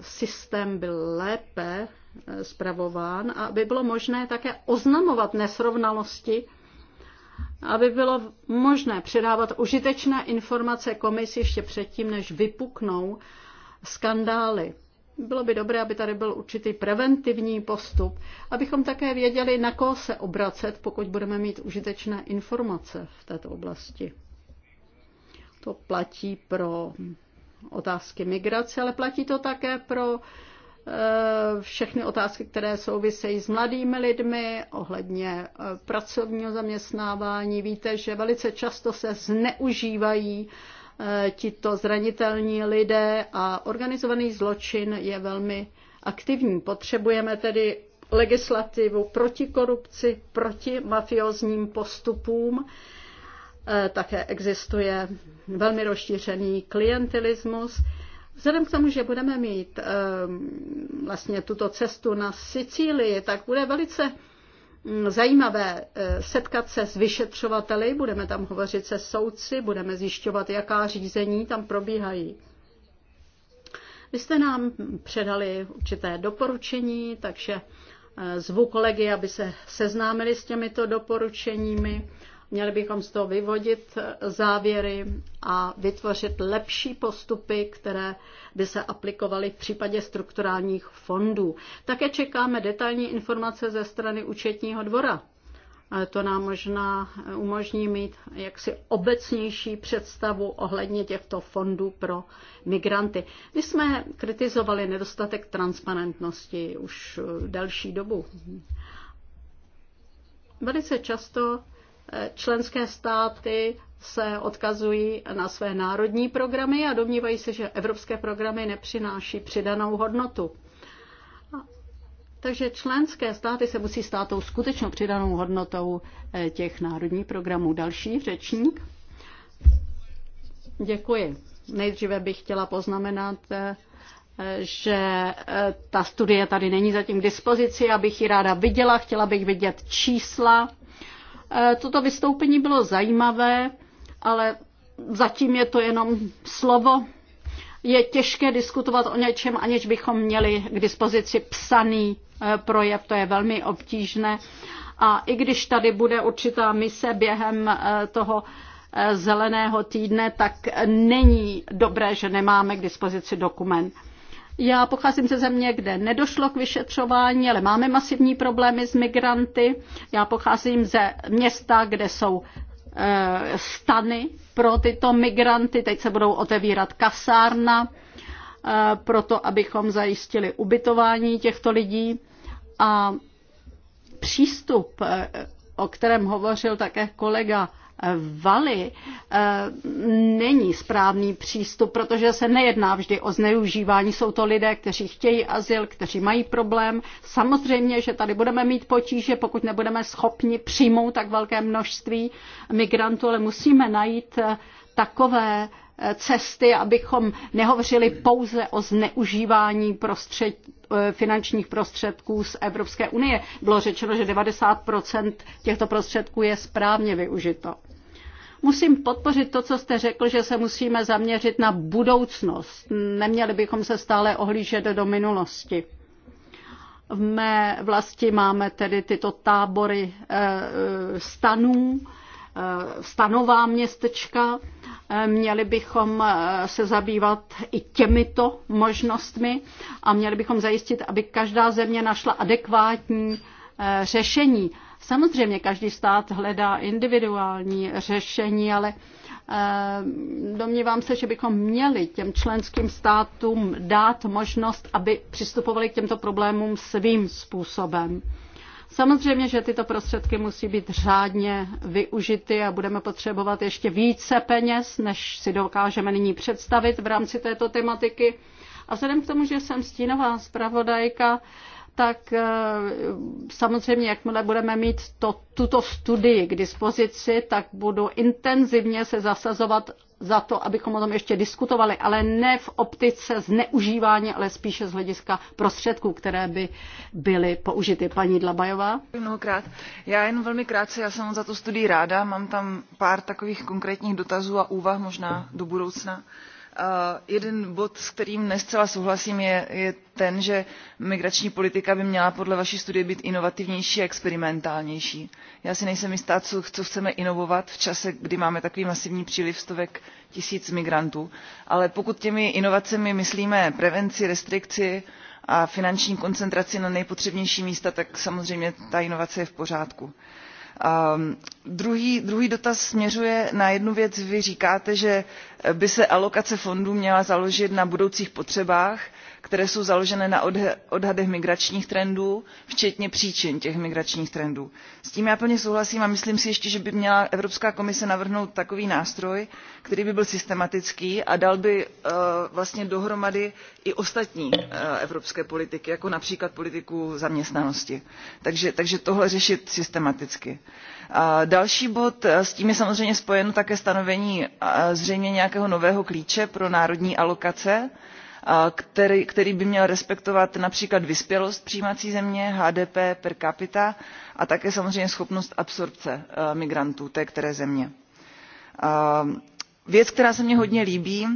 systém byl lépe zpravován eh, a aby bylo možné také oznamovat nesrovnalosti, aby bylo možné předávat užitečné informace komisi ještě předtím, než vypuknou skandály bylo by dobré, aby tady byl určitý preventivní postup, abychom také věděli, na koho se obracet, pokud budeme mít užitečné informace v této oblasti. To platí pro otázky migrace, ale platí to také pro eh, všechny otázky, které souvisejí s mladými lidmi ohledně eh, pracovního zaměstnávání. Víte, že velice často se zneužívají Eh, tito zranitelní lidé a organizovaný zločin je velmi aktivní. Potřebujeme tedy legislativu proti korupci, proti mafiozním postupům. Eh, také existuje velmi rozšířený klientelismus. Vzhledem k tomu, že budeme mít eh, vlastně tuto cestu na Sicílii, tak bude velice Mm, zajímavé eh, setkat se s vyšetřovateli, budeme tam hovořit se soudci, budeme zjišťovat, jaká řízení tam probíhají. Vy jste nám předali určité doporučení, takže eh, zvu kolegy, aby se seznámili s těmito doporučeními Měli bychom z toho vyvodit závěry a vytvořit lepší postupy, které by se aplikovaly v případě strukturálních fondů. Také čekáme detailní informace ze strany účetního dvora. To nám možná umožní mít jaksi obecnější představu ohledně těchto fondů pro migranty. My jsme kritizovali nedostatek transparentnosti už delší dobu. Velice často členské státy se odkazují na své národní programy a domnívají se, že evropské programy nepřináší přidanou hodnotu. Takže členské státy se musí stát tou skutečnou přidanou hodnotou eh, těch národních programů. Další řečník. Děkuji. Nejdříve bych chtěla poznamenat, eh, že eh, ta studie tady není zatím k dispozici, abych ji ráda viděla, chtěla bych vidět čísla Eh, toto vystoupení bylo zajímavé, ale zatím je to jenom slovo. Je těžké diskutovat o něčem, aniž bychom měli k dispozici psaný eh, projev, to je velmi obtížné. A i když tady bude určitá mise během eh, toho zeleného týdne, tak není dobré, že nemáme k dispozici dokument. Já pocházím ze země, kde nedošlo k vyšetřování, ale máme masivní problémy s migranty. Já pocházím ze města, kde jsou eh, stany pro tyto migranty. Teď se budou otevírat kasárna, eh, proto abychom zajistili ubytování těchto lidí. A přístup, eh, o kterém hovořil také kolega valy eh, není správný přístup, protože se nejedná vždy o zneužívání. Jsou to lidé, kteří chtějí azyl, kteří mají problém. Samozřejmě, že tady budeme mít potíže, pokud nebudeme schopni přijmout tak velké množství migrantů, ale musíme najít eh, takové eh, cesty, abychom nehovořili pouze o zneužívání prostřed, finančních prostředků z Evropské unie. Bylo řečeno, že 90 těchto prostředků je správně využito. Musím podpořit to, co jste řekl, že se musíme zaměřit na budoucnost. Neměli bychom se stále ohlížet do minulosti. V mé vlasti máme tedy tyto tábory eh, stanů, eh, stanová městečka. Eh, měli bychom se zabývat i těmito možnostmi a měli bychom zajistit, aby každá země našla adekvátní řešení. Samozřejmě každý stát hledá individuální řešení, ale eh, domnívám se, že bychom měli těm členským státům dát možnost, aby přistupovali k těmto problémům svým způsobem. Samozřejmě, že tyto prostředky musí být řádně využity a budeme potřebovat ještě více peněz, než si dokážeme nyní představit v rámci této tematiky. A vzhledem k tomu, že jsem stínová zpravodajka, tak eh, samozřejmě, jakmile budeme mít to, tuto studii k dispozici, tak budu intenzivně se zasazovat za to, abychom o tom ještě diskutovali, ale ne v optice zneužívání, ale spíše z hlediska prostředků, které by byly použity. Paní Dlabajová? Mnohokrát. Já jen velmi krátce, já jsem za tu studii ráda, mám tam pár takových konkrétních dotazů a úvah možná do budoucna. Uh, jeden bod se kterým ne zcela souhlasím je, ten že migrační politika by měla podle vaší studie být inovativnější a experimentálnější. já si nejsem jistá co, chceme inovovat v čase kdy máme takový masivní příliv stovek tisíc migrantů ale pokud těmi inovacemi myslíme prevenci restrikci a finanční koncentraci na nejpotřebnější místa tak samozřejmě ta inovace je v pořádku. Um, druhý, druhý dotaz směřuje na jednu věc. Vy říkáte, že by se alokace fondů měla založit na budoucích potřebách které jsou založené na odhadech migračních trendů včetně příčin těch migračních trendů. s tím já plně souhlasím a myslím si ještě že by měla evropská komise navrhnout takový nástroj který by byl systematický a dal by eh, vlastně dohromady i ostatní eh, evropské politiky jako například politiku zaměstnanosti. takže, takže tohle řešit systematicky. A další bod eh, s tím je samozřejmě spojeno také stanovení zřejmě nějakého nového klíče pro národní alokace který, by měl respektovat například vyspělost přijímací země hdp per capita a také samozřejmě schopnost absorpce eh, migrantů té které země. věc která se mně hodně líbí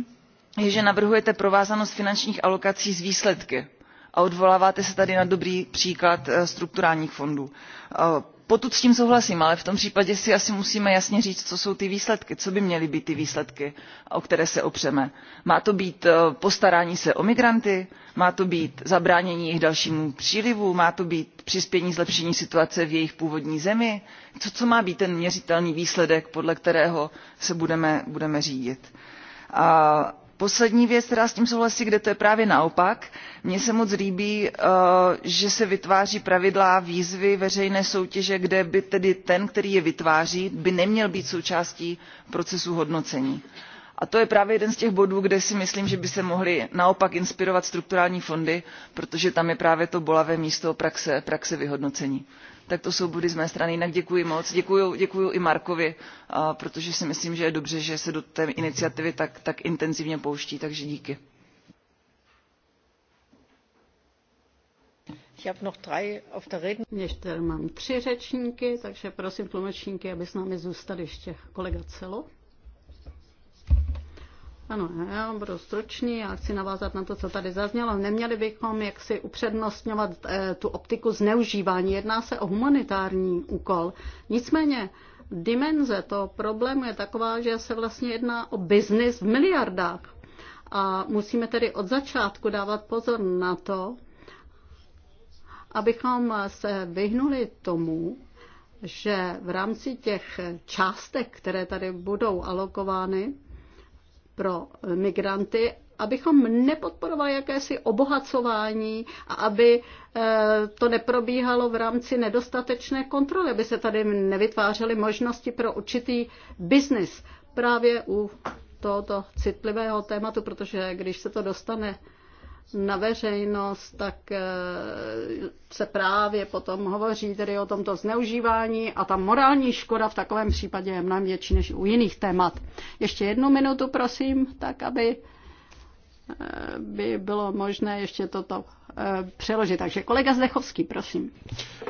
je že navrhujete provázanost finančních alokací s výsledky a odvoláváte se tady na dobrý příklad eh, strukturálních fondů potud s tím souhlasím ale v tom případě si asi musíme jasně říct co jsou ty výsledky co by měly být ty výsledky o které se opřeme. má to být eh, postarání se o migranty má to být zabránění jejich dalšímu přílivu má to být přispění zlepšení situace v jejich původní zemi co, co má být ten měřitelný výsledek podle kterého se budeme, budeme řídit? A poslední věc která s tím souhlasí kde to je právě naopak mně se moc líbí eh, že se vytváří pravidla výzvy veřejné soutěže kde by tedy ten který je vytváří by neměl být součástí procesu hodnocení. a to je právě jeden z těch bodů kde si myslím že by se mohly naopak inspirovat strukturální fondy protože tam je právě to bolavé místo praxe, praxe vyhodnocení tak to jsou body z mé strany. Jinak děkuji moc. Děkuji, děkuji i Markovi, protože si myslím, že je dobře, že se do té iniciativy tak, tak intenzivně pouští, takže díky. Ještě mám tři řečníky, takže prosím tlumočníky, aby s námi zůstali ještě kolega Celo. Ano, já budu stručný, já chci navázat na to, co tady zaznělo. Neměli bychom jaksi upřednostňovat eh, tu optiku zneužívání. Jedná se o humanitární úkol. Nicméně dimenze toho problému je taková, že se vlastně jedná o biznis v miliardách. A musíme tedy od začátku dávat pozor na to, abychom se vyhnuli tomu, že v rámci těch částek, které tady budou alokovány, pro migranty, abychom nepodporovali jakési obohacování a aby eh, to neprobíhalo v rámci nedostatečné kontroly, aby se tady nevytvářely možnosti pro určitý biznis právě u tohoto citlivého tématu, protože když se to dostane na veřejnost, tak eh, se právě potom hovoří tedy o tomto zneužívání a ta morální škoda v takovém případě je mnohem větší než u jiných témat. Ještě jednu minutu, prosím, tak aby by bylo možné ještě toto eh, přeložit. Takže kolega Zdechovský, prosím.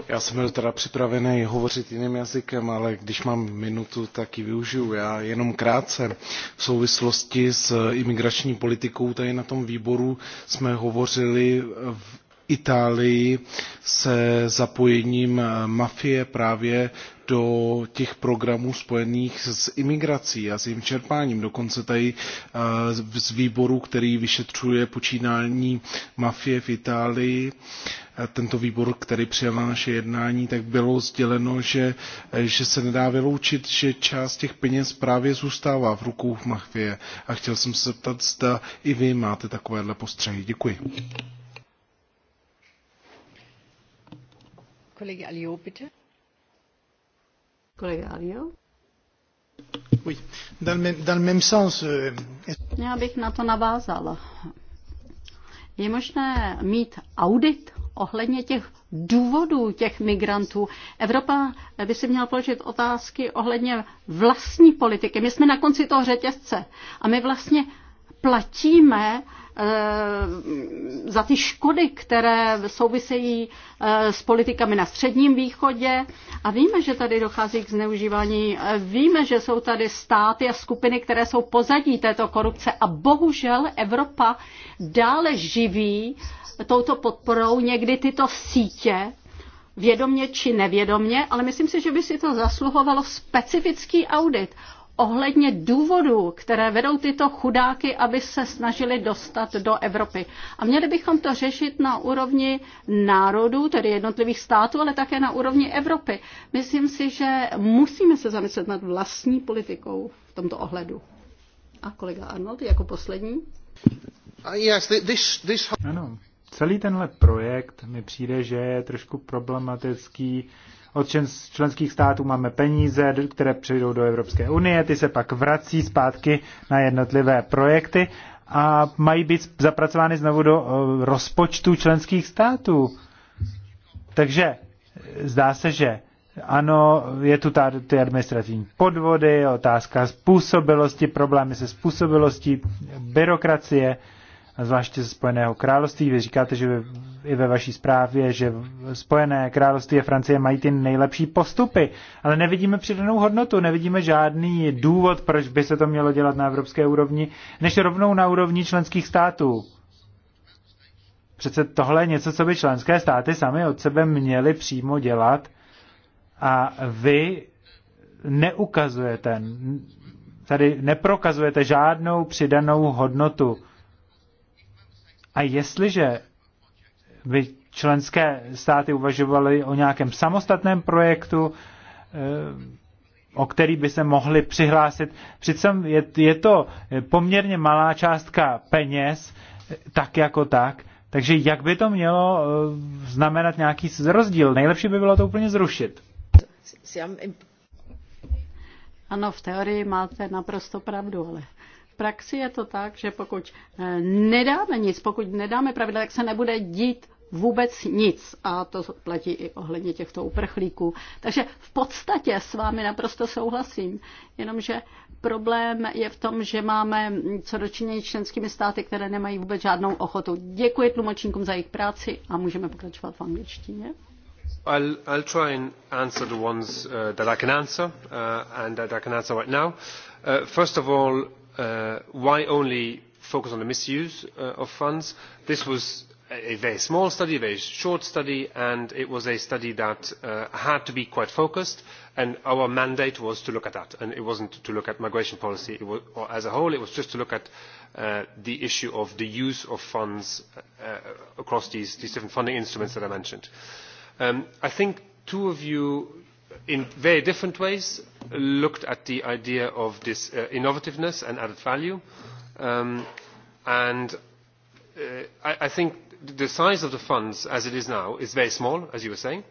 Já jsem byl teda připravený hovořit jiným jazykem, ale když mám minutu, tak ji využiju. Já jenom krátce. V souvislosti s eh, imigrační politikou tady na tom výboru jsme hovořili v Itálii se zapojením eh, mafie právě do těch programů spojených s imigrací a s jejím čerpáním. Dokonce tady eh, z výboru, který vyšetřuje počínání mafie v Itálii, eh, tento výbor, který přijal na naše jednání, tak bylo sděleno, že, eh, že se nedá vyloučit, že část těch peněz právě zůstává v rukou mafie. A chtěl jsem se zeptat, zda i vy máte takovéhle postřehy. Děkuji. Kolegy Alio, bitte. Kolega Alio? Euh, no, já bych na to navázala. Je možné mít audit ohledně těch důvodů těch migrantů. Evropa by si měla položit otázky ohledně vlastní politiky. My jsme na konci toho řetězce a my vlastně platíme uh, za ty škody, které souvisejí eh, s politikami na Středním východě. A víme, že tady dochází k zneužívání. Víme, že jsou tady státy a skupiny, které jsou pozadí této korupce. A bohužel Evropa dále živí touto podporou někdy tyto sítě, vědomně či nevědomně, ale myslím si, že by si to zasluhovalo specifický audit ohledně důvodů, které vedou tyto chudáky, aby se snažili dostat do Evropy. A měli bychom to řešit na úrovni národů, tedy jednotlivých států, ale také na úrovni Evropy. Myslím si, že musíme se zamyslet nad vlastní politikou v tomto ohledu. A kolega Arnold jako poslední. Uh, ano, celý tenhle projekt mi přijde, že je trošku problematický od členských států máme peníze, které přijdou do Evropské unie, ty se pak vrací zpátky na jednotlivé projekty a mají být zapracovány znovu do eh, rozpočtu členských států. Takže eh, zdá se, že ano, je tu ta, ty administrativní podvody, otázka způsobilosti, problémy se způsobilostí, byrokracie, zvláště ze Spojeného království. Vy říkáte, že i ve vaší zprávě, že Spojené království a Francie mají ty nejlepší postupy, ale nevidíme přidanou hodnotu, nevidíme žádný důvod, proč by se to mělo dělat na evropské úrovni, než rovnou na úrovni členských států. Přece tohle je něco, co by členské státy sami od sebe měly přímo dělat a vy neukazujete, tady neprokazujete žádnou přidanou hodnotu a jestliže by členské státy uvažovaly o nějakém samostatném projektu, eh, o který by se mohli přihlásit. přece je, je to poměrně malá částka peněz, tak jako tak, takže jak by to mělo eh, znamenat nějaký rozdíl? Nejlepší by bylo to úplně zrušit. Ano, v teorii máte naprosto pravdu, ale praxi je to tak, že pokud eh, nedáme nic, pokud nedáme pravidla, tak se nebude dít vůbec nic. A to platí i ohledně těchto uprchlíků. Takže v podstatě s vámi naprosto souhlasím. Jenomže problém je v tom, že máme co dočinění členskými státy, které nemají vůbec žádnou ochotu. Děkuji tlumočníkům za jejich práci a můžeme pokračovat v angličtině. I'll, I'll try and answer the ones uh, that I can answer uh, and that I can answer right now. Uh, first of all, Uh, why only focus on the misuse uh, of funds? This was a very small study, a very short study, and it was a study that uh, had to be quite focused, and our mandate was to look at that, and it was not to look at migration policy as a whole, it was just to look at the issue of the use of funds across these, different funding instruments that I mentioned. Um, I think two of you in very different ways looked at the idea of this uh, innovativeness and added value. Um, and uh, I, I think the size of the funds as it is now is very small, as you were saying.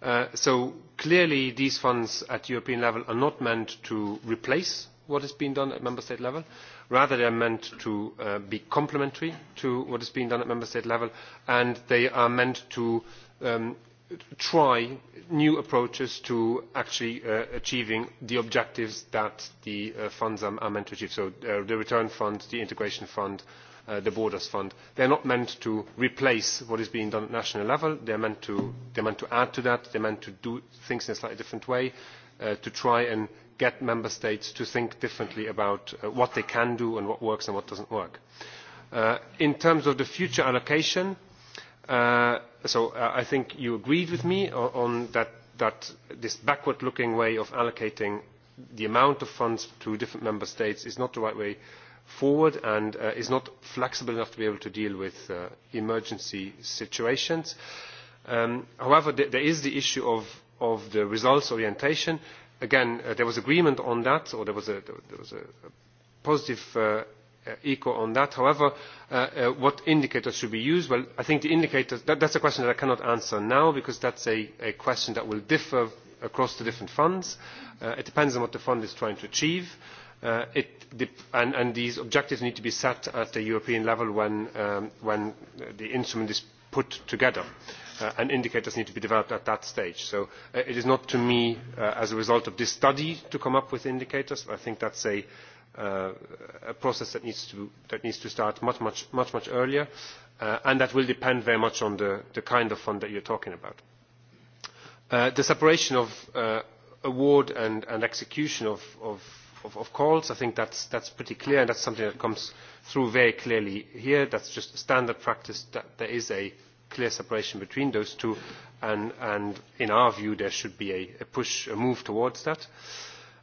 Uh, so clearly these funds at European level are not meant to replace what is being done at member state level. Rather, they are meant to uh, be complementary to what is being done at member state level, and they are meant to um, try new approaches to actually uh, achieving the objectives that the uh, funds are, meant to achieve. So uh, the return fund, the integration fund, uh, the borders fund, they are not meant to replace what is being done at national level. they are meant to add to that. they are meant to do things in a slightly different way to try and get member states to think differently about what they can do and what works and what does not work. in terms of the future allocation, so uh, I think you agreed with me on, that, that this backward-looking way of allocating the amount of funds to different member states is not the right way forward and uh, is not flexible enough to be able to deal with uh, emergency situations. Um, however, th there is the issue of, of the results orientation. Again, uh, there was agreement on that, or there was a, there was a positive uh, Uh, eco echo on that. However, uh, uh, what indicators should be used? Well, I think the indicators, that, that's a question that I cannot answer now because that's a, a question that will differ across the different funds. Uh, it depends on what the fund is trying to achieve. Uh, it, and, and these objectives need to be set at the European level when, um, when the instrument is put together. Uh, and indicators need to be developed at that stage. So uh, it is not to me, uh, as a result of this study, to come up with indicators. I think that's a, uh, a process that needs to that needs to start much much much much earlier uh, and that will depend very much on the the kind of fund that you're talking about uh, the separation of uh, award and and execution of of of, of calls i think that's that's pretty clear and that's something that comes through very clearly here that's just standard practice that there is a clear separation between those two and and in our view there should be a, a push a move towards that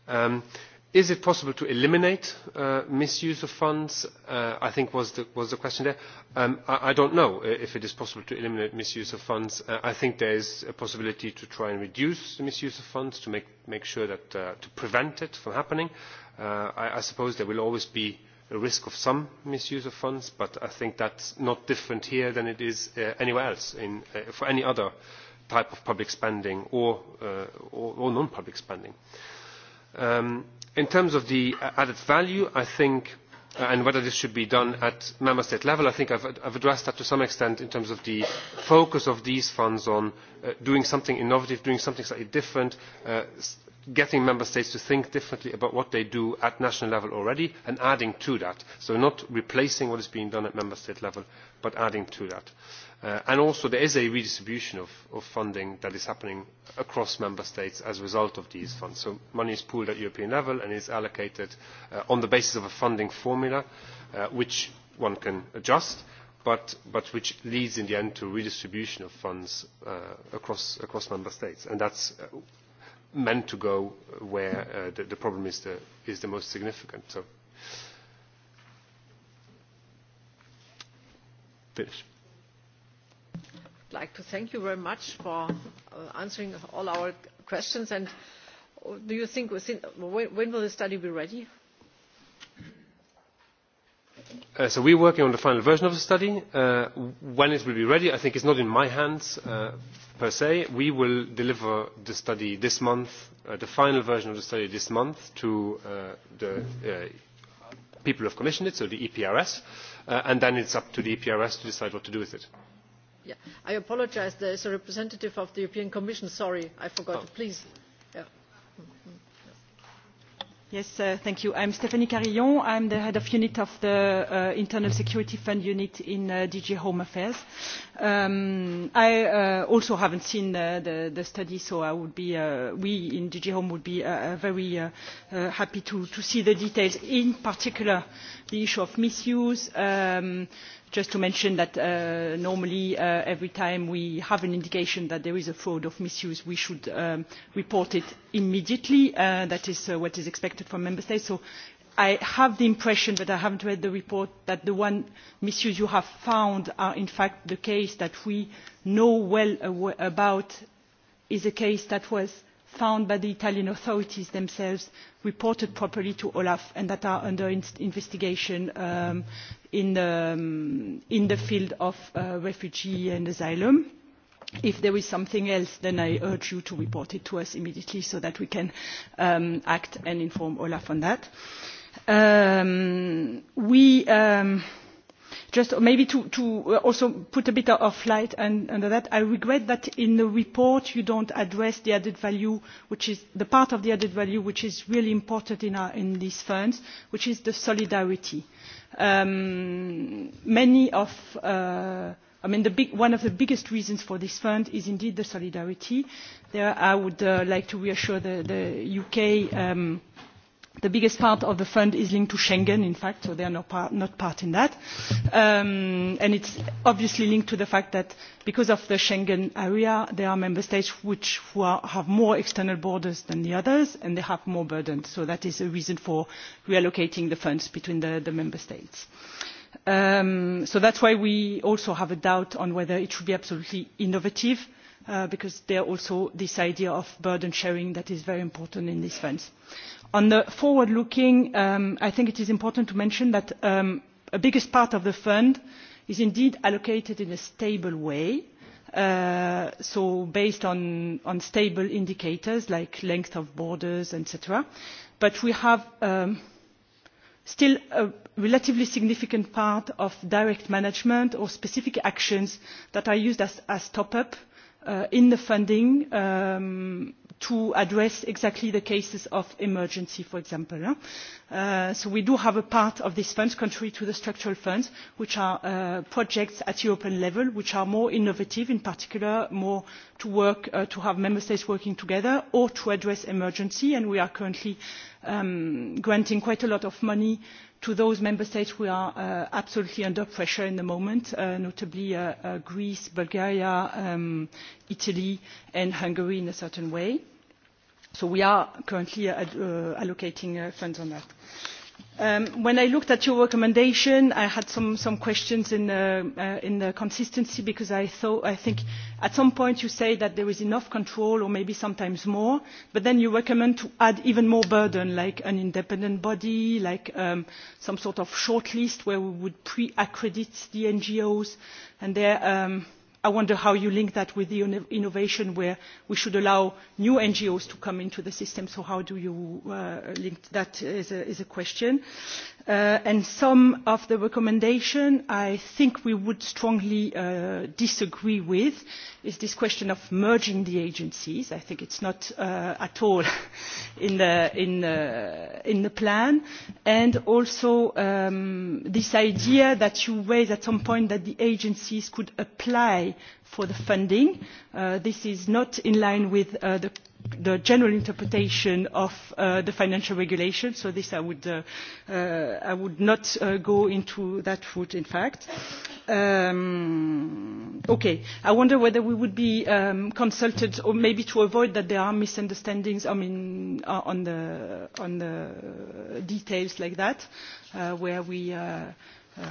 um, Is it possible to eliminate uh, misuse of funds? Uh, I think was the, was the question there. Um, I, I don't know if it is possible to eliminate misuse of funds. Uh, I think there is a possibility to try and reduce the misuse of funds to make, make sure that uh, to prevent it from happening. Uh, I, I suppose there will always be a risk of some misuse of funds, but I think that's not different here than it is uh, anywhere else in, uh, for any other type of public spending or, uh, or, or non-public spending. Um, in terms of the uh, added value i think uh, and whether this should be done at member state level i think i have addressed that to some extent in terms of the focus of these funds on uh, doing something innovative doing something slightly different uh, getting member states to think differently about what they do at national level already and adding to that so not replacing what is being done at member state level but adding to that. Uh, and also there is a redistribution of, of funding that is happening across member states as a result of these funds. so money is pooled at european level and is allocated uh, on the basis of a funding formula uh, which one can adjust but, but which leads in the end to redistribution of funds uh, across, across member states and that is uh, meant to go where the, the problem is the, is the most significant. so finish like to thank you very much for uh, answering all our questions. Uh, do you think when, will the study be ready? Uh, so we're working on the final version of the study. Uh, when it will be ready, I think it's not in my hands uh, per se. We will deliver the study this month, uh, the final version of the study this month to uh, the uh, people who have commissioned it, so the EPRS, uh, and then it's up to the EPRS to decide what to do with it. Yeah. I apologize. There is a representative of the European Commission. Sorry, I forgot. Oh. Please. Yeah. Yes, uh, thank you. I'm Stephanie Carillon. I'm the head of unit of the uh, Internal Security Fund unit in uh, DG Home Affairs Um, i uh, also have not seen the, study so I would be, uh, we in dg home would be uh, very happy to, see the details in particular the issue of misuse um, just to mention that normally every time we have an indication that there is a fraud or misuse we should um, report it immediately that is what is expected from member states so i have the impression but i have not read the report that the one misuse you have found are in fact the case that we know well about is a case that was found by the italian authorities themselves reported properly to olaf and that are under investigation um, um, in, the, field of uh, refugee and asylum if there is something else then i urge you to report it to us immediately so that we can um, act and inform olaf on that. Um, we um, just maybe to, to also put a bit of light under that i regret that in the report you do not address the added value which is the part of the added value which is really important in, our, in these funds which is the solidarity. Um, many of uh, I mean, the big, one of the biggest reasons for this fund is indeed the solidarity. There, I would uh, like to reassure the, the UK um, the biggest part of the fund is linked to schengen in fact so they are not part, not part in that um, and it's obviously linked to the fact that because of the schengen area there are member states which who are, have more external borders than the others and they have more burden so that is a reason for reallocating the funds between the, the member states. Um, so that's why we also have a doubt on whether it should be absolutely innovative uh, because there also this idea of burden sharing that is very important in these funds on the forward looking um, i think it is important to mention that um, a biggest part of the fund is indeed allocated in a stable way uh, so based on, on stable indicators like length of borders etc. but we have um, still a relatively significant part of direct management or specific actions that are used as, as top up uh, in the funding um, to address exactly the cases of emergency for example. Uh, so we do have a part of these funds contrary to the structural funds which are uh, projects at european level which are more innovative in particular more to work uh, to have member states working together or to address emergency and we are currently um, granting quite a lot of money to those member states who are uh, absolutely under pressure in the moment uh, notably uh, uh, greece bulgaria um, italy and hungary in a certain way so we are currently uh, ad, uh, allocating uh, funds on that. Um, when i looked at your recommendation i had some, some questions in, uh, uh, in the consistency because I, thought, i think at some point you say that there is enough control or maybe sometimes more but then you recommend to add even more burden like an independent body like um, some sort of shortlist where we would pre accredit the ngos and there um, i wonder how you link that with the innovation where we should allow new ngos to come into the system so how do you uh, link that is a question. Uh, and some of the recommendations i think we would strongly uh, disagree with is this question of merging the agencies. i think it is not uh, at all [laughs] in the, plan and also um, this idea that you raised at some point that the agencies could apply for the funding. this is not in line with the the general interpretation of uh, the financial regulation so this i would, uh, uh, I would not uh, go into that route in fact. Um, okay. i wonder whether we would be um, consulted or maybe to avoid that there are misunderstandings I mean, uh, on, the, on the details like that uh, where we Uh,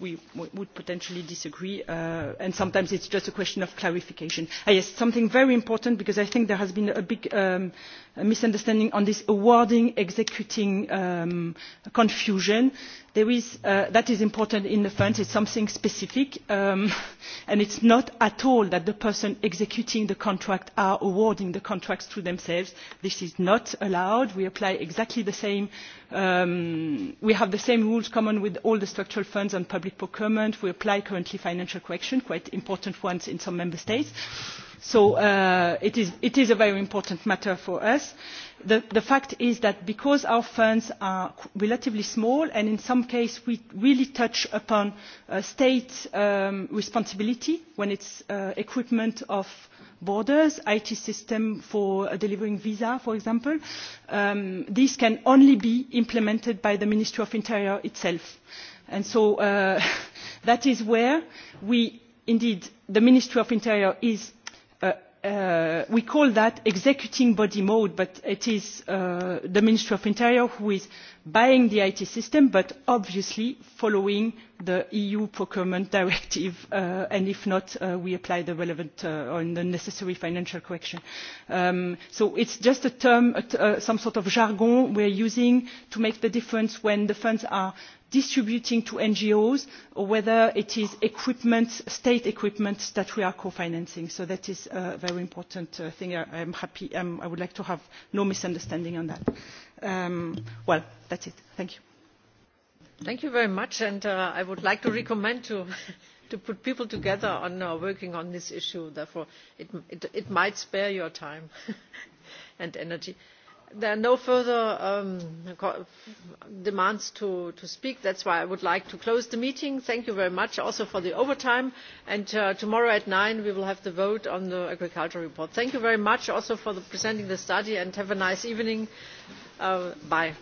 we would potentially disagree uh, and sometimes it is just a question of clarification. Uh, yes, something very important because i think there has been a big um, misunderstanding on this awarding executing um, confusion is, uh, that is important in the funds it is something specific um, [laughs] and it is not at all that the person executing the contract is awarding the contracts to themselves. this is not allowed. we apply exactly the same um, we have the same rules common with all the structural funds on public procurement. we apply currently financial correction quite important ones in some member states so uh, it, is, a very important matter for us. The, fact is that because our funds are relatively small and in some cases we really touch upon uh, state um, responsibility when it is uh, equipment of borders it systems for delivering visas for example um, these can only be implemented by the ministry of the interior itself so uh, [laughs] that is where we indeed the ministry of the interior Uh, we call that executing body mode but it is uh, the ministry of the interior who is buying the it system but obviously following the eu procurement [laughs] directive uh, and if not we apply the relevant or the necessary financial correction. Um, so it is just a term some sort of jargon we are using to make the difference when the funds are distributing to ngos or whether it is equipment, state equipment that we are co financing. so that is a very important uh, thing. i am happy um, i would like to have no misunderstanding on that. Um, well that is it. thank you. thank you very much and uh, i would like to recommend to [laughs] to put people together on uh, working on this issue. therefore it, it, it might spare your time [laughs] and energy there are no further um, demands to, speak that is why i would like to close the meeting. thank you very much also for the overtime and uh, tomorrow at nine we will have the vote on the agricultural report. thank you very much also for presenting the study and have a nice evening. Uh, bye.